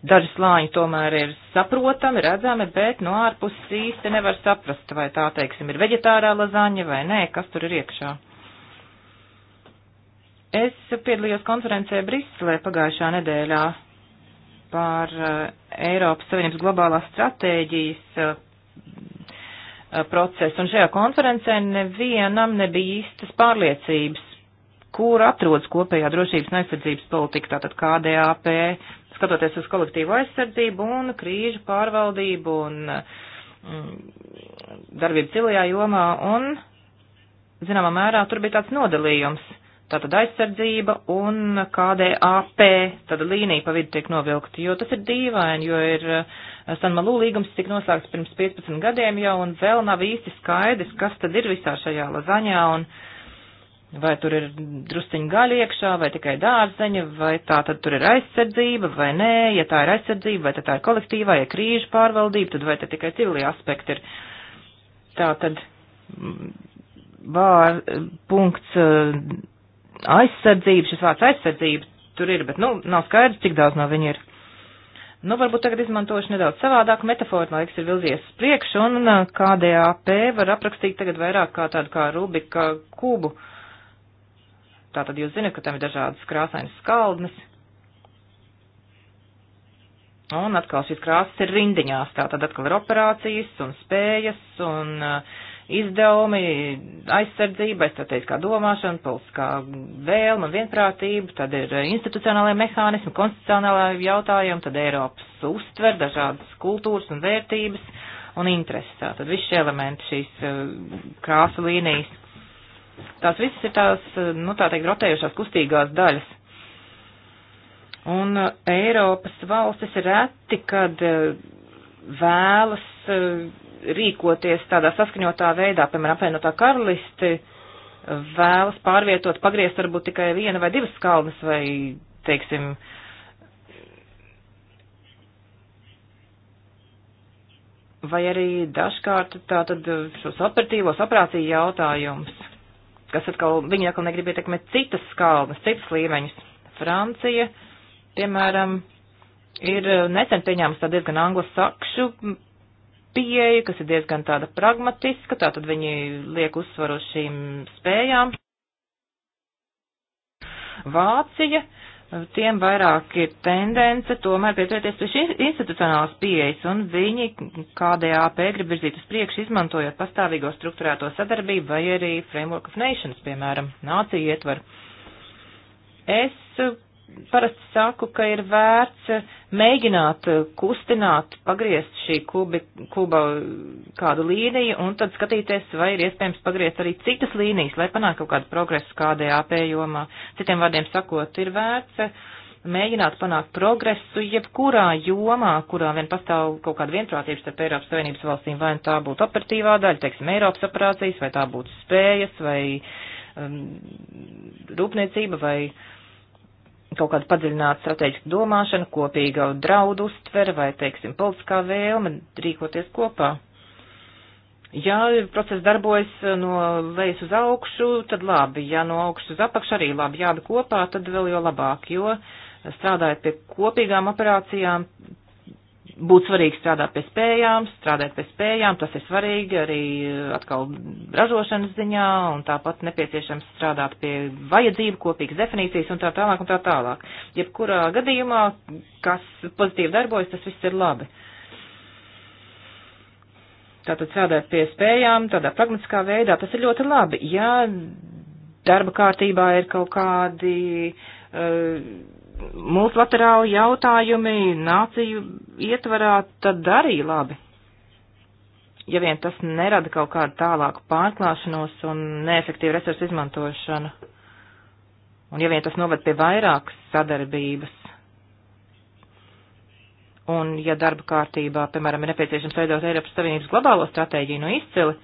Daži slāņi tomēr ir saprotami, redzami, bet no ārpuses īsti nevar saprast, vai tā, teiksim, ir veģetārā lazaņa vai nē, kas tur ir iekšā. Es piedalījos konferencē Briselē pagājušā nedēļā par eh, Eiropas Savienības globālās stratēģijas eh, Eh, procesu, un šajā konferencē nevienam nebija īstas pārliecības, kur atrodas kopējā drošības un aizsardzības politika, tātad KDAP, skatoties uz kolektīvu aizsardzību un krīžu pārvaldību un mm, darbību civilajā jomā, un, zināmā mērā, tur bija tāds nodalījums tātad aizsardzība un KDAP, tāda līnija pa vidu tiek novilkta, jo tas ir dīvaini, jo ir eh, Sanmalū līgums tik noslēgts pirms 15 gadiem jau un vēl nav īsti skaidrs, kas tad ir visā šajā lazaņā un vai tur ir drusciņa gaļa iekšā vai tikai dārzeņa, vai tā tad tur ir aizsardzība vai nē, ja tā ir aizsardzība, vai tad tā ir kolektīvā, ja krīža pārvaldība, tad vai tad tikai civilie aspekti ir. Tā tad mm, vār, punkts eh, aizsardzība, šis vārds aizsardzība tur ir, bet, nu, nav skaidrs, cik daudz no viņa ir. Nu, varbūt tagad izmantošu nedaudz savādāk metaforu, laiks ir vilzies priekš, un uh, KDAP var aprakstīt tagad vairāk kā tādu kā Rubika kubu. Tātad jūs zinat, ka tam ir dažādas krāsainas skaldnes. Un atkal šīs krāsas ir rindiņās, tātad atkal ir operācijas un spējas un uh, izdevumi aizsardzībai, strateģiskā domāšana, politiskā vēlma un vienprātība, tad ir institucionālajie mehānismi, konstitucionālajie jautājumi, tad Eiropas uztver dažādas kultūras un vērtības un intereses. Tātad visi šie elementi, šīs eh, krāsu līnijas, tās visas ir tās, eh, nu tā teikt, rotējušās kustīgās daļas. Un eh, Eiropas valstis reti, kad vēlas rīkoties tādā saskaņotā veidā, piemēram, apvienotā karalisti vēlas pārvietot, pagriezt varbūt tikai viena vai divas kalnas vai, teiksim, vai arī dažkārt tātad šos operatīvos operāciju jautājumus, kas atkal, viņi atkal negrib ietekmēt citas kalnas, citas līmeņus. Francija, piemēram, ir nesen pieņēmusi tādu diezgan anglosakšu pieeja, kas ir diezgan tāda pragmatiska, tātad viņi liek uzsvaru uz šīm spējām. Vācija, tiem vairāk ir tendence tomēr pieturēties pie institucionālas pieejas, un viņi KDAP grib virzīt uz priekšu, izmantojot pastāvīgo struktūrēto sadarbību vai arī Framework of Nations, piemēram, nāciju ietvaru. Es parasti saku, ka ir vērts mēģināt eh, kustināt, pagriezt šī kubi, kuba eh, kādu līniju un tad skatīties, vai ir iespējams pagriezt arī citas līnijas, lai panāktu kaut kādu progresu kādajā apējomā. Citiem vārdiem sakot, ir vērts eh, mēģināt panākt progresu jebkurā jomā, kurā vien pastāv kaut kāda vienprātības starp Eiropas Savienības valstīm, vai tā būtu operatīvā daļa, teiksim, Eiropas operācijas, vai tā būtu spējas, vai um, rūpniecība, vai uh, kaut kāda padziļināta strateģiska domāšana, kopīga draudu uztvere vai, teiksim, politiskā vēlme rīkoties kopā. Ja process darbojas uh, no lejas uz augšu, tad labi, ja no augšas uz apakšu arī labi, jāda kopā, tad vēl jau labāk, jo strādājot pie kopīgām operācijām, būtu svarīgi strādāt pie spējām, strādāt pie spējām, tas ir svarīgi arī eh, atkal ražošanas ziņā, un tāpat nepieciešams strādāt pie vajadzību, kopīgas definīcijas un tā tālāk un tā tālāk. Jebkurā gadījumā, kas pozitīvi darbojas, tas viss ir labi. Tātad strādāt pie spējām tādā pragmatiskā veidā, tas ir ļoti labi. Ja darba kārtībā ir kaut kādi. Uh, multilaterāli jautājumi nāciju ietvarā tad arī labi. Ja vien tas nerada kaut kādu tālāku pārklāšanos un neefektīvu resursu izmantošanu, un ja vien tas noved pie vairākas sadarbības, un ja darba kārtībā, piemēram, ir nepieciešams veidot Eiropas Savienības globālo stratēģiju no izcili,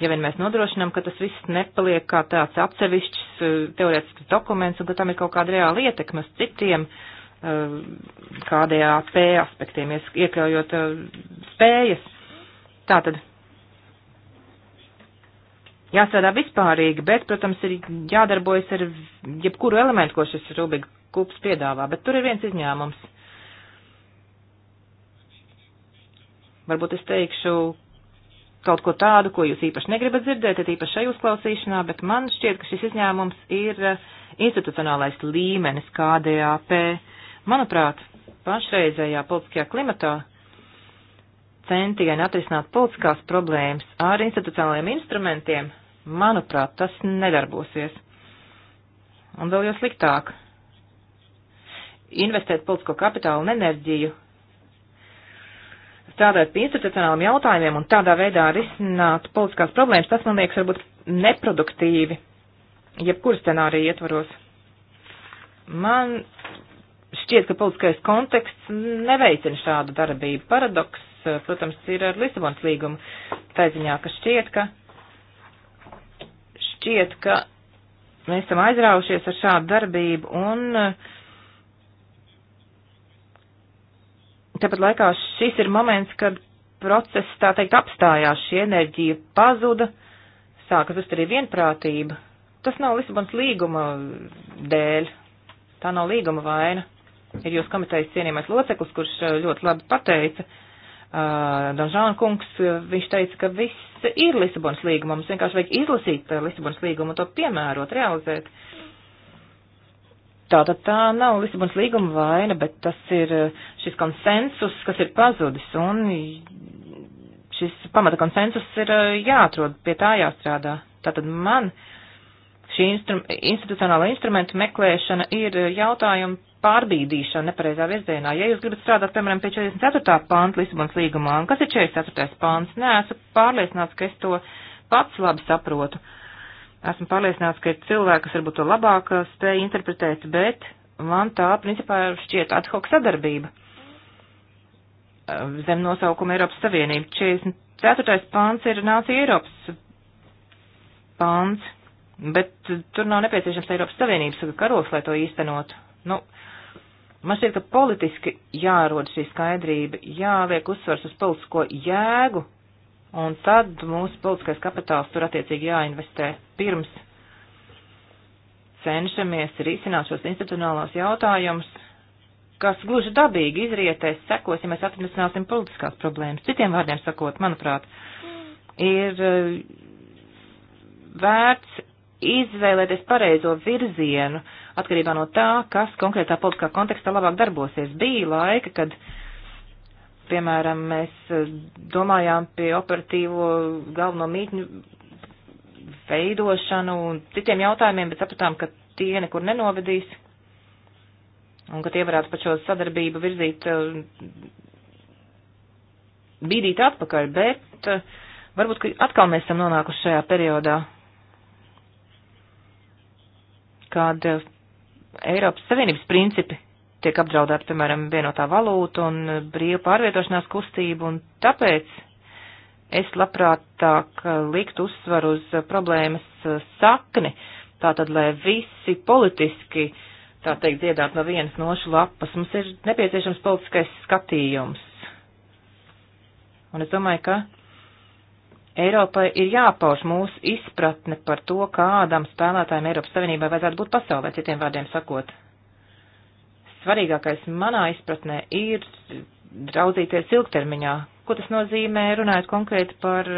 ja vien mēs nodrošinām, ka tas viss nepaliek kā tāds atsevišķs eh, teorētisks dokuments un ka tam ir kaut kāda reāla ietekme uz citiem eh, KDAP aspektiem, iekļaujot eh, spējas. Tātad jāstrādā vispārīgi, bet, protams, ir jādarbojas ar jebkuru elementu, ko šis Rubik kūps piedāvā, bet tur ir viens izņēmums. Varbūt es teikšu, kaut ko tādu, ko jūs īpaši negribat dzirdēt, ir īpaši šai uzklausīšanā, bet man šķiet, ka šis izņēmums ir eh, institucionālais līmenis KDAP. Manuprāt, pašreizējā politiskajā klimatā centieni atrisināt politiskās problēmas ar institucionāliem instrumentiem, manuprāt, tas nedarbosies. Un vēl jau sliktāk. Investēt politisko kapitālu un enerģiju strādāt pie institucionāliem jautājumiem un tādā veidā risināt politiskās problēmas, tas man liekas varbūt neproduktīvi, jebkur scenārija ietvaros. Man šķiet, ka politiskais konteksts neveicina šādu darbību. Paradoks, protams, ir ar Lisabonas līgumu tā ziņā, ka šķiet, ka šķiet, ka mēs esam aizraujušies ar šādu darbību un uh, Tāpat laikā šis ir moments, kad process, tā teikt, apstājās, šī enerģija pazuda, sākas uzturī vienprātība. Tas nav Lisabons līguma dēļ, tā nav līguma vaina. Ir jūs komitejas cienījamais loceklis, kurš uh, ļoti labi pateica, uh, Danžāna kungs, uh, viņš teica, ka viss ir Lisabons līguma, mums vienkārši vajag izlasīt Lisabons līgumu un to piemērot, realizēt. Uh, Tātad tā nav Lisabonas līguma vaina, bet tas ir eh, šis konsensus, kas ir pazudis, un šis pamata konsensus ir eh, jāatrod, pie tā jāstrādā. Tātad man šī instru institucionāla instrumenta meklēšana ir eh, jautājuma pārbīdīšana nepareizā virzienā. Ja jūs gribat strādāt, piemēram, pie 44. pānta Lisabonas līgumā, un kas ir 44. pāns, neesmu pārliecināts, ka es to pats labi saprotu. Uh, Esmu pārliecināts, ka ir cilvēki, kas varbūt to labāk uh, spēja interpretēt, bet man tā principā šķiet ad hoc sadarbība. Uh, zem nosaukuma Eiropas Savienība 44. pāns ir nācija Eiropas pāns, bet uh, tur nav nepieciešams Eiropas Savienības karos, lai to īstenotu. Nu, man šķiet, ka politiski jārod šī skaidrība, jāliek uzsvars uz politisko jēgu, un tad mūsu politiskais kapitāls tur attiecīgi jāinvestē pirms cenšamies risināt šos institucionālos jautājumus, kas gluži dabīgi izrietēs sekos, ja mēs atrisināsim politiskās problēmas. Citiem vārdiem sakot, manuprāt, ir eh, vērts izvēlēties pareizo virzienu atkarībā no tā, kas konkrētā politiskā kontekstā labāk darbosies. Bija laika, kad, piemēram, mēs eh, domājām pie operatīvo galveno mītņu veidošanu un citiem jautājumiem, bet sapratām, ka tie nekur nenovedīs un ka tie varētu pa šo sadarbību virzīt eh, bīdīt atpakaļ, bet eh, varbūt, ka atkal mēs esam nonākuši šajā periodā, kad eh, Eiropas Savienības principi tiek apdraudēti, piemēram, vienotā valūta un brīva pārvietošanās kustība, un tāpēc Es labprātāk likt uzsvaru uz problēmas uh, sakni, tātad, lai visi politiski, tā teikt, dziedātu no vienas nošu lapas. Mums ir nepieciešams politiskais skatījums. Un es domāju, ka Eiropai ir jāpauž mūsu izpratne par to, kādam spēlētājiem Eiropas Savienībai vajadzētu būt pasaulē, citiem vārdiem sakot. Svarīgākais manā izpratnē ir draudzīties ilgtermiņā, ko tas nozīmē, runājot konkrēti par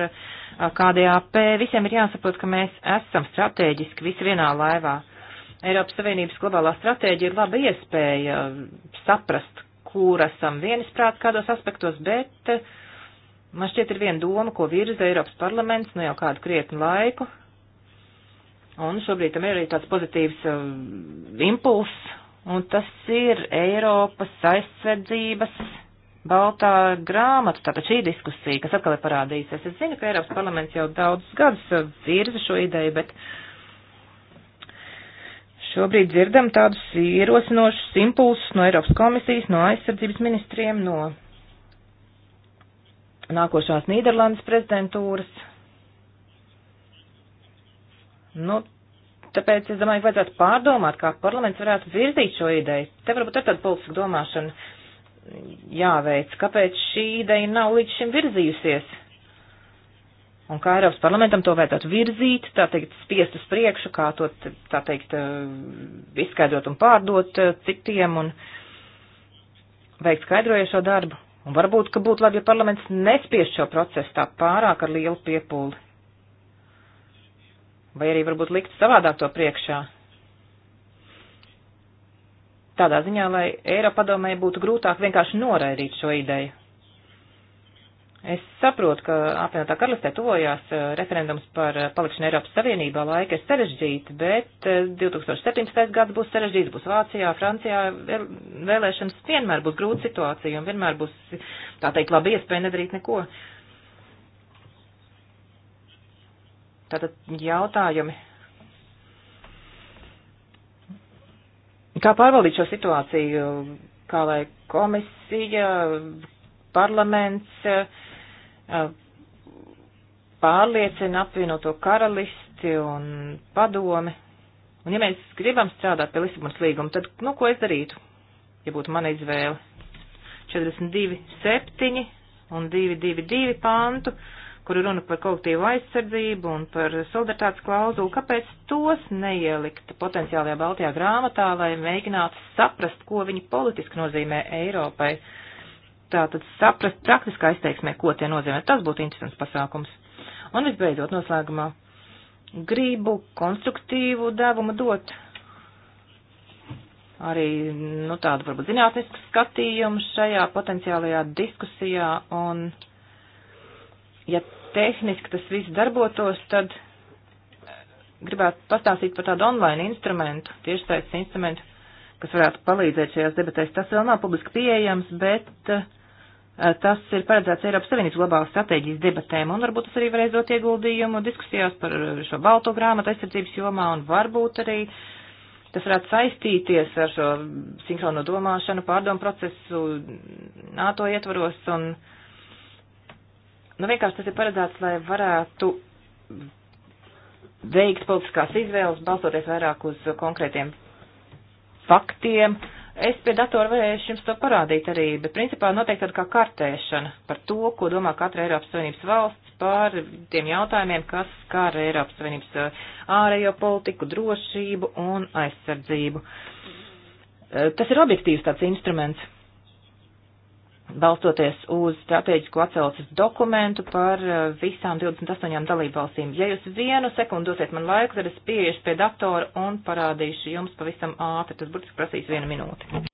KDAP. Visiem ir jāsaprot, ka mēs esam strateģiski visi vienā laivā. Eiropas Savienības globālā stratēģija ir laba iespēja saprast, kur esam vienisprāt kādos aspektos, bet man šķiet ir viena doma, ko virza Eiropas parlaments nu jau kādu krietnu laiku. Un šobrīd tam ir arī tāds pozitīvs uh, impulss, un tas ir Eiropas aizsardzības baltā grāmata, tātad šī diskusija, kas atkal ir parādījusies. Es zinu, ka Eiropas parlaments jau daudzus gadus virza šo ideju, bet šobrīd dzirdam tādus ierosinošus impulsus no Eiropas komisijas, no aizsardzības ministriem, no nākošās Nīderlandes prezidentūras. Nu, Tāpēc es domāju, ka vajadzētu pārdomāt, kā parlaments varētu virzīt šo ideju. Te varbūt ir tāda politiska domāšana jāveic, kāpēc šī ideja nav līdz šim virzījusies. Un kā Eiropas parlamentam to vajadzētu virzīt, tā teikt, spiest uz priekšu, kā to, tā teikt, eh, izskaidrot un pārdot eh, citiem un veikt skaidrojušo darbu. Un varbūt, ka būtu labi, ja parlaments nespiest šo procesu tā pārāk ar lielu piepūli. Vai arī varbūt likt savādāk to priekšā, tādā ziņā, lai Eiropa padomē būtu grūtāk vienkārši noraidīt šo ideju. Es saprotu, ka apvienotā karalistē tuvojās eh, referendums par eh, palikšanu Eiropas Savienībā, laika ir sarežģīti, bet 2017. Eh, gads būs sarežģīts, būs Vācijā, Francijā, vēlēšanas vienmēr būs grūta situācija un vienmēr būs, tā teikt, laba iespēja nedarīt neko. Tātad jautājumi Kā pārvaldīt šo situāciju? Kā lai komisija, parlaments pārliecina apvienoto karalisti un padomi? Un ja mēs gribam strādāt pie Lisabonas līguma, tad, nu, ko es darītu, ja būtu mana izvēle? 42, 7 un 2, 2, 2 pantu. Uh, kur ir runa par kolektīvu aizsardzību un par solidaritātes klauzulu, kāpēc tos neielikt potenciālajā Baltijā grāmatā, lai mēģinātu saprast, ko viņi politiski nozīmē Eiropai. Tātad saprast praktiskā izteiksmē, ko tie nozīmē. Tas būtu interesants pasākums. Un visbeidzot, noslēgumā, gribu konstruktīvu devumu dot arī nu, tādu varbūt zinātnisku skatījumu šajā potenciālajā diskusijā un ja tehniski tas viss darbotos, tad gribētu pastāstīt par tādu online instrumentu, tiešsaistes instrumentu, kas varētu palīdzēt šajās debatēs. Tas vēl nav publiski pieejams, bet uh, tas ir paredzēts Eiropas Savienības globālas stratēģijas debatēm, un varbūt tas arī varēs dot ieguldījumu diskusijās par eh, šo balto grāmatu aizsardzības jomā, un varbūt arī tas varētu saistīties ar šo sinhrono domāšanu, pārdomu procesu NATO ietvaros, un uh, Nu, vienkārši tas ir paredzēts, lai varētu veikt politiskās izvēles, balstoties vairāk uz konkrētiem faktiem. Es pie datora varēšu jums to parādīt arī, bet principā noteikti tāda kā kartēšana par to, ko domā katra Eiropas Savienības valsts par tiem jautājumiem, kas skar Eiropas Savienības uh, ārējo politiku, drošību un aizsardzību. Uh, tas ir objektīvs tāds instruments balstoties uz strateģisku atcelces dokumentu par uh, visām 28 dalībvalstīm. Ja jūs vienu sekundi dosiet man laiku, tad es pieiešu pie datora un parādīšu jums pavisam ātri. Tas burtiski prasīs vienu minūti.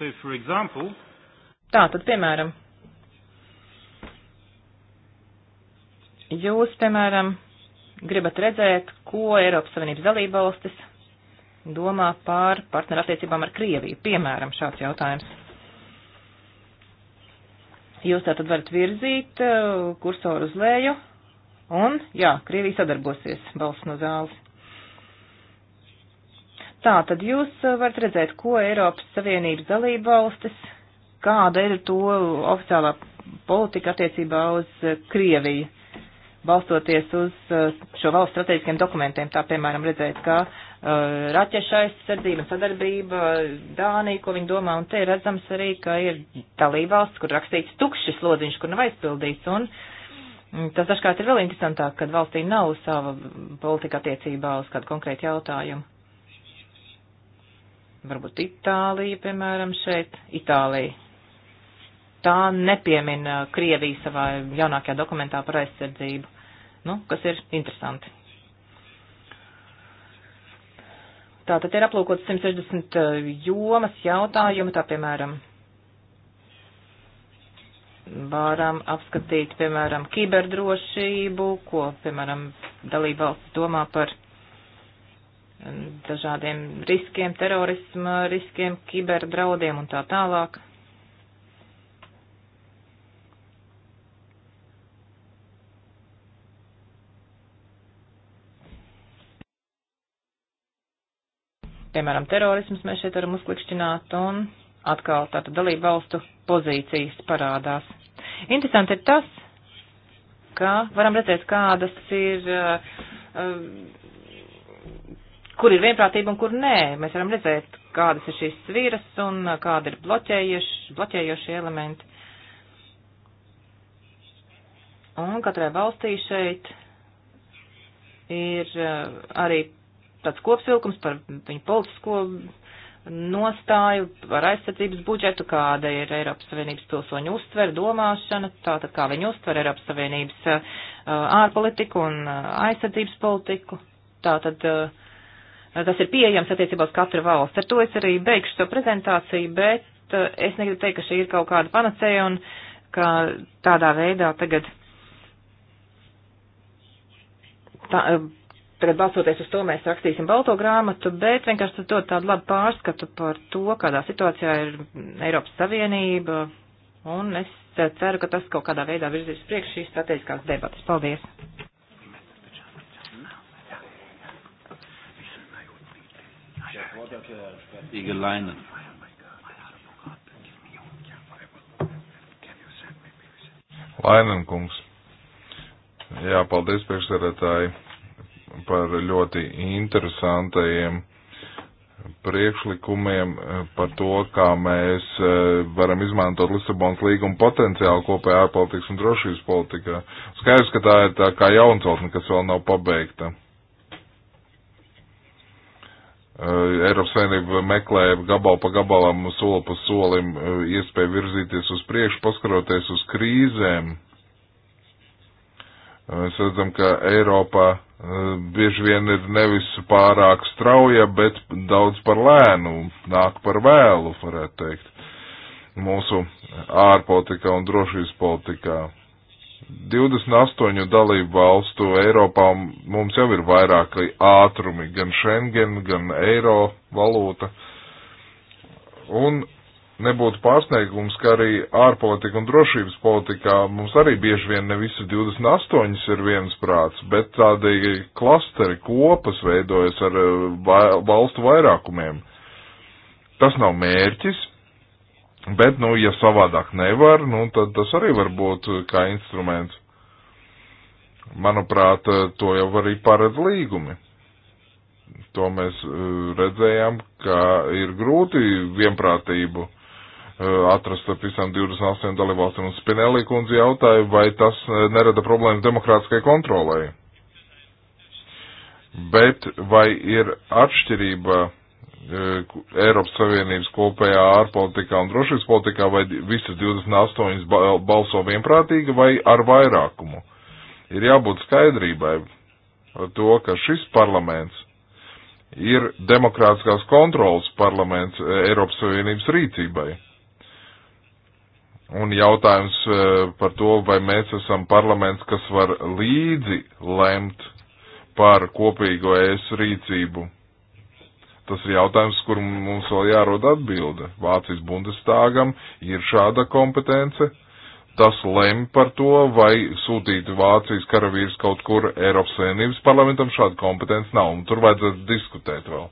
So, for example, Tā tad, piemēram, jūs, piemēram, gribat redzēt, ko Eiropas Savienības dalībvalstis domā pār partnerattiecībām ar Krieviju, piemēram, šāds jautājums. Jūs tātad varat virzīt uh, kursoru uz leju un, jā, Krievija sadarbosies, balss no zāles. Tā tad jūs uh, varat redzēt, ko Eiropas Savienības dalība valstis, kāda ir to oficiālā politika attiecībā uz uh, Krieviju, balstoties uz uh, šo valstu strateģiskiem dokumentiem. Tā, piemēram, redzēt, kā raķešu aizsardzība un sadarbība Dānija, ko viņi domā, un te ir redzams arī, ka ir dalībvalsts, kur rakstīts tukšs lodziņš, kur nav aizpildīts, un mm, tas dažkārt ir vēl interesantāk, kad valstī nav sava politika attiecībā uz kādu konkrētu jautājumu varbūt Itālija, piemēram, šeit, Itālija. Tā nepiemina Krieviju savā jaunākajā dokumentā par aizsardzību, nu, kas ir interesanti. Tātad ir aplūkots 160 eh, jomas jautājumi, tā piemēram, varam apskatīt, piemēram, kiberdrošību, ko, piemēram, dalībvalsts domā par dažādiem riskiem, terorisma riskiem, kiberdraudiem un tā tālāk. Piemēram, terorisms mēs šeit varam uzklikšķināt un atkal tātad dalību valstu pozīcijas parādās. Interesanti ir tas, ka varam redzēt, kādas ir uh, uh kur ir vienprātība un kur nē. Mēs varam redzēt, kādas ir šīs sviras un kāda ir bloķējoši, bloķējoši elementi. Un katrai valstī šeit ir eh, arī tāds kopsvilkums par viņu politisko nostāju, par aizsardzības budžetu, kāda ir Eiropas Savienības pilsoņu uztver, domāšana, tātad kā viņi uztver Eiropas Savienības eh, ārpolitiku un eh, aizsardzības politiku. Tātad uh, kas eh, ir pieejams attiecībā uz katru valstu. Ar to es arī beigšu savu prezentāciju, bet eh, es negribu teikt, ka šī ir kaut kāda panacēja un ka tādā veidā tagad, tā, eh, tagad balsoties uz to mēs rakstīsim balto grāmatu, bet vienkārši dod tādu labu pārskatu par to, kādā situācijā ir Eiropas Savienība, un es ceru, ka tas kaut kādā veidā virzīs priekš šīs strateģiskās debatas. Paldies! Eagle Line. Lainenkungs. Jā, paldies priekšsēdētāji par ļoti interesantajiem priekšlikumiem eh, par to, kā mēs eh, varam izmantot Lisabonas līgumu potenciālu kopējā ārpolitikas un drošības politikā. Skaidrs, ka tā ir tā kā jauncautne, kas vēl nav pabeigta. Eh, Eiropas Savienība meklē gabalu pa gabalam, soli pa solim eh, iespēju virzīties uz priekšu, paskaroties uz krīzēm. Eh, mēs redzam, ka Eiropā bieži vien ir nevis pārāk strauja, bet daudz par lēnu, nāk par vēlu, varētu teikt, mūsu ārpolitikā un drošības politikā 28 dalību valstu Eiropā mums jau ir vairāki ātrumi, gan Schengen, gan eiro valūta. Un nebūtu pārsniegums, ka arī ārpolitika un drošības politikā mums arī bieži vien ne visi 28 ir viens prāts, bet tādi klasteri kopas veidojas ar eh, valstu vairākumiem. Tas nav mērķis, Bet, nu, ja savādāk nevar, nu, tad tas arī var būt kā instruments. Manuprāt, to jau arī paredz līgumi. To mēs e, redzējām, ka ir grūti vienprātību e, atrast ar visām 28 dalībvalstīm. Un Spinelli kundze jautāja, vai tas e, nerada problēmas demokrātiskai kontrolai. Bet vai ir atšķirība? Eh, Eiropas Savienības kopējā ārpolitikā un drošības politikā, vai visas 28 balso vienprātīgi vai ar vairākumu. Ir jābūt skaidrībai par to, ka šis parlaments ir demokrātiskās kontrolas parlaments eh, Eiropas Savienības rīcībai. Un jautājums eh, par to, vai mēs esam parlaments, kas var līdzi lemt par kopīgo ES rīcību Tas ir jautājums, kur mums vēl jārod atbilde. Vācijas bundestāgam ir šāda kompetence. Tas lem par to, vai sūtīt Vācijas karavīrs kaut kur Eiropas Savienības parlamentam šāda kompetence nav, un tur vajadzētu diskutēt vēl.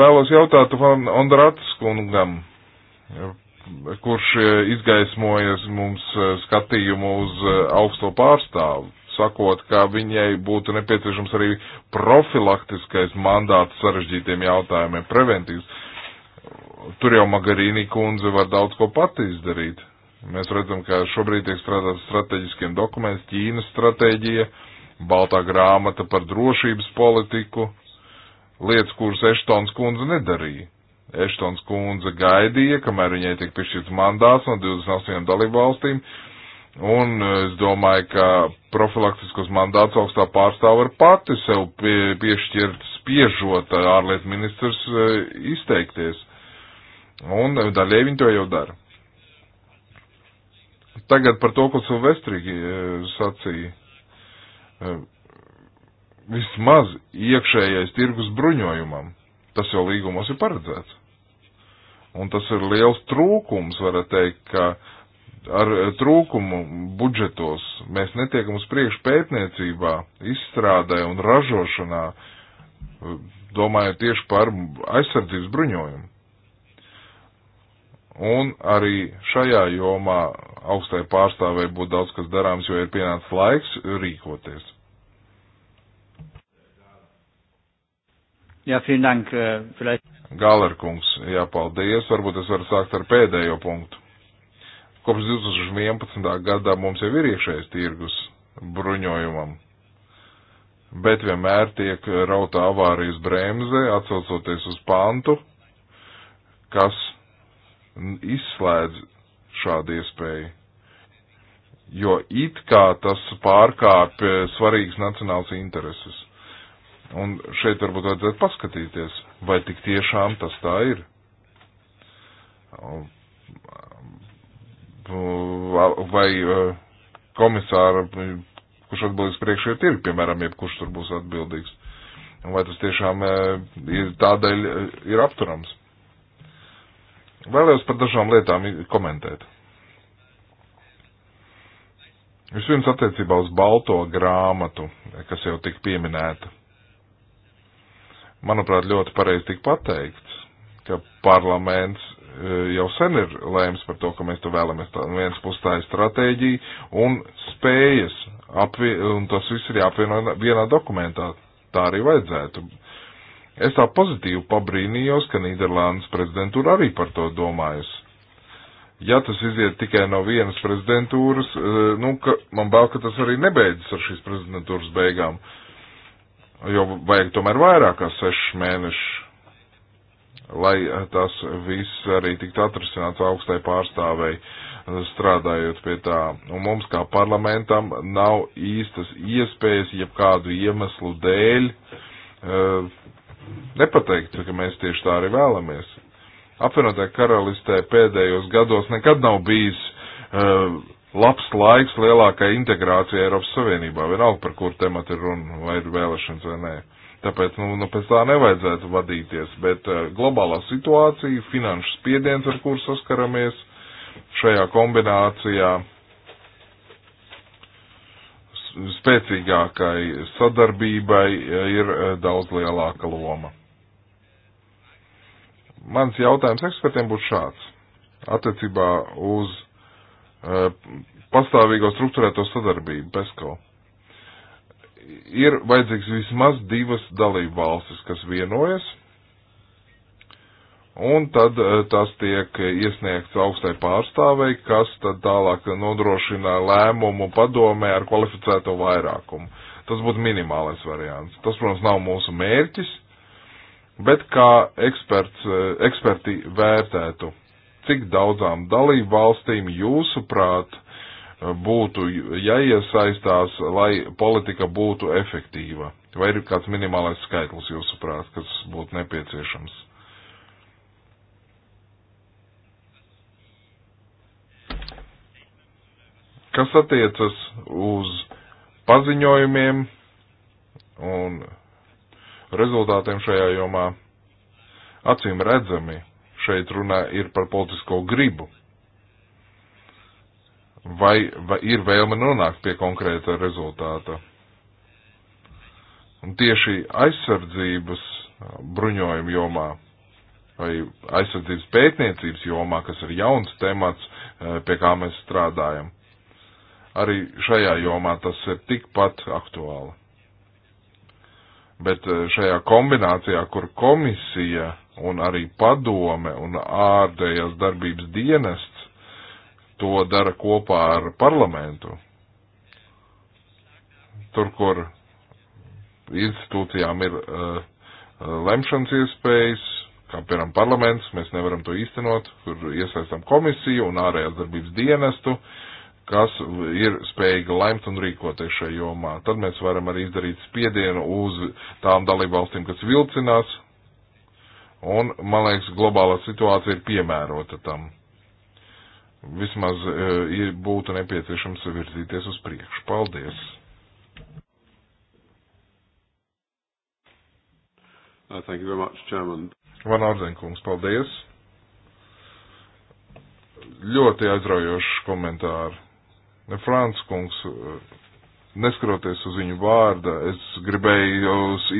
Vēlos jautāt Ondrats kungam, kurš izgaismojas mums skatījumu uz augsto pārstāvu sakot, ka viņai būtu nepieciešams arī profilaktiskais mandāts sarežģītiem jautājumiem, preventīvs. Tur jau Magarīni kundze var daudz ko pati izdarīt. Mēs redzam, ka šobrīd tiek strādāts strateģiskiem dokumentiem, Ķīnas stratēģija, Baltā grāmata par drošības politiku, lietas, kuras Eštons kundze nedarīja. Eštons kundze gaidīja, kamēr viņai tiek piešķirts mandāts no 28 dalībvalstīm, valstīm, Un es domāju, ka profilaktiskos mandāts augstā pārstāva var pati sev pie, piešķirt, spiežot ārlietu ministrs e, izteikties. Un daļai viņi to jau dara. Tagad par to, ko Silvestrīgi e, sacīja. E, vismaz iekšējais tirgus bruņojumam. Tas jau līgumos ir paredzēts. Un tas ir liels trūkums, varat teikt, ka uh, ar eh, trūkumu budžetos. Mēs netiekam uz priekšu pētniecībā, izstrādē un ražošanā, eh, domājot tieši par aizsardzības bruņojumu. Un arī šajā jomā augstai pārstāvē būtu daudz kas darāms, jo ir pienācis laiks rīkoties. Jā, vielen dank. Eh, Galerkungs, jā, paldies. Varbūt es varu sākt ar pēdējo punktu. Kopš 2011. gadā mums jau ir iekšējais tirgus bruņojumam, bet vienmēr tiek rauta avārijas bremze, atsaucoties uz pantu, kas izslēdz šādu iespēju. Jo it kā tas pārkāp svarīgas nacionālas intereses. Un šeit varbūt vajadzētu paskatīties, vai tik tiešām tas tā ir vai eh, komisāra, kurš atbildīgs priekšā ir tirgi, piemēram, jebkurš tur būs atbildīgs. Vai tas tiešām eh, ir tādēļ eh, ir apturams? Vēlējos par dažām lietām komentēt. Vispirms attiecībā uz balto grāmatu, kas jau tik pieminēta. Manuprāt, ļoti pareizi tik pateikts, ka parlaments Eh, jau sen ir lēms par to, ka mēs to vēlamies. Tā viens puses tā ir stratēģija un spējas, apvi, un tas viss ir jāapvieno vienā dokumentā. Tā arī vajadzētu. Es tā pozitīvi pabrīnījos, ka Nīderlandes prezidentūra arī par to domājas. Ja tas iziet tikai no vienas prezidentūras, eh, nu, ka man bail, ka tas arī nebeidzas ar šīs prezidentūras beigām, jo vajag tomēr vairāk kā sešas mēnešus lai eh, tas viss arī tiktu atrasināts augstai pārstāvei eh, strādājot pie tā. Un mums kā parlamentam nav īstas iespējas, jeb kādu iemeslu dēļ eh, nepateikt, ka mēs tieši tā arī vēlamies. Apvienotā karalistē pēdējos gados nekad nav bijis uh, labs laiks lielākai integrācijai Eiropas Savienībā, vienalga par kur tematu ir runa, vai ir vēlēšanas vai nē. Uh, Tāpēc nu, nu, pēc tā nevajadzētu vadīties, bet uh, globālā situācija, finanšu spiediens, ar kur saskaramies šajā kombinācijā spēcīgākai sadarbībai eh, ir uh, daudz lielāka loma. Mans jautājums ekspertiem būtu šāds. Attiecībā uz uh, pastāvīgo struktūrēto sadarbību PESCO ir vajadzīgs vismaz divas dalību valstis, kas vienojas, un tad eh, tas tiek iesniegts augstai pārstāvei, kas tad tālāk nodrošina lēmumu padomē ar kvalificēto vairākumu. Tas būtu minimālais variants. Tas, protams, nav mūsu mērķis, bet kā eksperts, eh, eksperti vērtētu, cik daudzām dalību valstīm jūsuprāt būtu jāiesaistās, lai politika būtu efektīva? Vai ir kāds minimālais skaitlis jūsuprāt, kas būtu nepieciešams? Kas attiecas uz paziņojumiem un rezultātiem šajā jomā, acīm redzami šeit runā ir par politisko gribu vai, vai ir vēlme nonākt pie konkrēta rezultāta. Un tieši aizsardzības bruņojuma jomā vai aizsardzības pētniecības jomā, kas ir jauns temats, pie kā mēs strādājam, arī šajā jomā tas ir tikpat aktuāli. Bet šajā kombinācijā, kur komisija un arī padome un ārdējās darbības dienests to dara kopā ar parlamentu. Tur, kur institūcijām ir uh, lemšanas iespējas, kā piemēram parlaments, mēs nevaram to īstenot, kur iesaistam komisiju un ārējās darbības dienestu, kas ir spējīgi lemt un rīkoties šajā jomā. Tad mēs varam arī izdarīt spiedienu uz tām dalībvalstīm, kas vilcinās, un, man liekas, globālā situācija ir piemērota tam vismaz e, ir, būtu nepieciešams virzīties uz priekšu. Paldies! Uh, thank you very much, Chairman. Van Arzenkungs, paldies! Ļoti aizraujošs komentāri. Ne Frāns kungs, e, neskroties uz viņu vārda, es gribēju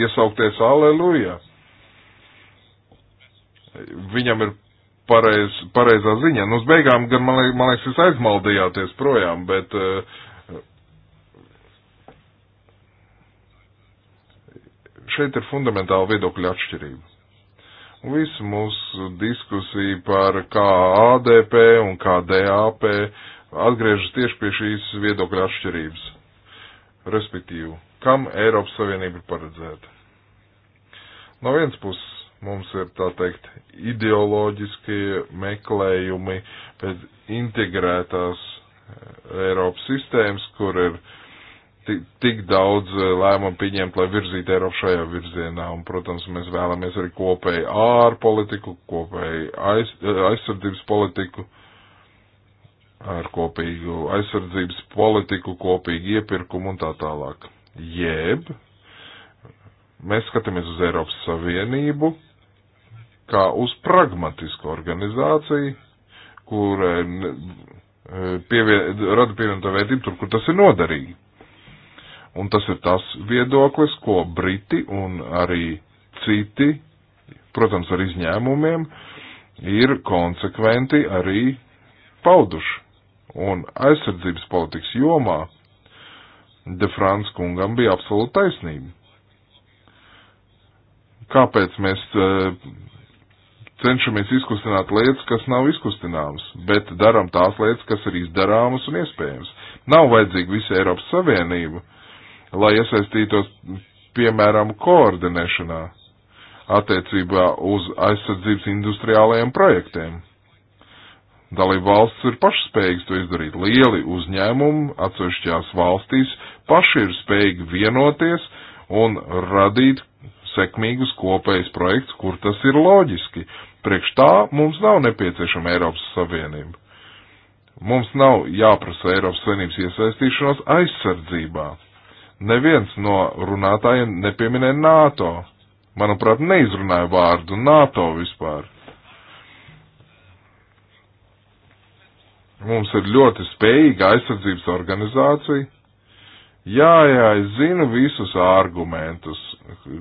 iesaukties aleluja. Viņam ir pareiz, pareizā ziņā. Nu, uz beigām gan, man, liek, man liekas, jūs aizmaldījāties projām, bet. Eh, šeit ir fundamentāla viedokļa atšķirība. Visu mūsu diskusiju par KADP un KDAP atgriežas tieši pie šīs viedokļa atšķirības. Respektīvi, kam Eiropas Savienība ir paredzēta? No vienas puses Mums ir tā teikt ideoloģiski meklējumi pēc integrētās eh, Eiropas sistēmas, kur ir tik, tik daudz eh, lēmumu pieņemt, lai virzītu Eiropu šajā virzienā. Un, protams, mēs vēlamies arī kopēju ārpolitiku, kopēju aiz, eh, aizsardzības politiku, ar kopīgu aizsardzības politiku, kopīgu iepirkumu un tā tālāk. Jeb, mēs skatāmies uz Eiropas Savienību kā uz pragmatisku organizāciju, kur e, pievien, rada pievienotā vērtība tur, kur tas ir noderīgi. Un tas ir tas viedoklis, ko Briti un arī citi, protams, ar izņēmumiem, ir konsekventi arī pauduši. Un aizsardzības politikas jomā De Frans kungam bija absolūta taisnība. Kāpēc mēs e, cenšamies izkustināt lietas, kas nav izkustināmas, bet daram tās lietas, kas ir izdarāmas un iespējams. Nav vajadzīga visa Eiropas Savienība, lai iesaistītos, piemēram, koordinēšanā attiecībā uz aizsardzības industriālajiem projektiem. Dalība valsts ir pašspējīgas to izdarīt. Lieli uzņēmumi atsevišķās valstīs paši ir spējīgi vienoties un radīt sekmīgus kopējus projekts, kur tas ir loģiski. Priekš tā mums nav nepieciešama Eiropas Savienība. Mums nav jāprasa Eiropas Savienības iesaistīšanos aizsardzībā. Neviens no runātājiem nepieminē NATO. Manuprāt, neizrunāja vārdu NATO vispār. Mums ir ļoti spējīga aizsardzības organizācija. Jā, jā, es zinu visus argumentus,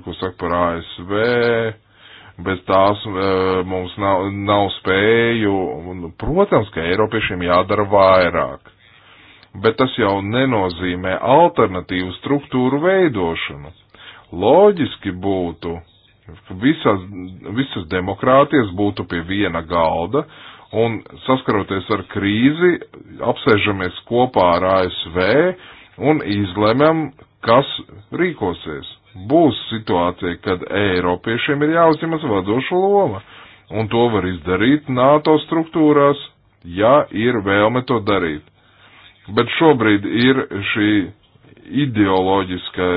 ko saka par ASV, bez tās eh, mums nav, nav spēju. Protams, ka Eiropiešiem jādara vairāk, bet tas jau nenozīmē alternatīvu struktūru veidošanu. Loģiski būtu, ka visas, visas demokrātijas būtu pie viena galda un saskaroties ar krīzi, apsēžamies kopā ar ASV un izlemjam, kas rīkosies būs situācija, kad Eiropiešiem ir jāuzņemas vadoša loma, un to var izdarīt NATO struktūrās, ja ir vēlme to darīt. Bet šobrīd ir šī ideoloģiskā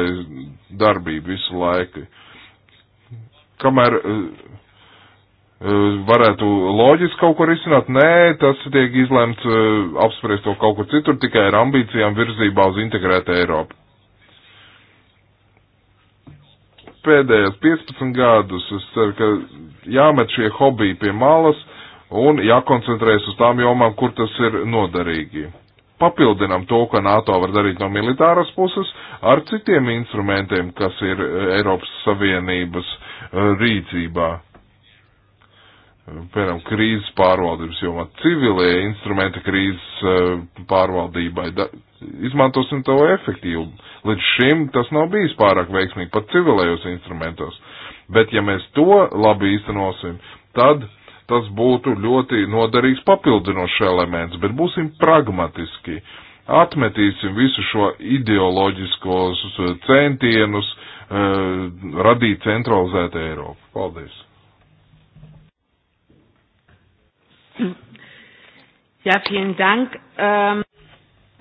darbība visu laiku. Kamēr eh, eh, varētu loģiski kaut ko risināt. Nē, tas tiek izlemts eh, apspriest to kaut kur citur, tikai ar ambīcijām virzībā uz integrētu Eiropu. pēdējos 15 gadus es ceru, ka jāmet šie hobiji pie malas un jākoncentrējas uz tām jomām, kur tas ir noderīgi. Papildinam to, ka NATO var darīt no militāras puses ar citiem instrumentiem, kas ir Eiropas Savienības eh, rīcībā piemēram, krīzes pārvaldības jomā, civilie instrumenti krīzes eh, pārvaldībai. Da, izmantosim to efektīvi. Līdz šim tas nav bijis pārāk veiksmīgi pat civilējos instrumentos. Bet ja mēs to labi īstenosim, tad tas būtu ļoti noderīgs papildinošs elements, bet būsim pragmatiski. Atmetīsim visu šo ideoloģiskos eh, centienus, eh, radīt centralizētu Eiropu. Paldies! Jā, vielen dank. Um...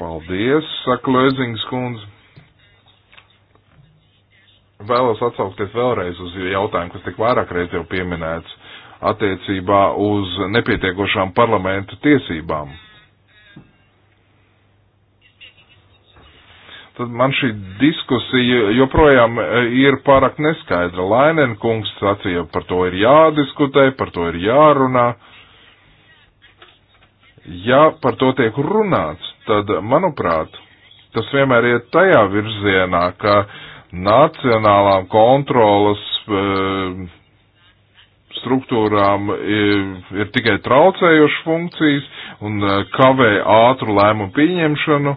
Paldies, saka Lēzings kundze. Vēlos atsaukties vēlreiz uz jautājumu, kas tik vairāk reiz jau pieminēts attiecībā uz nepietiekošām parlamentu tiesībām. Tad man šī diskusija joprojām e, ir pārāk neskaidra. Lainenkungs sacīja, par to ir jādiskutē, par to ir jārunā. Uh, Ja par to tiek runāts, tad, manuprāt, tas vienmēr iet tajā virzienā, ka nacionālām kontrolas e, struktūrām ir, eh, ir tikai traucējošas funkcijas un eh, kavē ātru lēmumu pieņemšanu.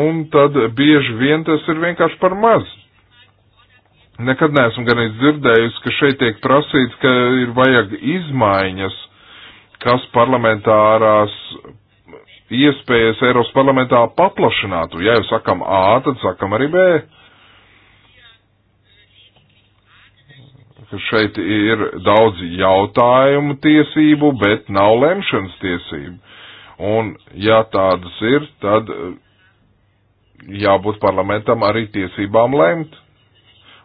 Un tad bieži vien tas ir vienkārši par maz. Nekad neesmu gan izdzirdējusi, ka šeit tiek prasīts, ka ir vajag izmaiņas kas parlamentārās iespējas Eiropas parlamentā paplašinātu. Ja jau sakam A, tad sakam arī B. Šeit ir daudz jautājumu tiesību, bet nav lemšanas tiesību. Un ja tādas ir, tad jābūt parlamentam arī tiesībām lemt.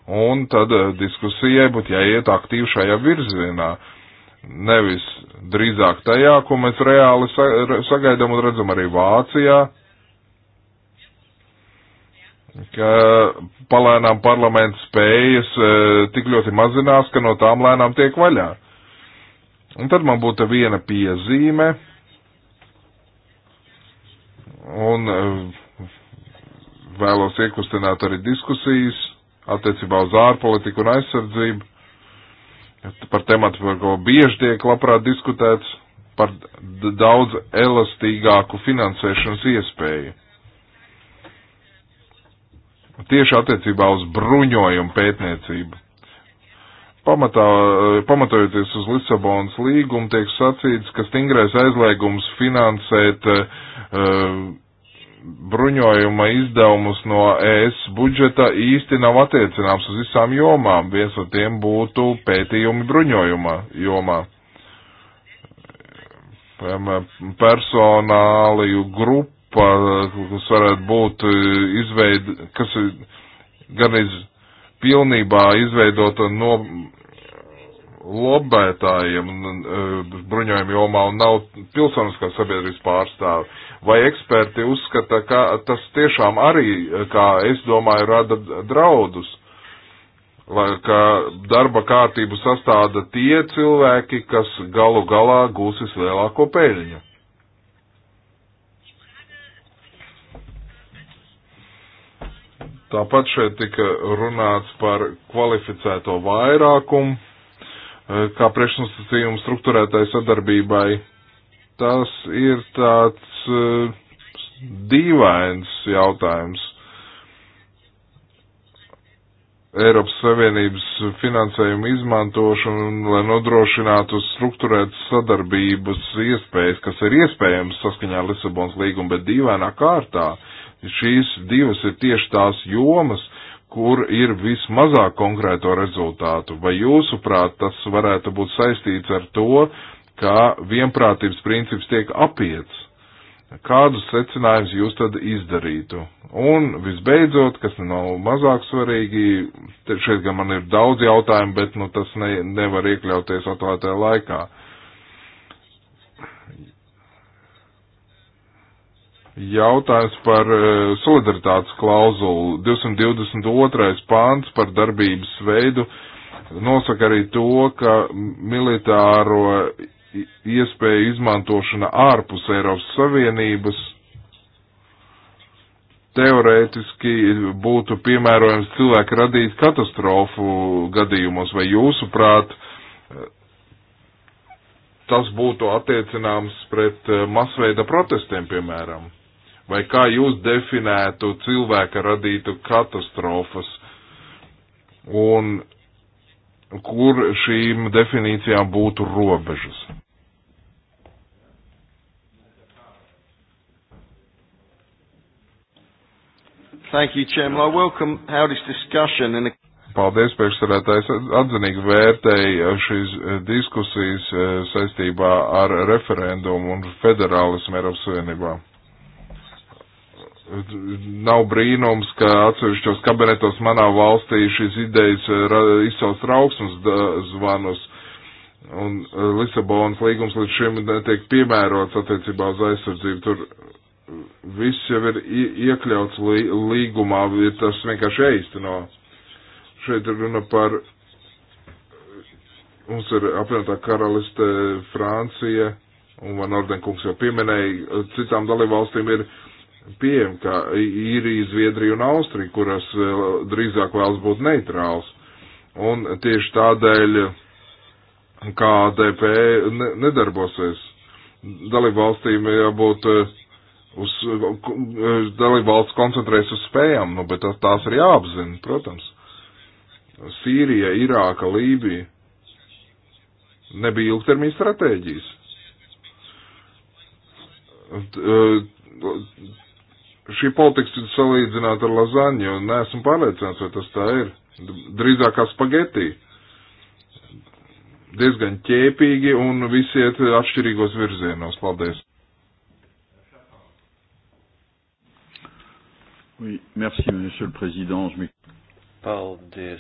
Un tad diskusijai būtu jāiet aktīvi šajā virzienā. Uh, nevis drīzāk tajā, ko mēs reāli sagaidām un redzam arī Vācijā, ka palēnām parlaments spējas e, tik ļoti mazinās, ka no tām lēnām tiek vaļā. Un tad man būtu viena piezīme un e, vēlos iekustināt arī diskusijas attiecībā uz ārpolitiku un aizsardzību par tematu, par ko bieži tiek labprāt diskutēts, par daudz elastīgāku finansēšanas iespēju. Tieši attiecībā uz bruņojumu pētniecību. Pamatā, pamatojoties uz Lisabonas līgumu, tiek sacīts, ka stingrais aizliegums finansēt uh, bruņojuma izdevumus no ES budžeta īsti nav attiecināms uz visām jomām. Viens no tiem būtu pētījumi bruņojuma jomā. Personāliju grupa, kas varētu būt izveid, kas gan iz pilnībā izveidota no lobētājiem e, bruņojuma jomā un nav pilsoniskās sabiedrības pārstāvi vai eksperti uzskata, ka tas tiešām arī, kā es domāju, rada draudus, lai, ka darba kārtību sastāda tie cilvēki, kas galu galā gūsis lielāko peļņu. Tāpat šeit tika runāts par kvalificēto vairākumu, e, kā priekšnosacījumu struktūrētai sadarbībai. Tas ir tāds Eh, dīvains jautājums. Eiropas Savienības finansējumu izmantošanu, lai nodrošinātu struktūrētas sadarbības iespējas, kas ir iespējams saskaņā ar Lisabonas līgumu, bet dīvainā kārtā šīs divas ir tieši tās jomas, kur ir vismazāk konkrēto rezultātu. Vai jūsuprāt tas varētu būt saistīts ar to, ka vienprātības princips tiek apiets? kādus secinājumus jūs tad izdarītu. Un visbeidzot, kas nav mazāk svarīgi, šeit gan man ir daudz jautājumu, bet nu, tas ne, nevar iekļauties atvēlētajā laikā. Jautājums par e, solidaritātes klauzulu 222. pāns par darbības veidu nosaka arī to, ka militāro iespēju izmantošana ārpus Eiropas Savienības teorētiski būtu piemērojams cilvēku radīt katastrofu gadījumos, vai jūsuprāt, tas būtu attiecināms pret eh, masveida protestiem, piemēram? Vai kā jūs definētu cilvēka radītu katastrofas? Un kur šīm definīcijām būtu robežas? Thank you, Chairman. I welcome Howdy's discussion. In the... Paldies, priekšsarētājs. Atzinīgi vērtēju šīs eh, diskusijas eh, saistībā ar referendumu un federālismu Eiropas Savienībā. Nav brīnums, ka atsevišķos kabinetos manā valstī šīs idejas eh, izsauc trauksmes zvanus. Un Lisabonas līgums līdz šim netiek piemērots attiecībā uz aizsardzību. Tur viss jau ir iekļauts līgumā, ir tas vienkārši jāizteno. Šeit ir runa par, mums ir apvienotā karaliste Francija, un Van Ordenkungs jau pieminēja, citām dalībvalstīm ir pieejama, kā īrija, Zviedrija un Austrija, kuras eh, drīzāk vēlas būt neitrāls. Un tieši tādēļ KDP nedarbosies. Dalībvalstīm jābūt uh, uz e, dalību valsts koncentrējas uz spējām, nu, bet tās ir jāapzina, protams. Sīrija, Irāka, Lībija nebija ilgtermiņa stratēģijas. E, šī politika ir salīdzināta ar lazaņu, un neesmu pārliecināts, vai tas tā ir. Drīzāk kā spagetī. Diezgan ķēpīgi un visi iet atšķirīgos virzienos. Paldies! Oui, merci, monsieur le président. Je Paldies.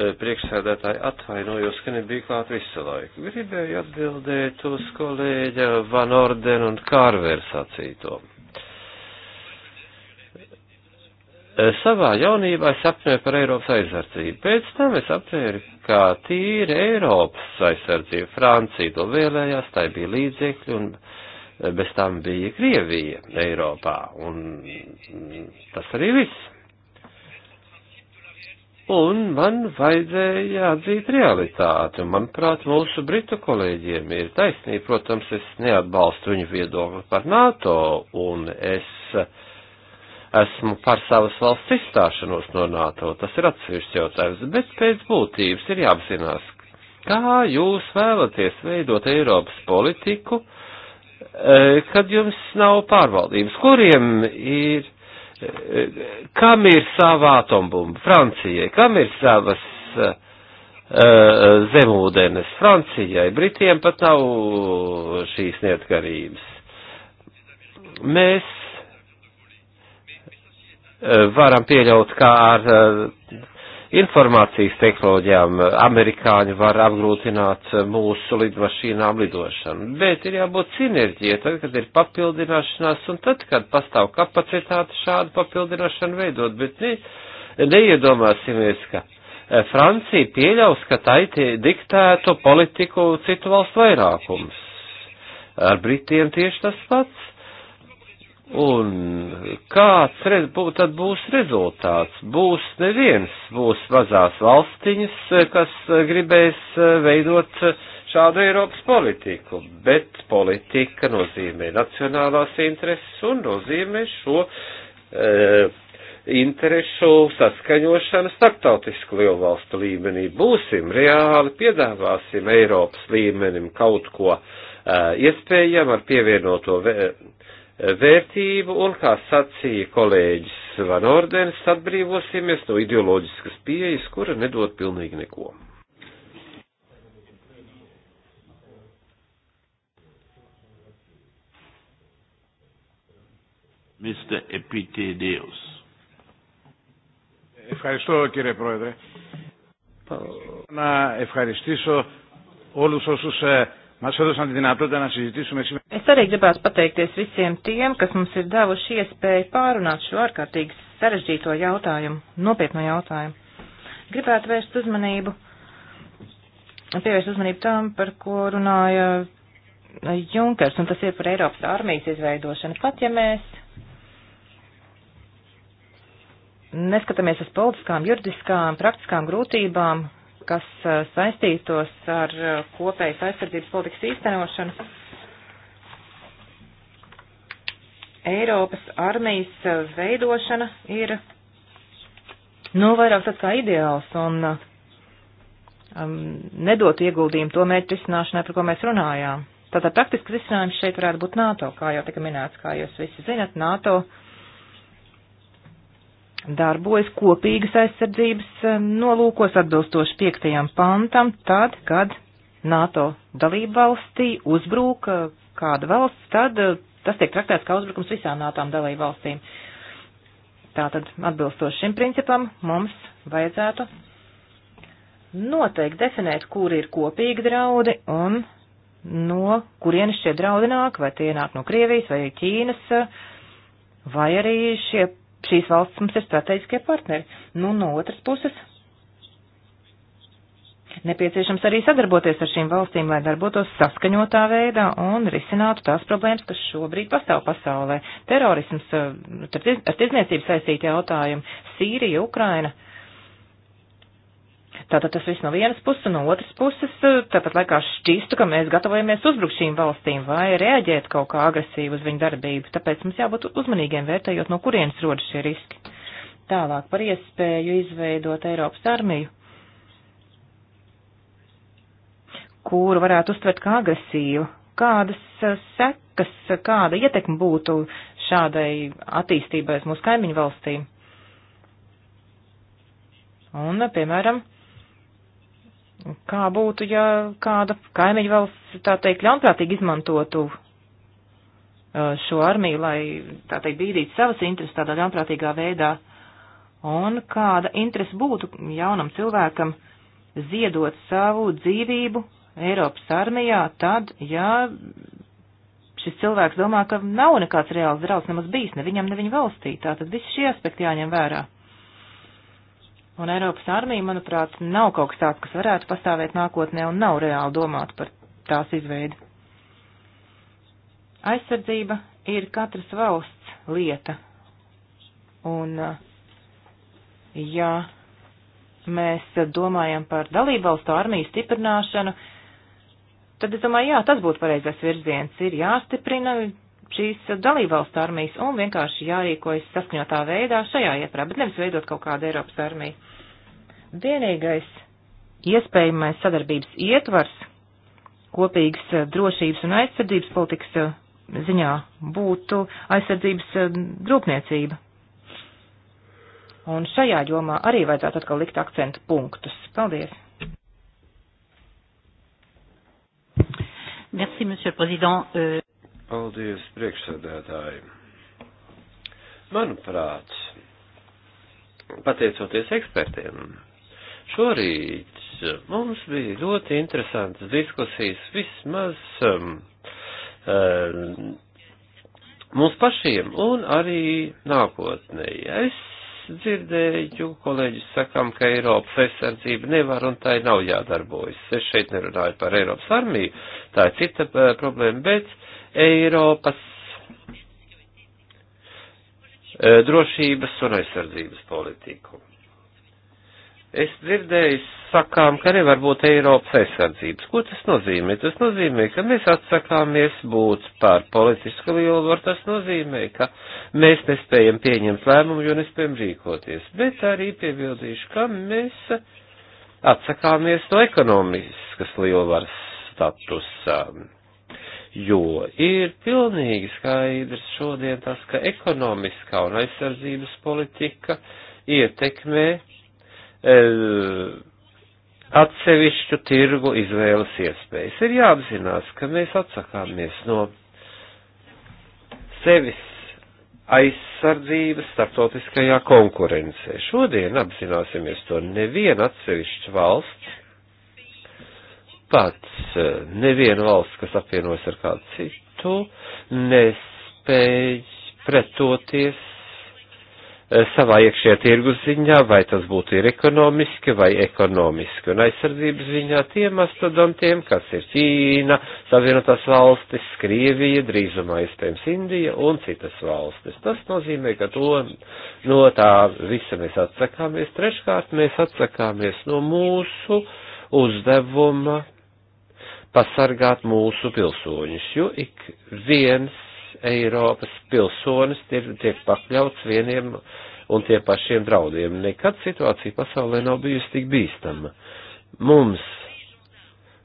Eh, priekšsēdētāji atvainojos, ka nebija klāt visu laiku. Gribēju atbildēt uz kolēģa Van Orden un Kārver sacīto. Eh, savā jaunībā es apņēmu par Eiropas aizsardzību, pēc tam es apņēmu, kā tīri Eiropas aizsardzību. Francija to vēlējās, tai bija līdzekļi un uh, bez tam bija Krievija Eiropā, un tas arī viss. Un man vajadzēja atzīt realitāti, un manuprāt, mūsu britu kolēģiem ir taisnība, protams, es neatbalstu viņu viedokli par NATO, un es esmu par savas valsts izstāšanos no NATO, tas ir atsevišķs jautājums, bet pēc būtības ir jāapzinās, kā jūs vēlaties veidot Eiropas politiku, uh, Eh, kad jums nav pārvaldības, kuriem ir, eh, kam ir sava atombumba Francijai, kam ir savas uh, zemūdenes Francijai, Britiem pat nav šīs neatkarības. Mēs varam pieļaut, kā ar informācijas tehnoloģijām amerikāņi var apgrūtināt mūsu lidmašīnām lidošanu, bet ir jābūt sinerģijai, tad, kad ir papildināšanās un tad, kad pastāv kapacitāte šādu papildināšanu veidot, bet ne, neiedomāsimies, ka e, Francija pieļaus, ka tai diktētu politiku citu valstu vairākums. Ar Britiem tieši tas pats Un kāds re, tad būs rezultāts? Būs neviens, būs mazās valstiņas, kas gribēs eh, veidot eh, šādu Eiropas politiku, bet politika nozīmē nacionālās intereses un nozīmē šo e, eh, interešu saskaņošanu starptautisku lielvalstu līmenī. Būsim reāli, piedāvāsim Eiropas līmenim kaut ko e, iespējam ar pievienoto. Vē, e, vērtību, un, kā sacīja kolēģis Van Ordens, atbrīvosimies no ideoloģiskas pieejas, kura nedod pilnīgi neko. Mr. Epitēdējus. Ευχαριστώ κύριε Πρόεδρε. Να ευχαριστήσω όλους όσους Es arī gribētu pateikties visiem tiem, kas mums ir devuši iespēju pārunāt šo ārkārtīgi sarežģīto jautājumu, nopietno jautājumu. Gribētu vērst uzmanību, pievērst uzmanību tam, par ko runāja Junkers, un tas ir par Eiropas armijas izveidošanu. Pat ja mēs neskatāmies uz politiskām, juridiskām, praktiskām grūtībām, kas uh, saistītos ar uh, kopējas aizsardzības politikas īstenošanu. Eiropas armijas uh, veidošana ir nu, vairāk tāds kā ideāls un um, nedot ieguldījumu to mērķu risināšanai, par ko mēs runājām. Tātad praktiski risinājums šeit varētu būt NATO, kā jau tika minēts, kā jūs visi zinat, NATO uh, darbojas kopīgas aizsardzības um, nolūkos atbilstoši piektajam pantam, tad, kad NATO dalību valstī uzbrūk uh, kāda valsts, tad uh, tas tiek traktēts kā uzbrukums visām NATO dalību valstīm. Tātad, atbilstoši šim principam, mums vajadzētu noteikti definēt, kur ir kopīgi draudi un no kurienes šie draudi nāk, vai tie nāk no Krievijas vai Ķīnas, uh, vai arī šie šīs valsts mums ir strateģiskie partneri. Nu, no otras puses, nepieciešams arī sadarboties ar šīm valstīm, lai darbotos saskaņotā veidā un risinātu tās problēmas, kas šobrīd pastāv pasaulē. Terorisms, eh, nu, ar tirzniecību saistīti jautājumi, Sīrija, Ukraina. Uh, Tātad tas viss no vienas puses, no otras puses, eh, tāpat laikā šķistu, ka mēs gatavojamies uzbrukt šīm valstīm vai reaģēt kaut kā agresīvi uz viņu darbību, tāpēc mums jābūt uzmanīgiem vērtējot, no kurienes rodas šie riski. Tālāk par iespēju izveidot Eiropas armiju, kuru varētu uztvert kā agresīvu, kādas eh, sekas, kāda ietekme būtu šādai attīstībai uz mūsu kaimiņu valstīm. Un, piemēram, Kā būtu, ja kāda kaimiņu valsts, tā teikt, ļaunprātīgi izmantotu uh, šo armiju, lai, tā teikt, bīdītu savas intereses tādā ļaunprātīgā veidā? Un kāda interese būtu jaunam cilvēkam ziedot savu dzīvību Eiropas armijā, tad, ja šis cilvēks domā, ka nav nekāds reāls drauds nemaz bijis ne viņam, ne viņa valstī. Tātad visi šie aspekti jāņem vērā. Un Eiropas armija, manuprāt, nav kaut kas tāds, kas varētu pastāvēt nākotnē un nav reāli domāt par tās izveidi. Aizsardzība ir katras valsts lieta. Un, eh, ja mēs domājam par dalībvalstu armiju stiprināšanu, tad es domāju, jā, tas būtu pareizais virziens. Ir jāstiprina šīs dalībvalstu armijas un vienkārši jārīkojas saskaņotā veidā šajā ietvarā, bet nevis veidot kaut kādu Eiropas armiju. Vienīgais iespējamais sadarbības ietvars kopīgas eh, drošības un aizsardzības politikas eh, ziņā būtu aizsardzības eh, rūpniecība. Un šajā jomā arī vajadzētu atkal likt akcentu punktus. Paldies! Merci, Monsieur le Président. Euh, Paldies, priekšsēdētāji. Manuprāt, pateicoties ekspertiem, šorīt mums bija ļoti interesantas diskusijas vismaz um, um, mums pašiem un arī nākotnē. Es dzirdēju, kolēģis sakām, ka Eiropas aizsardzība nevar un tai nav jādarbojas. Es šeit nerunāju par Eiropas armiju, tā ir cita uh, problēma, bet Eiropas e, drošības un aizsardzības politiku. Es dzirdēju, sakām, ka nevar būt Eiropas aizsardzības. Ko tas nozīmē? Tas nozīmē, ka mēs atsakāmies būt par politisku lielvaru, tas nozīmē, ka mēs nespējam pieņemt lēmumu, jo nespējam rīkoties. Bet arī piebildīšu, ka mēs atsakāmies no ekonomiskas lielvaras statusa. Um, jo ir pilnīgi skaidrs šodien tas, ka ekonomiskā un aizsardzības politika ietekmē e, atsevišķu tirgu izvēles iespējas. Ir jāapzinās, ka mēs atsakāmies no sevis aizsardzības starptautiskajā konkurencē. Šodien apzināsimies to neviena atsevišķa valsts pats eh, neviena valsts, kas apvienojas ar kādu citu, nespēj pretoties eh, savā iekšējā tirgus ziņā, vai tas būtu ir ekonomiski vai ekonomiski. Un aizsardzības ziņā tiem mastodantiem, kas ir Ķīna, Savienotās valstis, Krievija, drīzumā iespējams Indija un citas valstis. Tas nozīmē, ka to, no tā visa mēs atsakāmies. Treškārt, mēs atsakāmies no mūsu uzdevuma pasargāt mūsu pilsoņus, jo ik viens Eiropas pilsonis tiek, tiek pakļauts vieniem un tie pašiem draudiem. Nekad situācija pasaulē nav bijusi tik bīstama. Mums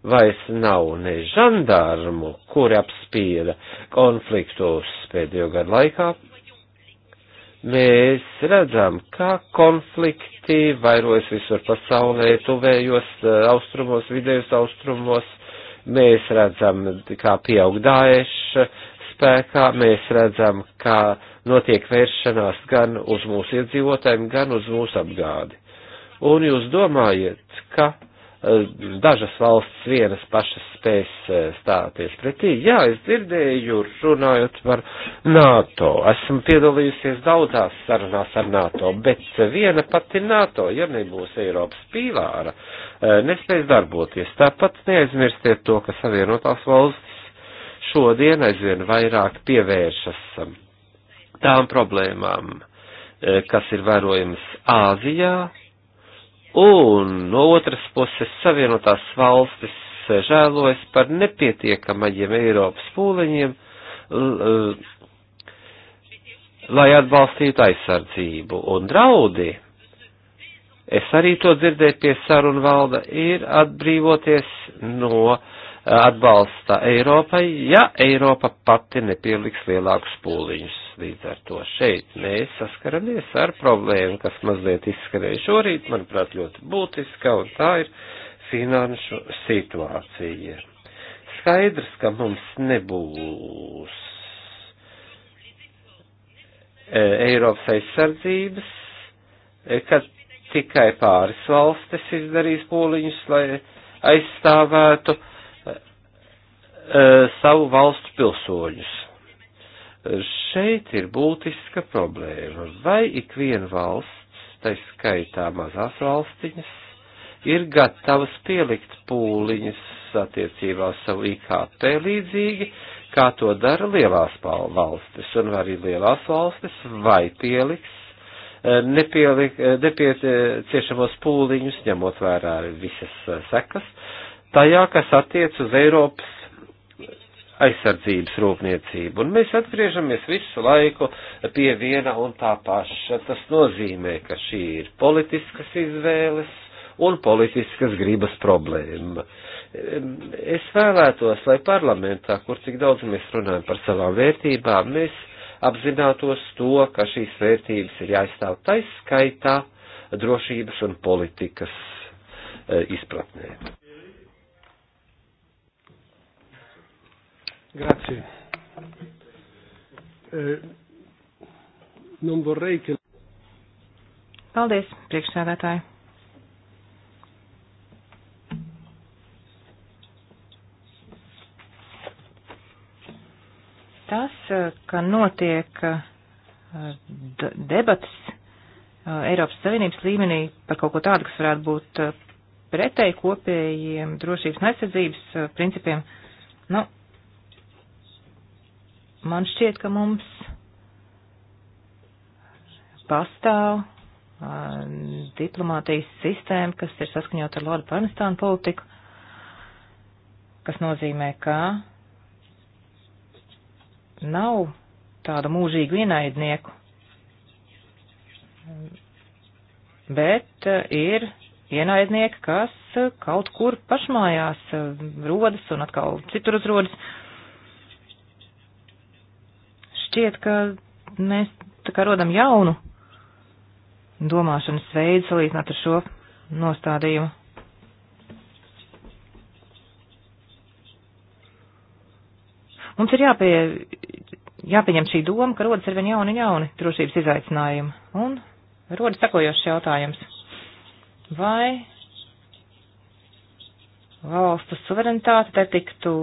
vairs nav ne žandārmu, kuri apspīra konfliktus pēdējo gadu laikā. Mēs redzam, kā konflikti vairojas visur pasaulē, tuvējos uh, austrumos, vidējos austrumos, Mēs redzam, kā pieaug Daeša spēkā, mēs redzam, kā notiek vēršanās gan uz mūsu iedzīvotājiem, gan uz mūsu apgādi. Un jūs domājat, ka Eh, dažas valsts vienas pašas spēs eh, stāties pretī. Jā, es dzirdēju, runājot par NATO. Esmu piedalījusies daudzās sarunās ar NATO, bet viena pati NATO, ja nebūs Eiropas pīlāra, eh, nespēs darboties. Tāpat neaizmirstiet to, ka Savienotās valstis šodien aizvien vairāk pievēršas tām problēmām, kas ir vērojamas Āzijā, Un no otras puses savienotās valstis žēlojas par nepietiekamajiem Eiropas pūliņiem, lai atbalstītu aizsardzību un draudi. Es arī to dzirdēju pie sarunu valda, ir atbrīvoties no atbalsta Eiropai, ja Eiropa pati nepieliks lielākus pūliņus. Līdz ar to šeit mēs saskaramies ar problēmu, kas mazliet izskanēja šorīt, manuprāt, ļoti būtiska, un tā ir finanšu situācija. Skaidrs, ka mums nebūs e, Eiropas aizsardzības, e, kad tikai pāris valstis izdarīs pūliņus, lai aizstāvētu uh, savu valstu pilsoņus. Šeit ir būtiska problēma. Vai ikviena valsts, tai skaitā mazās valstiņas, ir gatavas pielikt pūliņas attiecībā savu IKP līdzīgi, kā to dara lielās valstis, un arī lielās valstis vai pieliks e, nepielik, e, nepieciešamos pūliņus, ņemot vērā visas e, sekas, tajā, kas attiec uz Eiropas aizsardzības rūpniecību. Un mēs atgriežamies visu laiku pie viena un tā paša. Tas nozīmē, ka šī ir politiskas izvēles un politiskas gribas problēma. Es vēlētos, lai parlamentā, kur cik daudz mēs runājam par savām vērtībām, mēs apzinātos to, ka šīs vērtības ir jāizstāv taiskaitā drošības un politikas e, izpratnē. Grazie. Eh, non vorrei che. Paldies, priekšsēdētāji. Tas, ka notiek eh, debats eh, Eiropas Savienības līmenī par kaut ko tādu, kas varētu būt eh, pretēji kopējiem drošības un aizsardzības principiem, nu, man šķiet, ka mums pastāv uh, diplomātijas sistēma, kas ir saskaņot ar Lordu Panistānu politiku, kas nozīmē, ka nav tādu mūžīgu ienaidnieku, bet ir ienaidnieki, kas kaut kur pašmājās rodas un atkal citur uzrodas šķiet, ka mēs tā kā rodam jaunu domāšanas veidu salīdzināt ar šo nostādījumu. Mums ir jāpie, jāpieņem šī doma, ka rodas arvien jauni un jauni drošības izaicinājumi. Un rodas sakojošs jautājums. Vai valstu suverenitāte te tiktu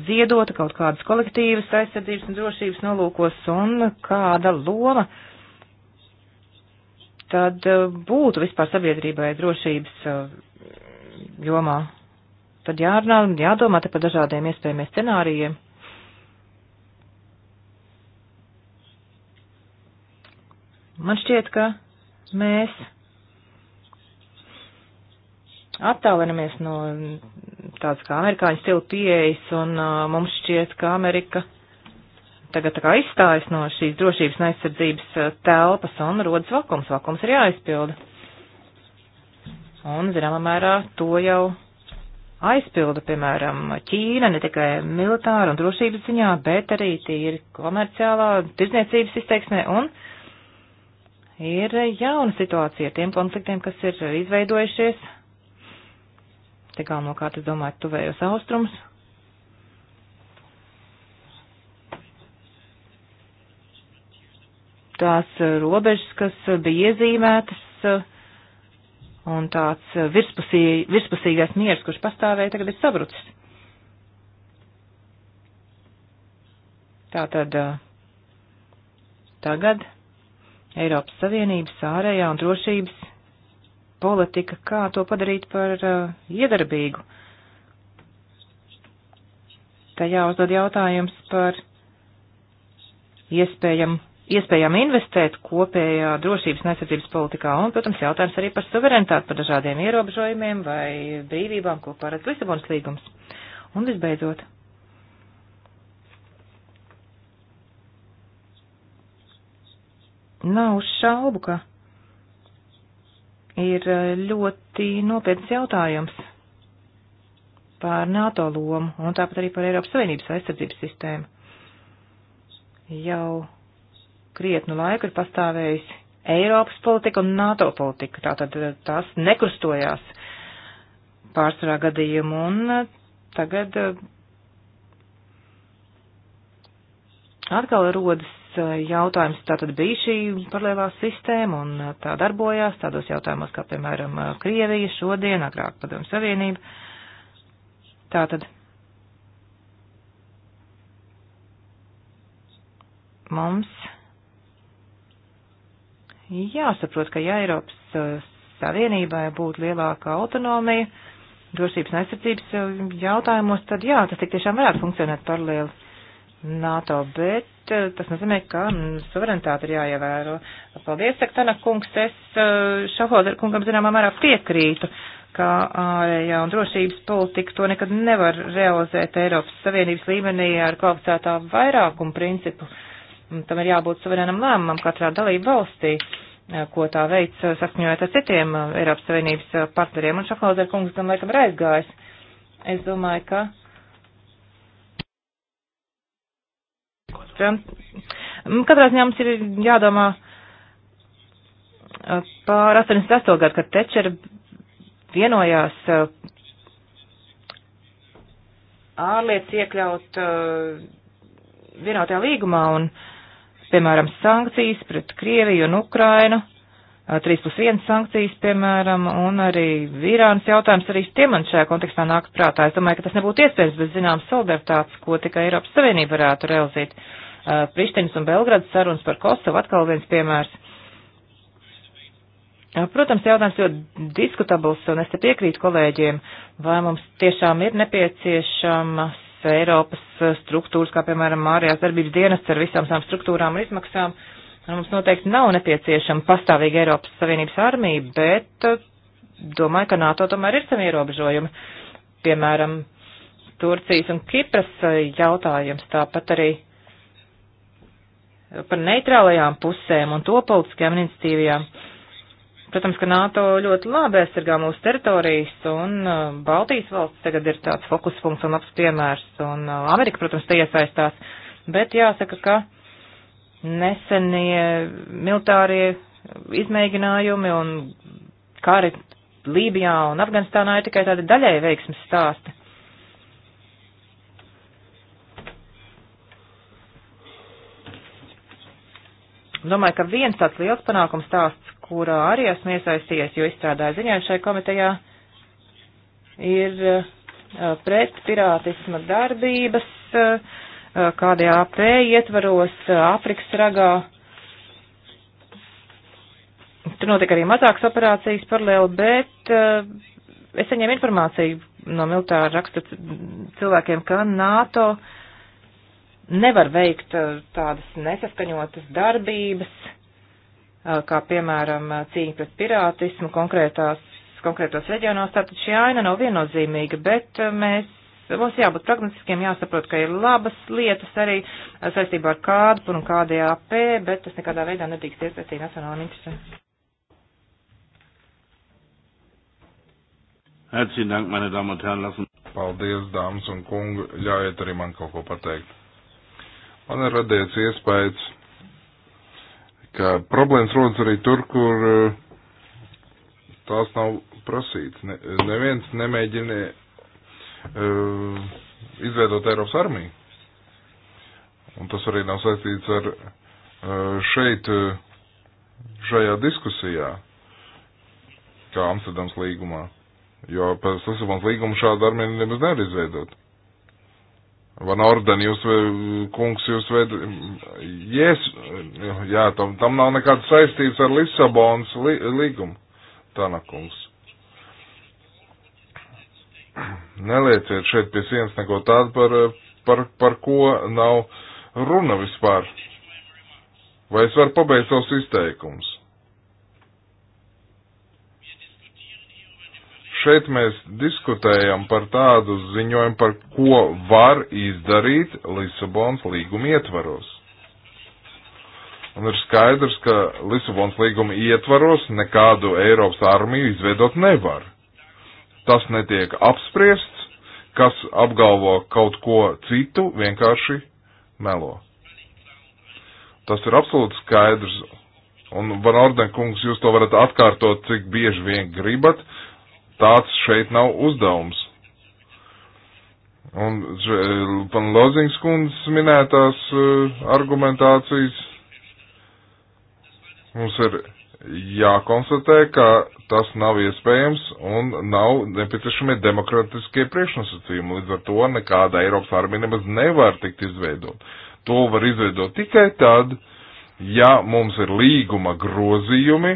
ziedota kaut kādas kolektīvas aizsardzības un drošības nolūkos un kāda loma tad eh, būtu vispār sabiedrībai drošības eh, jomā. Tad jārunā un jādomā te par dažādiem iespējamiem scenārijiem. Man šķiet, ka mēs attālinamies no tāds kā amerikāņu stila pieejas, un uh, mums šķiet, ka Amerika tagad tā kā izstājas no šīs drošības un aizsardzības uh, telpas un rodas vakums. Vakums ir jāaizpilda. Un, zināmā mērā, to jau aizpilda, piemēram, Ķīna ne tikai militāra un drošības ziņā, bet arī tīri komerciālā tirdzniecības izteiksmē un ir jauna situācija ar tiem konfliktiem, kas ir izveidojušies Te galvenokārt es domāju tuvējos austrums. Tās eh, robežas, kas eh, bija iezīmētas, eh, un tāds virspusī, virspusīgais miers, kurš pastāvēja, tagad ir sabrucis. Tātad tagad Eiropas Savienības ārējā un drošības politika, kā to padarīt par uh, iedarbīgu. Tajā uzdod jautājums par iespējam, iespējam investēt kopējā drošības un aizsardzības politikā un, protams, jautājums arī par suverenitāti, par dažādiem ierobežojumiem vai brīvībām, ko paredz Lisabonas līgums. Un visbeidzot. Nav šaubu, ka ir eh, ļoti nopietns jautājums par NATO lomu un tāpat arī par Eiropas Savienības aizsardzības sistēmu. Jau krietnu laiku ir pastāvējusi Eiropas politika un NATO politika, tātad eh, tās nekrustojās pārsvarā gadījumu un eh, tagad atkal rodas Eh, jautājums. Tātad bija šī paralēlā sistēma un eh, tā darbojās tādos jautājumos, kā piemēram eh, Krievija šodien, agrāk Padomu Savienība. Tātad mums jāsaprot, ka ja Eiropas Savienībai būtu lielāka autonomija drošības un aizsardzības jautājumos, tad jā, tas tik tiešām varētu funkcionēt paralēli NATO, bet eh, tas nozīmē, ka mm, suverenitāte ir jāievēro. Paldies, Sektana kungs, es eh, Šahoda kungam zināmā mērā piekrītu, ka ārējā un drošības politika to nekad nevar realizēt Eiropas Savienības līmenī ar kvalificētā vairākumu principu. Tam ir jābūt suverenam lēmumam katrā dalību valstī eh, ko tā veids saskaņojot ar citiem Eiropas Savienības partneriem, un Šafhauser kungs gan laikam ir aizgājis. Es domāju, ka Mm, katrā ziņā mums ir jādomā pār 88 gadu, kad Tečer vienojās ārlietas iekļaut vienotajā līgumā un, piemēram, sankcijas pret Krieviju un Ukrainu 3 plus 1 sankcijas, piemēram, un arī Irānas jautājums arī tie man šajā kontekstā nāk prātā. Es domāju, ka tas nebūtu iespējams bez zināmas solidaritātes, ko tikai Eiropas Savienība varētu realizēt. Uh, Prištiņas un Belgradas sarunas par Kosovu atkal viens piemērs. Uh, protams, jautājums ļoti diskutabls, un es te piekrītu kolēģiem, vai mums tiešām ir nepieciešamas Eiropas struktūras, kā piemēram Mārijās darbības dienas ar visām savām struktūrām un izmaksām. Uh, Nu, mums noteikti nav nepieciešama pastāvīga Eiropas Savienības armija, bet eh, domāju, ka NATO tomēr ir savi ierobežojumi. Piemēram, Turcijas un Kipras eh, jautājums, tāpat arī eh, par neitrālajām pusēm un to politiskajām iniciatīvajām. Protams, ka NATO ļoti labi aizsargā mūsu teritorijas, un Baltijas valsts tagad ir tāds fokus punkts un labs piemērs, un Amerika, protams, te iesaistās, bet jāsaka, ka nesenie militārie izmēģinājumi un kari Lībijā un Afganistānā ir tikai tādi daļai veiksmes stāsti. Domāju, ka viens tāds liels panākums stāsts, kurā arī esmu iesaistījies, jo izstrādāju ziņojumu šai komitejā, ir eh, pret pirātisma darbības uh, Eh, KDAP ietvaros, eh, Afrikas ragā. Tur notiek arī mazākas operācijas paralēli, bet eh, es saņēmu informāciju no militāra raksta cilvēkiem, ka NATO nevar veikt tādas nesaskaņotas darbības, kā piemēram cīņa pret pirātismu konkrētās, konkrētos reģionos. Tātad šī aina nav viennozīmīga, bet mēs Mums jābūt pragmatiskiem, jāsaprot, ka ir labas lietas arī saistībā ar kādu un kādai e AP, bet tas nekādā veidā nedrīkst iesaistīt nacionālajiem interesēm. Herzlichen Dank, meine Damen und Herren. Lassen. Paldies, dāmas un kungi. Ļaujiet arī man kaut ko pateikt. Man ir radies iespējas, ka problēmas rodas arī tur, kur eh, tās nav prasītas. Ne, neviens nemēģina uh, izveidot Eiropas armiju. Un tas arī nav saistīts ar uh, šeit, eh, šajā diskusijā, kā Amsterdams līgumā. Jo pēc Lisabonas līguma šāda armija nemaz nevar izveidot. Van Orden, jūs, kungs, jūs ved, yes, jā, tam, tam nav nekāda saistības ar Lisabonas li, līgumu, Tana kungs. Nelieciet šeit pie sienas neko tādu, par, par, par ko nav runa vispār. Vai es varu pabeigt savus izteikumus? Šeit mēs diskutējam par tādu ziņojumu, par ko var izdarīt Lisabonas līguma ietvaros. Un ir skaidrs, ka Lisabonas līguma ietvaros nekādu Eiropas armiju izveidot nevar tas netiek apspriests, kas apgalvo kaut ko citu, vienkārši melo. Tas ir absolūti skaidrs. Un, Van Orden kungs, jūs to varat atkārtot, cik bieži vien gribat. Tāds šeit nav uzdevums. Un pan Lozings kundz minētās uh, argumentācijas. Mums ir jākonstatē, ka tas nav iespējams un nav nepieciešami demokratiskie priekšnosacījumi. Līdz ar to nekāda Eiropas armija nemaz nevar tikt izveidot. To var izveidot tikai tad, ja mums ir līguma grozījumi,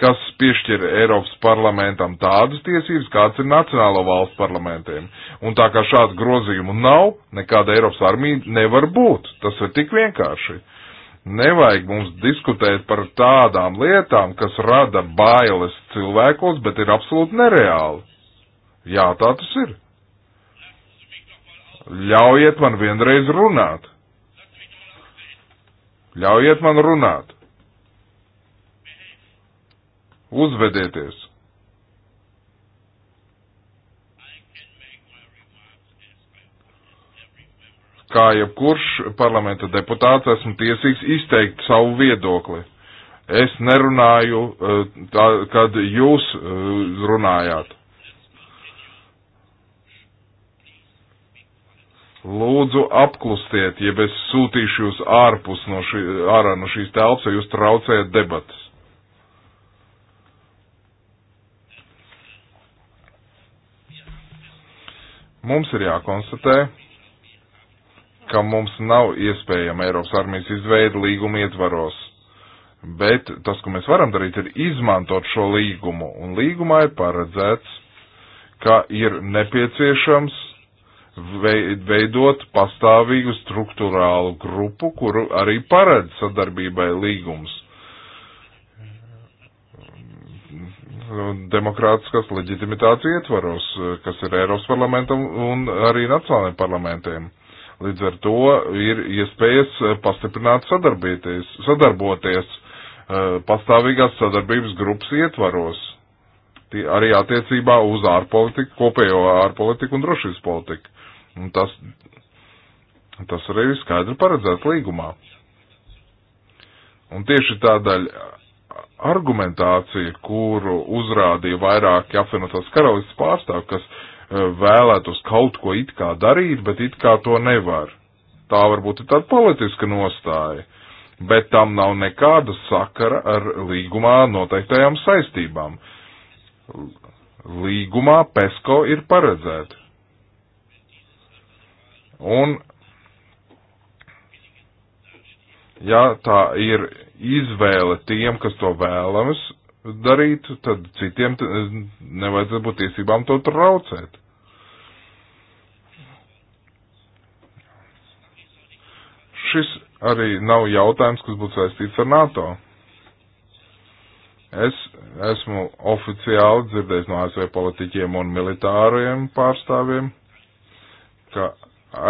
kas piešķir Eiropas parlamentam tādas tiesības, kāds ir nacionālo valstu parlamentiem. Un tā kā šādu grozījumu nav, nekāda Eiropas armija nevar būt. Tas ir tik vienkārši. Nevajag mums diskutēt par tādām lietām, kas rada bailes cilvēkos, bet ir absolūti nereāli. Jā, tā tas ir. Ļaujiet man vienreiz runāt. Ļaujiet man runāt. Uzvedieties. kā jebkurš parlamenta deputāts esmu tiesīgs izteikt savu viedokli. Es nerunāju, eh, tā, kad jūs eh, runājāt. Lūdzu, apklustiet, ja es sūtīšu jūs ārpus no šī, ārā no šīs telpas, jo jūs traucējat debatas. Mums ir jākonstatē, ka mums nav iespējama Eiropas armijas izveida līguma ietvaros. Bet tas, ko mēs varam darīt, ir izmantot šo līgumu. Un līgumā ir paredzēts, ka ir nepieciešams veidot pastāvīgu struktūrālu grupu, kuru arī paredz sadarbībai līgums. Demokrātiskās leģitimitātes ietvaros, kas ir Eiropas parlamentam un arī nacionālajiem parlamentiem. Līdz ar to ir iespējas eh, pastiprināt sadarboties eh, pastāvīgās sadarbības grupas ietvaros, arī attiecībā uz ārpolitiku, kopējo ārpolitiku un drošības politiku. Un tas, tas arī ir skaidri paredzēts līgumā. Un tieši tādēļ argumentācija, kuru uzrādīja vairāki apvienotās karalistas pārstāvi, kas Eh, vēlētos kaut ko it kā darīt, bet it kā to nevar. Tā varbūt ir tāda politiska nostāja, bet tam nav nekāda sakara ar līgumā noteiktajām saistībām. Līgumā PESCO ir paredzēta. Un ja tā ir izvēle tiem, kas to vēlamas, darīt, tad citiem eh, nevajadzētu būt tiesībām to traucēt. Šis arī nav jautājums, kas būtu saistīts ar NATO. Es esmu oficiāli dzirdējis no ASV politiķiem un militāriem pārstāvjiem, ka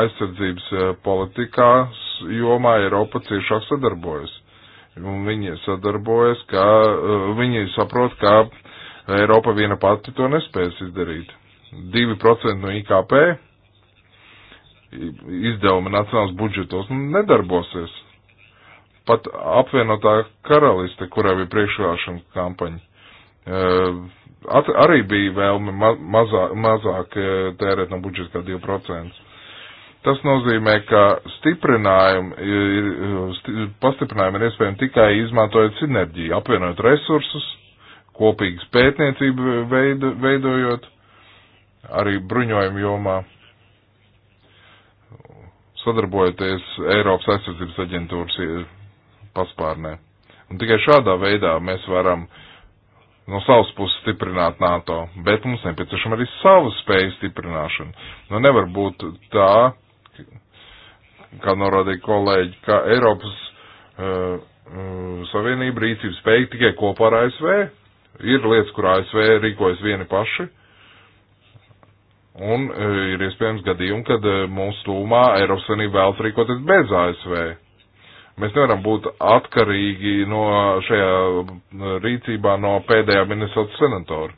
aizsardzības eh, politikās jomā Eiropa ciešāk sadarbojas. Un viņi sadarbojas, ka eh, viņi saprot, ka Eiropa viena pati to nespēs izdarīt. 2% no IKP izdevumi nacionālas budžetos nedarbosies. Pat apvienotā karaliste, kurā bija priekšvēlēšana kampaņa, eh, at, arī bija vēlme ma mazāk, mazāk eh, tērēt no budžeta kā 2%. Tas nozīmē, ka stiprinājumi ir, sti, pastiprinājumi ir iespējami tikai izmantojot sinerģiju, apvienot resursus, kopīgas pētniecību veido, veidojot, arī bruņojumu jomā, sadarbojoties Eiropas aizsardzības aģentūras paspārnē. Un tikai šādā veidā mēs varam no savas puses stiprināt NATO, bet mums nepieciešama arī savu spēju stiprināšana. Nu nevar būt tā, kā norādīja kolēģi, ka Eiropas uh, Savienība rīcības spēja tikai kopā ar ASV. Ir lietas, kur ASV rīkojas vieni paši. Un uh, ir iespējams gadījumi, kad uh, mūsu tūmā Eiropas Savienība vēlas rīkoties bez ASV. Mēs nevaram būt atkarīgi no šajā rīcībā no pēdējā Minnesotas senatora.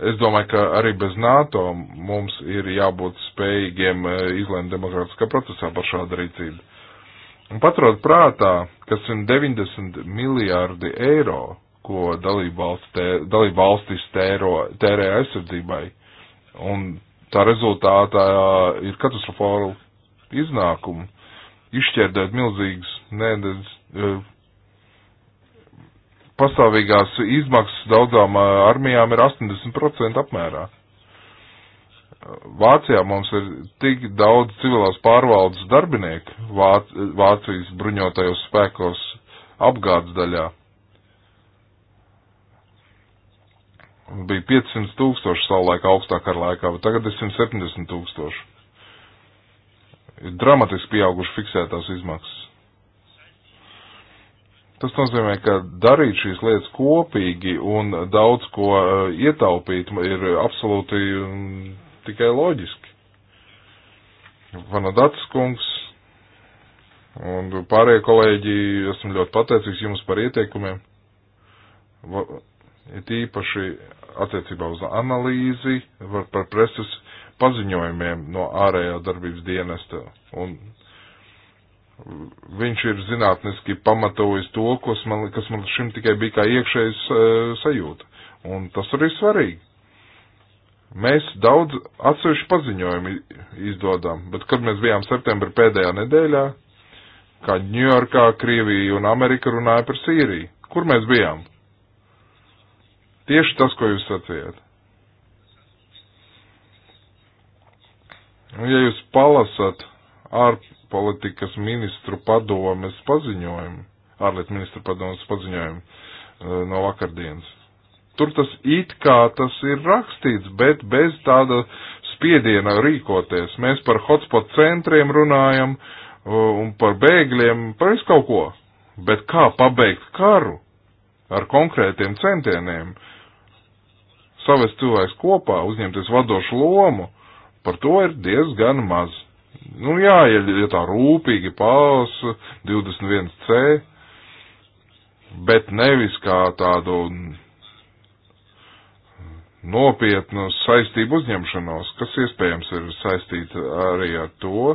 Es domāju, ka arī bez NATO mums ir jābūt spējīgiem eh, izlēmt demokrātiskā procesā par šādu rīcību. Un paturot prātā, ka 190 miljārdi eiro, ko dalību valstis tēro, tērē aizsardzībai, un tā rezultātā ir katastrofāla iznākuma, izšķērdēt milzīgas nedēļas pastāvīgās izmaksas daudzām armijām ir 80% apmērā. Vācijā mums ir tik daudz civilās pārvaldes darbinieku Vāc Vācijas bruņotajos spēkos apgādes daļā. Bija 500 tūkstoši savulaik augstākā laikā, bet tagad ir 170 tūkstoši. Ir dramatiski pieauguši fiksētās izmaksas. Tas nozīmē, ka darīt šīs lietas kopīgi un daudz ko uh, ietaupīt ir absolūti um, tikai loģiski. Vanadats kungs un pārējie kolēģi, esmu ļoti pateicīgs jums par ieteikumiem. Ir īpaši attiecībā uz analīzi par preses paziņojumiem no ārējā darbības dienesta un viņš ir zinātniski pamatojis to, kas man, kas man šim tikai bija kā iekšējs e, sajūta. Un tas arī svarīgi. Mēs daudz atsevišķu paziņojumu izdodam, bet kad mēs bijām septembra pēdējā nedēļā, kā Ņujorkā, Krievija un Amerika runāja par Sīriju, kur mēs bijām? Tieši tas, ko jūs sacījāt. Ja jūs palasat ārpus politikas ministru padomes paziņojumu, ārlietu ministru padomes paziņojumu eh, no vakardienas. Tur tas it kā tas ir rakstīts, bet bez tāda spiediena rīkoties. Mēs par hotspot centriem runājam eh, un par bēgļiem, par visu kaut ko. Bet kā pabeigt karu ar konkrētiem centieniem, savest cilvēks kopā, uzņemties vadošu lomu, par to ir diezgan maz. Nu jā, ja, ja tā rūpīgi pās 21C, bet nevis kā tādu nopietnu saistību uzņemšanos, kas iespējams ir saistīta arī ar to,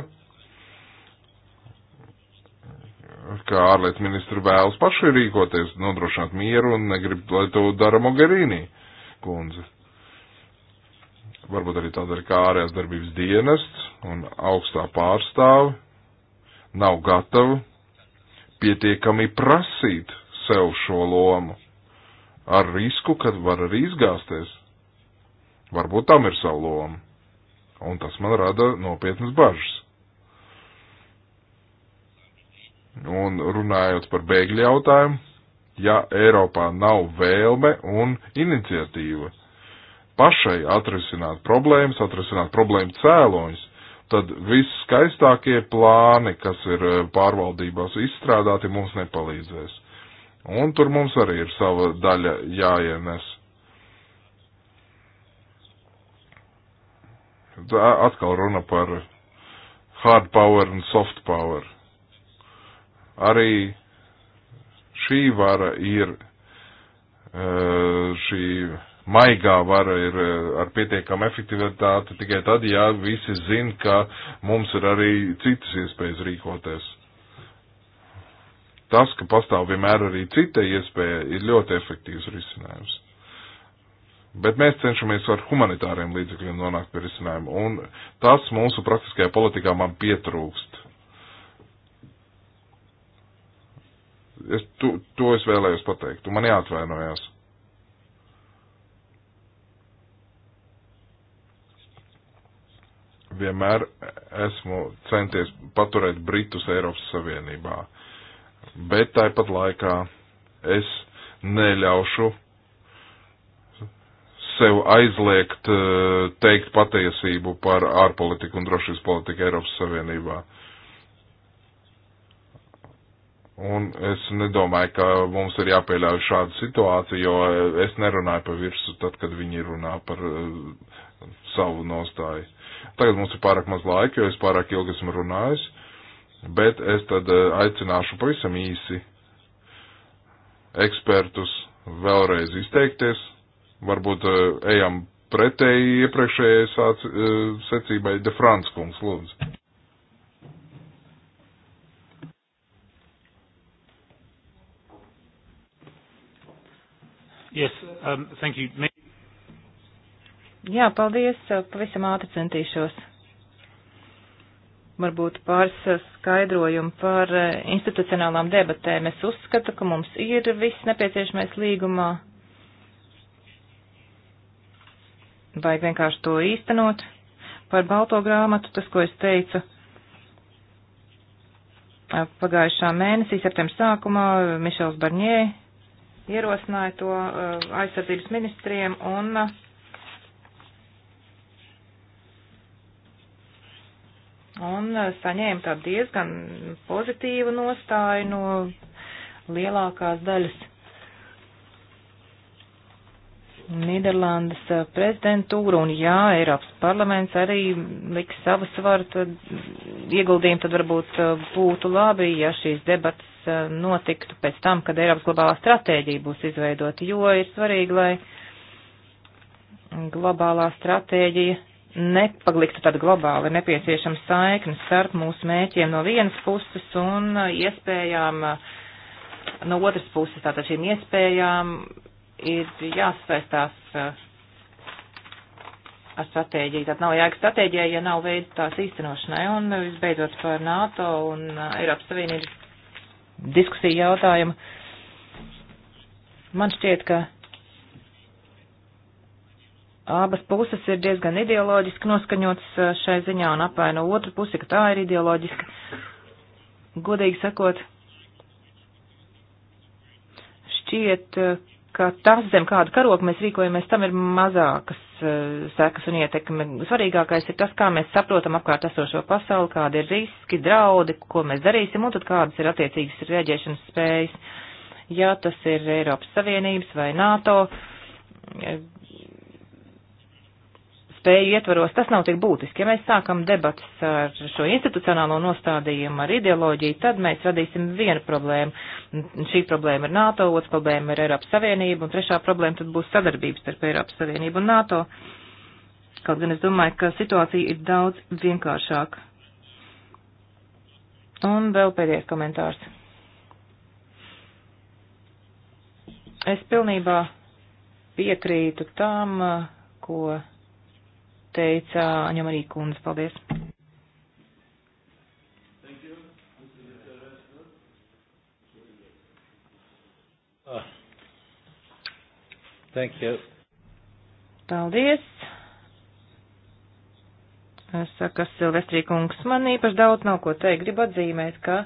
kā ārlietu ministru vēlas paši rīkoties, nodrošināt mieru un negrib, lai to dara Mogherini kundze varbūt arī tādēļ, ka ārējās darbības dienests un augstā pārstāve nav gatavi pietiekami prasīt sev šo lomu ar risku, kad var arī izgāzties. Varbūt tam ir savu lomu. Un tas man rada nopietnas bažas. Un runājot par bēgļu jautājumu, ja Eiropā nav vēlme un iniciatīva pašai atrisināt problēmas, atrisināt problēmu cēloņus, tad viss skaistākie plāni, kas ir e, pārvaldībās izstrādāti, mums nepalīdzēs. Un tur mums arī ir sava daļa jāienes. Tā e, atkal runa par hard power un soft power. Arī šī vara ir e, šī maigā vara ir eh, ar pietiekamu efektivitāti tikai tad, ja visi zin, ka mums ir arī citas iespējas rīkoties. Tas, ka pastāv vienmēr arī cita iespēja, ir ļoti efektīvs risinājums. Bet mēs cenšamies ar humanitāriem līdzekļiem nonākt pie risinājumu, un tas mūsu praktiskajā politikā man pietrūkst. Es, tu, to es vēlējos pateikt, un man jāatvainojās. vienmēr esmu centies paturēt Britus Eiropas Savienībā. Bet tāpat laikā es neļaušu sev aizliegt eh, teikt patiesību par ārpolitiku un drošības politiku Eiropas Savienībā. Un es nedomāju, ka mums ir jāpieļauj šāda situācija, jo es nerunāju pa virsu tad, kad viņi runā par eh, savu nostāju. Tagad mums ir pārāk maz laika, jo es pārāk ilgi esmu runājis, bet es tad eh, aicināšu pavisam īsi ekspertus vēlreiz izteikties. Varbūt eh, ejam pretēji iepriekšējai eh, secībai De Franskungs, lūdzu. Yes, um, thank you. Jā, paldies, eh, pavisam ātri centīšos. Varbūt pāris eh, skaidrojumu par eh, institucionālām debatēm. Es uzskatu, ka mums ir viss nepieciešamais līgumā. Vajag vienkārši to īstenot. Par balto grāmatu, tas, ko es teicu, pagājušā mēnesī, septembra sākumā, Mišels Barņē ierosināja to aizsardzības ministriem un uh, un eh, saņēma tādu diezgan pozitīvu nostāju no lielākās daļas. Nīderlandes eh, prezidentūra un jā, Eiropas parlaments arī liks savu svaru, tad ieguldījumu tad varbūt eh, būtu labi, ja šīs debats notiktu pēc tam, kad Eiropas globālā stratēģija būs izveidota, jo ir svarīgi, lai globālā stratēģija nepagliktu tad globāli, ir nepieciešams saiknes starp mūsu mēķiem no vienas puses un uh, iespējām uh, no otras puses. Tātad šīm iespējām ir jāsasaistās uh, ar stratēģiju. Tad nav jēga stratēģijai, ja nav veidu tās īstenošanai. Un visbeidzot par NATO un Eiropas Savienības diskusiju jautājumu. Man šķiet, ka abas puses ir diezgan ideoloģiski noskaņotas uh, šai ziņā un apvaino otru pusi, ka tā ir ideoloģiska. Godīgi sakot, šķiet, uh, ka tas, zem kāda karoka mēs rīkojamies, tam ir mazākas uh, sekas un ietekme. Svarīgākais ir tas, kā mēs saprotam apkārt esošo pasauli, kādi ir riski, draudi, ko mēs darīsim un tad kādas ir attiecīgas rēģēšanas spējas. Ja tas ir Eiropas Savienības vai NATO spēju ietvaros, tas nav tik būtiski. Ja mēs sākam debatas ar šo institucionālo nostādījumu, ar ideoloģiju, tad mēs radīsim vienu problēmu. Šī problēma ir NATO, otrs problēma ir Eiropas Savienība, un trešā problēma tad būs sadarbības starp Eiropas Savienību un NATO. Kaut gan es domāju, ka situācija ir daudz vienkāršāka. Un vēl pēdējais komentārs. Es pilnībā piekrītu tam, ko teica Aņam arī kundze. Paldies! Thank you. Paldies. Es saku, Silvestrī kungs, man īpaši daudz nav ko teikt. Gribu atzīmēt, ka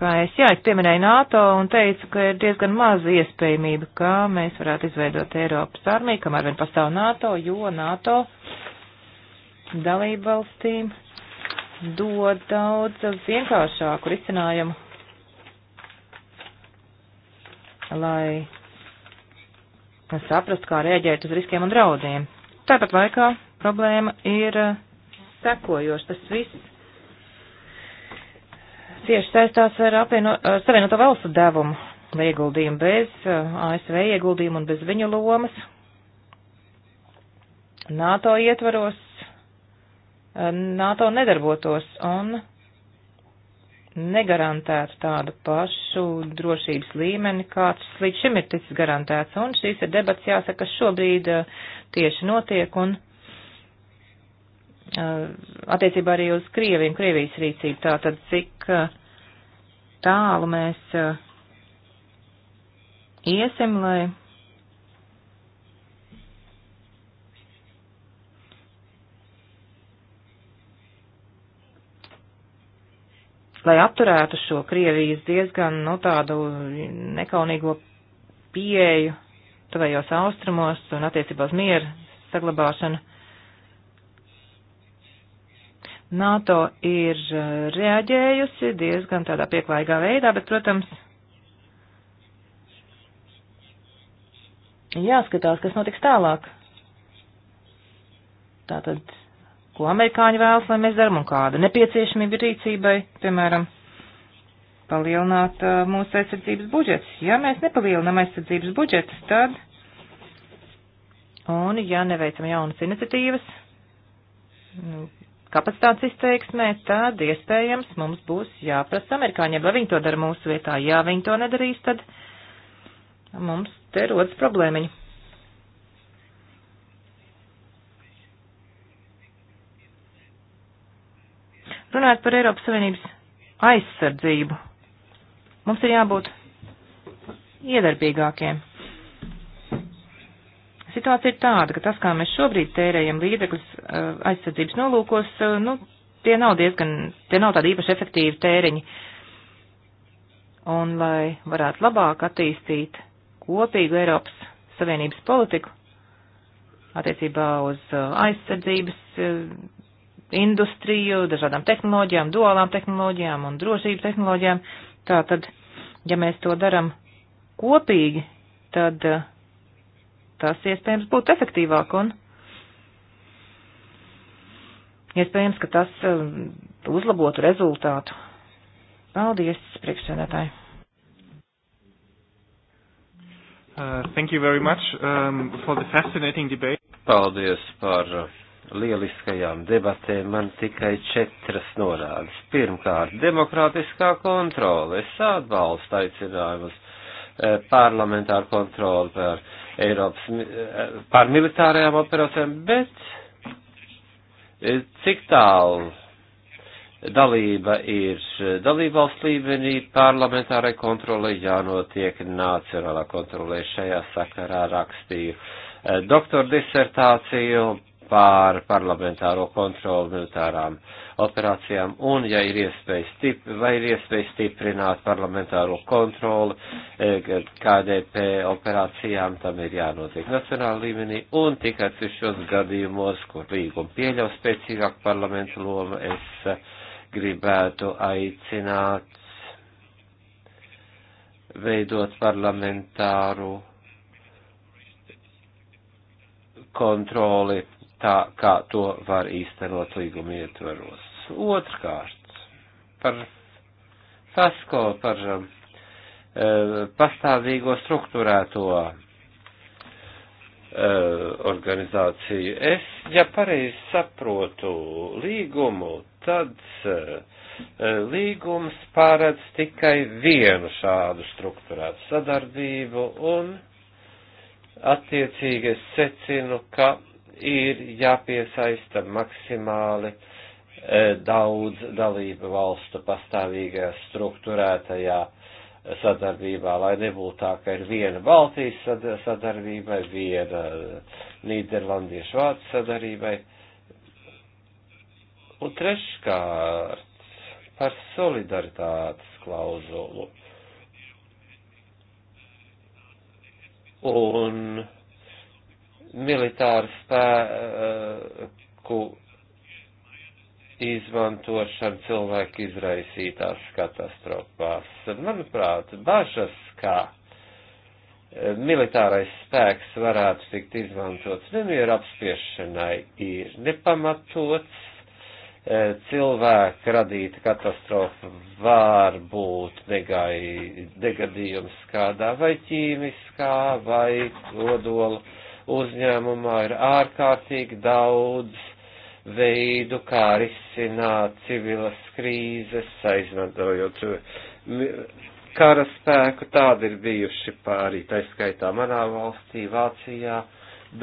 kā es, jā, es pieminēju NATO un teicu, ka ir diezgan maza iespējamība, ka mēs varētu izveidot Eiropas armiju, kamēr vien pastāv NATO, jo NATO dalībvalstīm dod daudz vienkāršāku risinājumu, lai saprast, kā rēģēt uz riskiem un draudiem. Tāpat laikā problēma ir sekojoša. Tas viss cieši saistās ar, apvieno, ar Savienoto valstu devumu vai ieguldījumu bez eh, ASV ieguldījumu un bez viņu lomas. NATO ietvaros eh, NATO nedarbotos un negarantētu tādu pašu drošības līmeni, kāds līdz šim ir ticis garantēts. Un šīs ir debats, jāsaka, kas šobrīd eh, tieši notiek un attiecībā arī uz Krieviju un Krievijas rīcību. Tātad, cik uh, tālu mēs uh, iesim, lai lai apturētu šo Krievijas diezgan, nu, tādu nekaunīgo pieeju tuvējos austrumos un attiecībā uz mieru saglabāšanu. NATO ir eh, reaģējusi diezgan tādā pieklājīgā veidā, bet, protams, jāskatās, kas notiks tālāk. Tātad, ko amerikāņi vēlas, lai mēs darām un kāda nepieciešamība rīcībai, piemēram, palielināt uh, mūsu aizsardzības budžets. Ja mēs nepalielinam aizsardzības budžets, tad, un ja neveicam jaunas iniciatīvas, nu, kapacitātes izteiksmē, tad iespējams mums būs jāprasa amerikāņiem, vai viņi to dara mūsu vietā. Ja viņi to nedarīs, tad mums te rodas problēmiņi. Runājot par Eiropas Savienības aizsardzību, mums ir jābūt iedarbīgākiem. Situācija ir tāda, ka tas, kā mēs šobrīd tērējam līdzekļus eh, aizsardzības nolūkos, eh, nu, tie nav diezgan, tie nav tādi īpaši efektīvi tēriņi. Un, lai varētu labāk attīstīt kopīgu Eiropas Savienības politiku attiecībā uz eh, aizsardzības industriju, dažādām tehnoloģijām, duālām tehnoloģijām un drošības tehnoloģijām, tā tad, ja mēs to daram kopīgi, tad uh, tas iespējams būtu efektīvāk un iespējams, ka tas um, uzlabotu rezultātu. Paldies, priekšsēdētāji! Uh, thank you very much um, for the fascinating debate. Paldies par lieliskajām debatēm. Man tikai četras norādes. Pirmkārt, demokrātiskā kontrole. Es atbalstu aicinājumus eh, parlamentāru kontroli par Eiropas eh, par militārajām operācijām, bet eh, cik tālu dalība ir dalībvalsts līmenī, parlamentārai kontrolē jānotiek nacionālā kontrolē šajā sakarā rakstīju eh, doktora disertāciju pār parlamentāro kontroli militārām operācijām, un, ja ir iespēja, stip, vai ir iespēja stiprināt parlamentāro kontroli e, KDP operācijām, tam ir jānotiek nacionāla līmenī, un tikai atsevišķos gadījumos, kur līguma pieļaus spēcīgāku parlamentu lomu, es gribētu aicināt veidot parlamentāru kontroli tā kā to var īstenot līguma ietvaros. Otrkārt, par FASCO, par um, e, pastāvīgo struktūrēto e, organizāciju. Es, ja pareizi saprotu līgumu, tad e, e, līgums pārēdz tikai vienu šādu struktūrētu sadarbību un attiecīgi es secinu, ka ir jāpiesaista maksimāli e, daudz dalību valstu pastāvīgajā struktūrētajā sadarbībā, lai nebūtu tā, ka ir viena Baltijas sadarbībai, viena Nīderlandiešu vācu sadarbībai. Un treškārt par solidaritātes klauzulu. Un militāru spēku izmantošana cilvēku izraisītās katastrofās. Manuprāt, bažas, kā eh, militārais spēks varētu tikt izmantots nemieru apspiešanai, ir nepamatots. Eh, cilvēka radīta katastrofa var būt negai, negadījums kādā vai ķīmiskā vai kodola uzņēmumā ir ārkārtīgi daudz veidu, kā risināt civilas krīzes, aizmantojot kara spēku. Tādi ir bijuši pārī, taiskaitā manā valstī, Vācijā,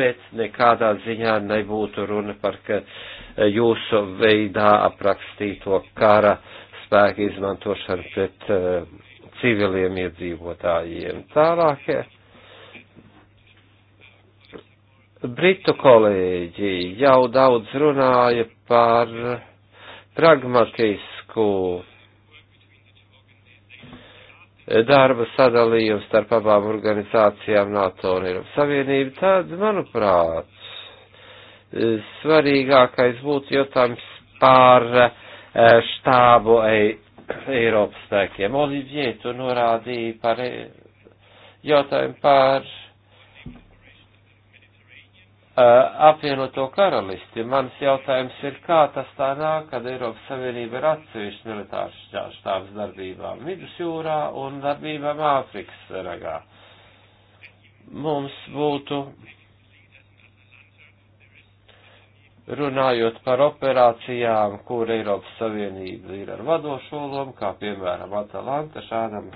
bet nekādā ziņā nebūtu runa par e, jūsu veidā aprakstīto kara spēku izmantošanu pret uh, civiliem iedzīvotājiem. Tālāk e, Britu kolēģi jau daudz runāja par pragmatisku darba sadalījumu starp abām organizācijām NATO un Eiropas Savienību, tad, manuprāt, svarīgākais būtu jautājums par eh, štābu Eiropas spēkiem. Olivier, tu norādīji par eh, jautājumu par Uh, apvienoto karalisti. Mans jautājums ir, kā tas tā nāk, kad Eiropas Savienība ir atsevišķi militārs štābs darbībām Vidusjūrā un darbībām Āfrikas ragā. Mums būtu runājot par operācijām, kur Eiropas Savienība ir ar vadošo lomu, kā piemēram Atalanta, šādam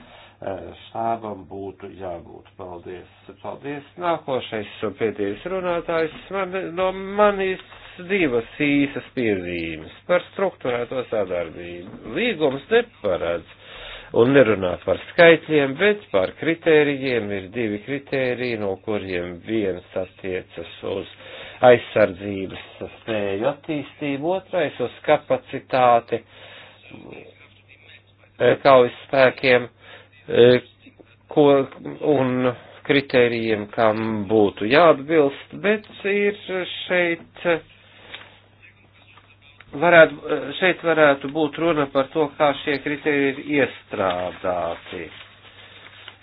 štābam būtu jābūt. Paldies. Paldies. Nākošais un pēdējais runātājs man, no manis divas īsas piezīmes par struktūrēto sadarbību. Līgums neparedz un nerunā par skaitļiem, bet par kritērijiem ir divi kritēriji, no kuriem viens attiecas uz aizsardzības spēju attīstību, otrais uz kapacitāti eh, kaujas spēkiem E, ko, un kritērijiem, kam būtu jāatbilst, bet ir šeit varētu, šeit varētu būt runa par to, kā šie kriteriji ir iestrādāti.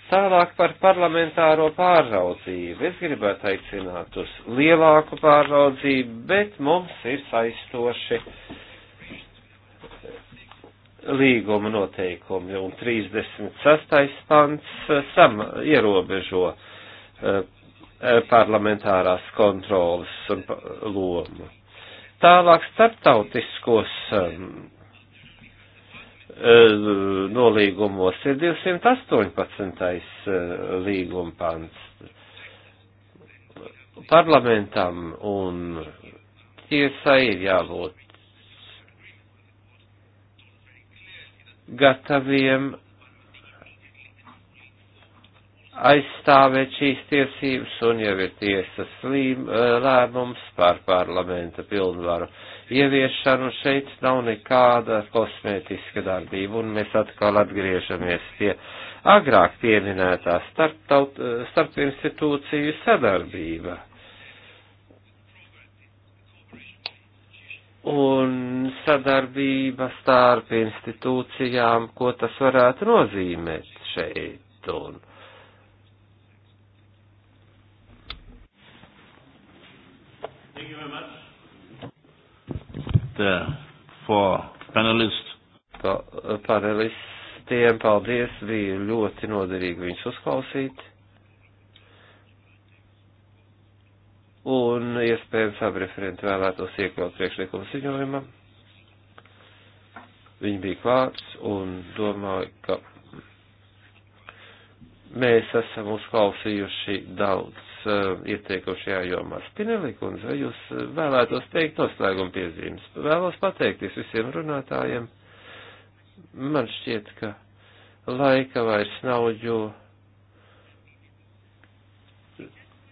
Tālāk par parlamentāro pārraudzību. Es gribētu aicināt uz lielāku pārraudzību, bet mums ir saistoši uh, līguma noteikumi, un 36. pants eh, sam ierobežo eh, eh, parlamentārās kontrolas un lomu. Tālāk starptautiskos ehm, nolīgumos ir 218. līguma pants. Parlamentam un tiesai ir jābūt gataviem aizstāvēt šīs tiesības, un jau ir tiesas līm, eh, lēmums par parlamenta pilnvaru ieviešanu. Šeit nav nekāda kosmētiska darbība, un mēs atkal atgriežamies pie agrāk pieminētā starptaut, eh, starpinstitūciju sadarbība. un sadarbība starp institūcijām, ko tas varētu nozīmēt šeit. Un, Pa, panelistiem paldies, bija ļoti noderīgi viņus uzklausīt. un iespējams abi referenti vēlētos iekļaut priekšlikumu ziņojumā. Viņi bija klāts un domāju, ka mēs esam uzklausījuši daudz uh, ieteikumu šajā jomā. Spinelī kundze, vai jūs eh, vēlētos teikt noslēguma piezīmes? Vēlos pateikties visiem runātājiem. Man šķiet, ka laika vairs nav, jo. Uh,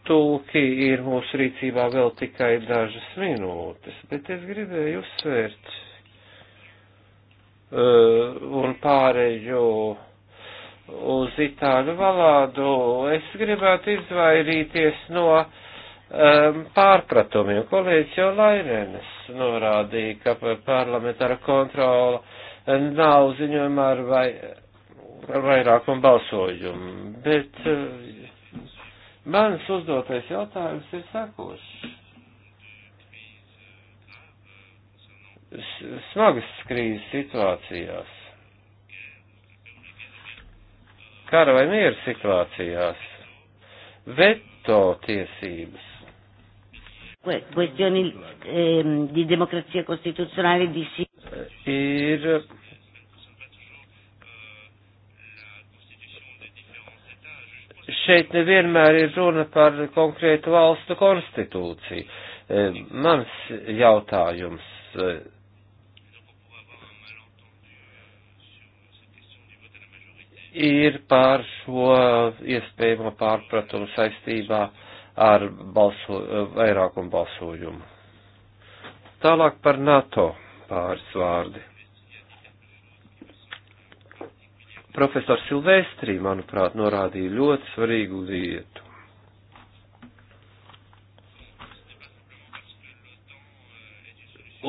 tulki ir mūsu rīcībā vēl tikai dažas minūtes, bet es gribēju uzsvērt uh, un pārēju uz itāļu valādu. Es gribētu izvairīties no um, pārpratumiem. Kolēģis jau Lainēnes norādīja, ka parlamentāra kontrola eh, nav ziņojumā ar vai, ar vairākumu balsojumu, bet uh, Mans uzdotais jautājums ir sakošs. Smagas krīzes situācijās, kara vai miera situācijās, veto tiesības. Questioni eh, di democrazia costituzionale di sì. Ir šeit nevienmēr ir runa par konkrētu valstu konstitūciju. E, mans jautājums. E, ir pār šo iespējamo pārpratumu saistībā ar balso, e, vairākumu balsojumu. Tālāk par NATO pāris vārdi. profesors Silvestri, manuprāt, norādīja ļoti svarīgu lietu.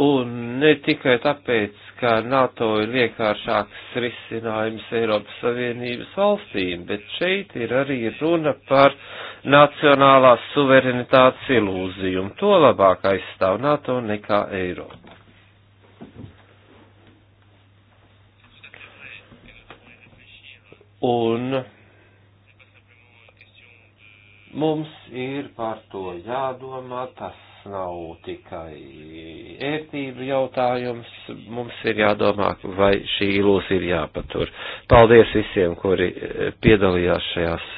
Un ne tikai tāpēc, ka NATO ir vienkāršāks risinājums Eiropas Savienības valstīm, bet šeit ir arī runa par nacionālās suverenitātes ilūziju, un to labāk aizstāv NATO nekā Eiropa. Un mums ir par to jādomā, tas nav tikai ērtību jautājums, mums ir jādomā, vai šī ilūzija ir jāpatur. Paldies visiem, kuri eh, piedalījās šajās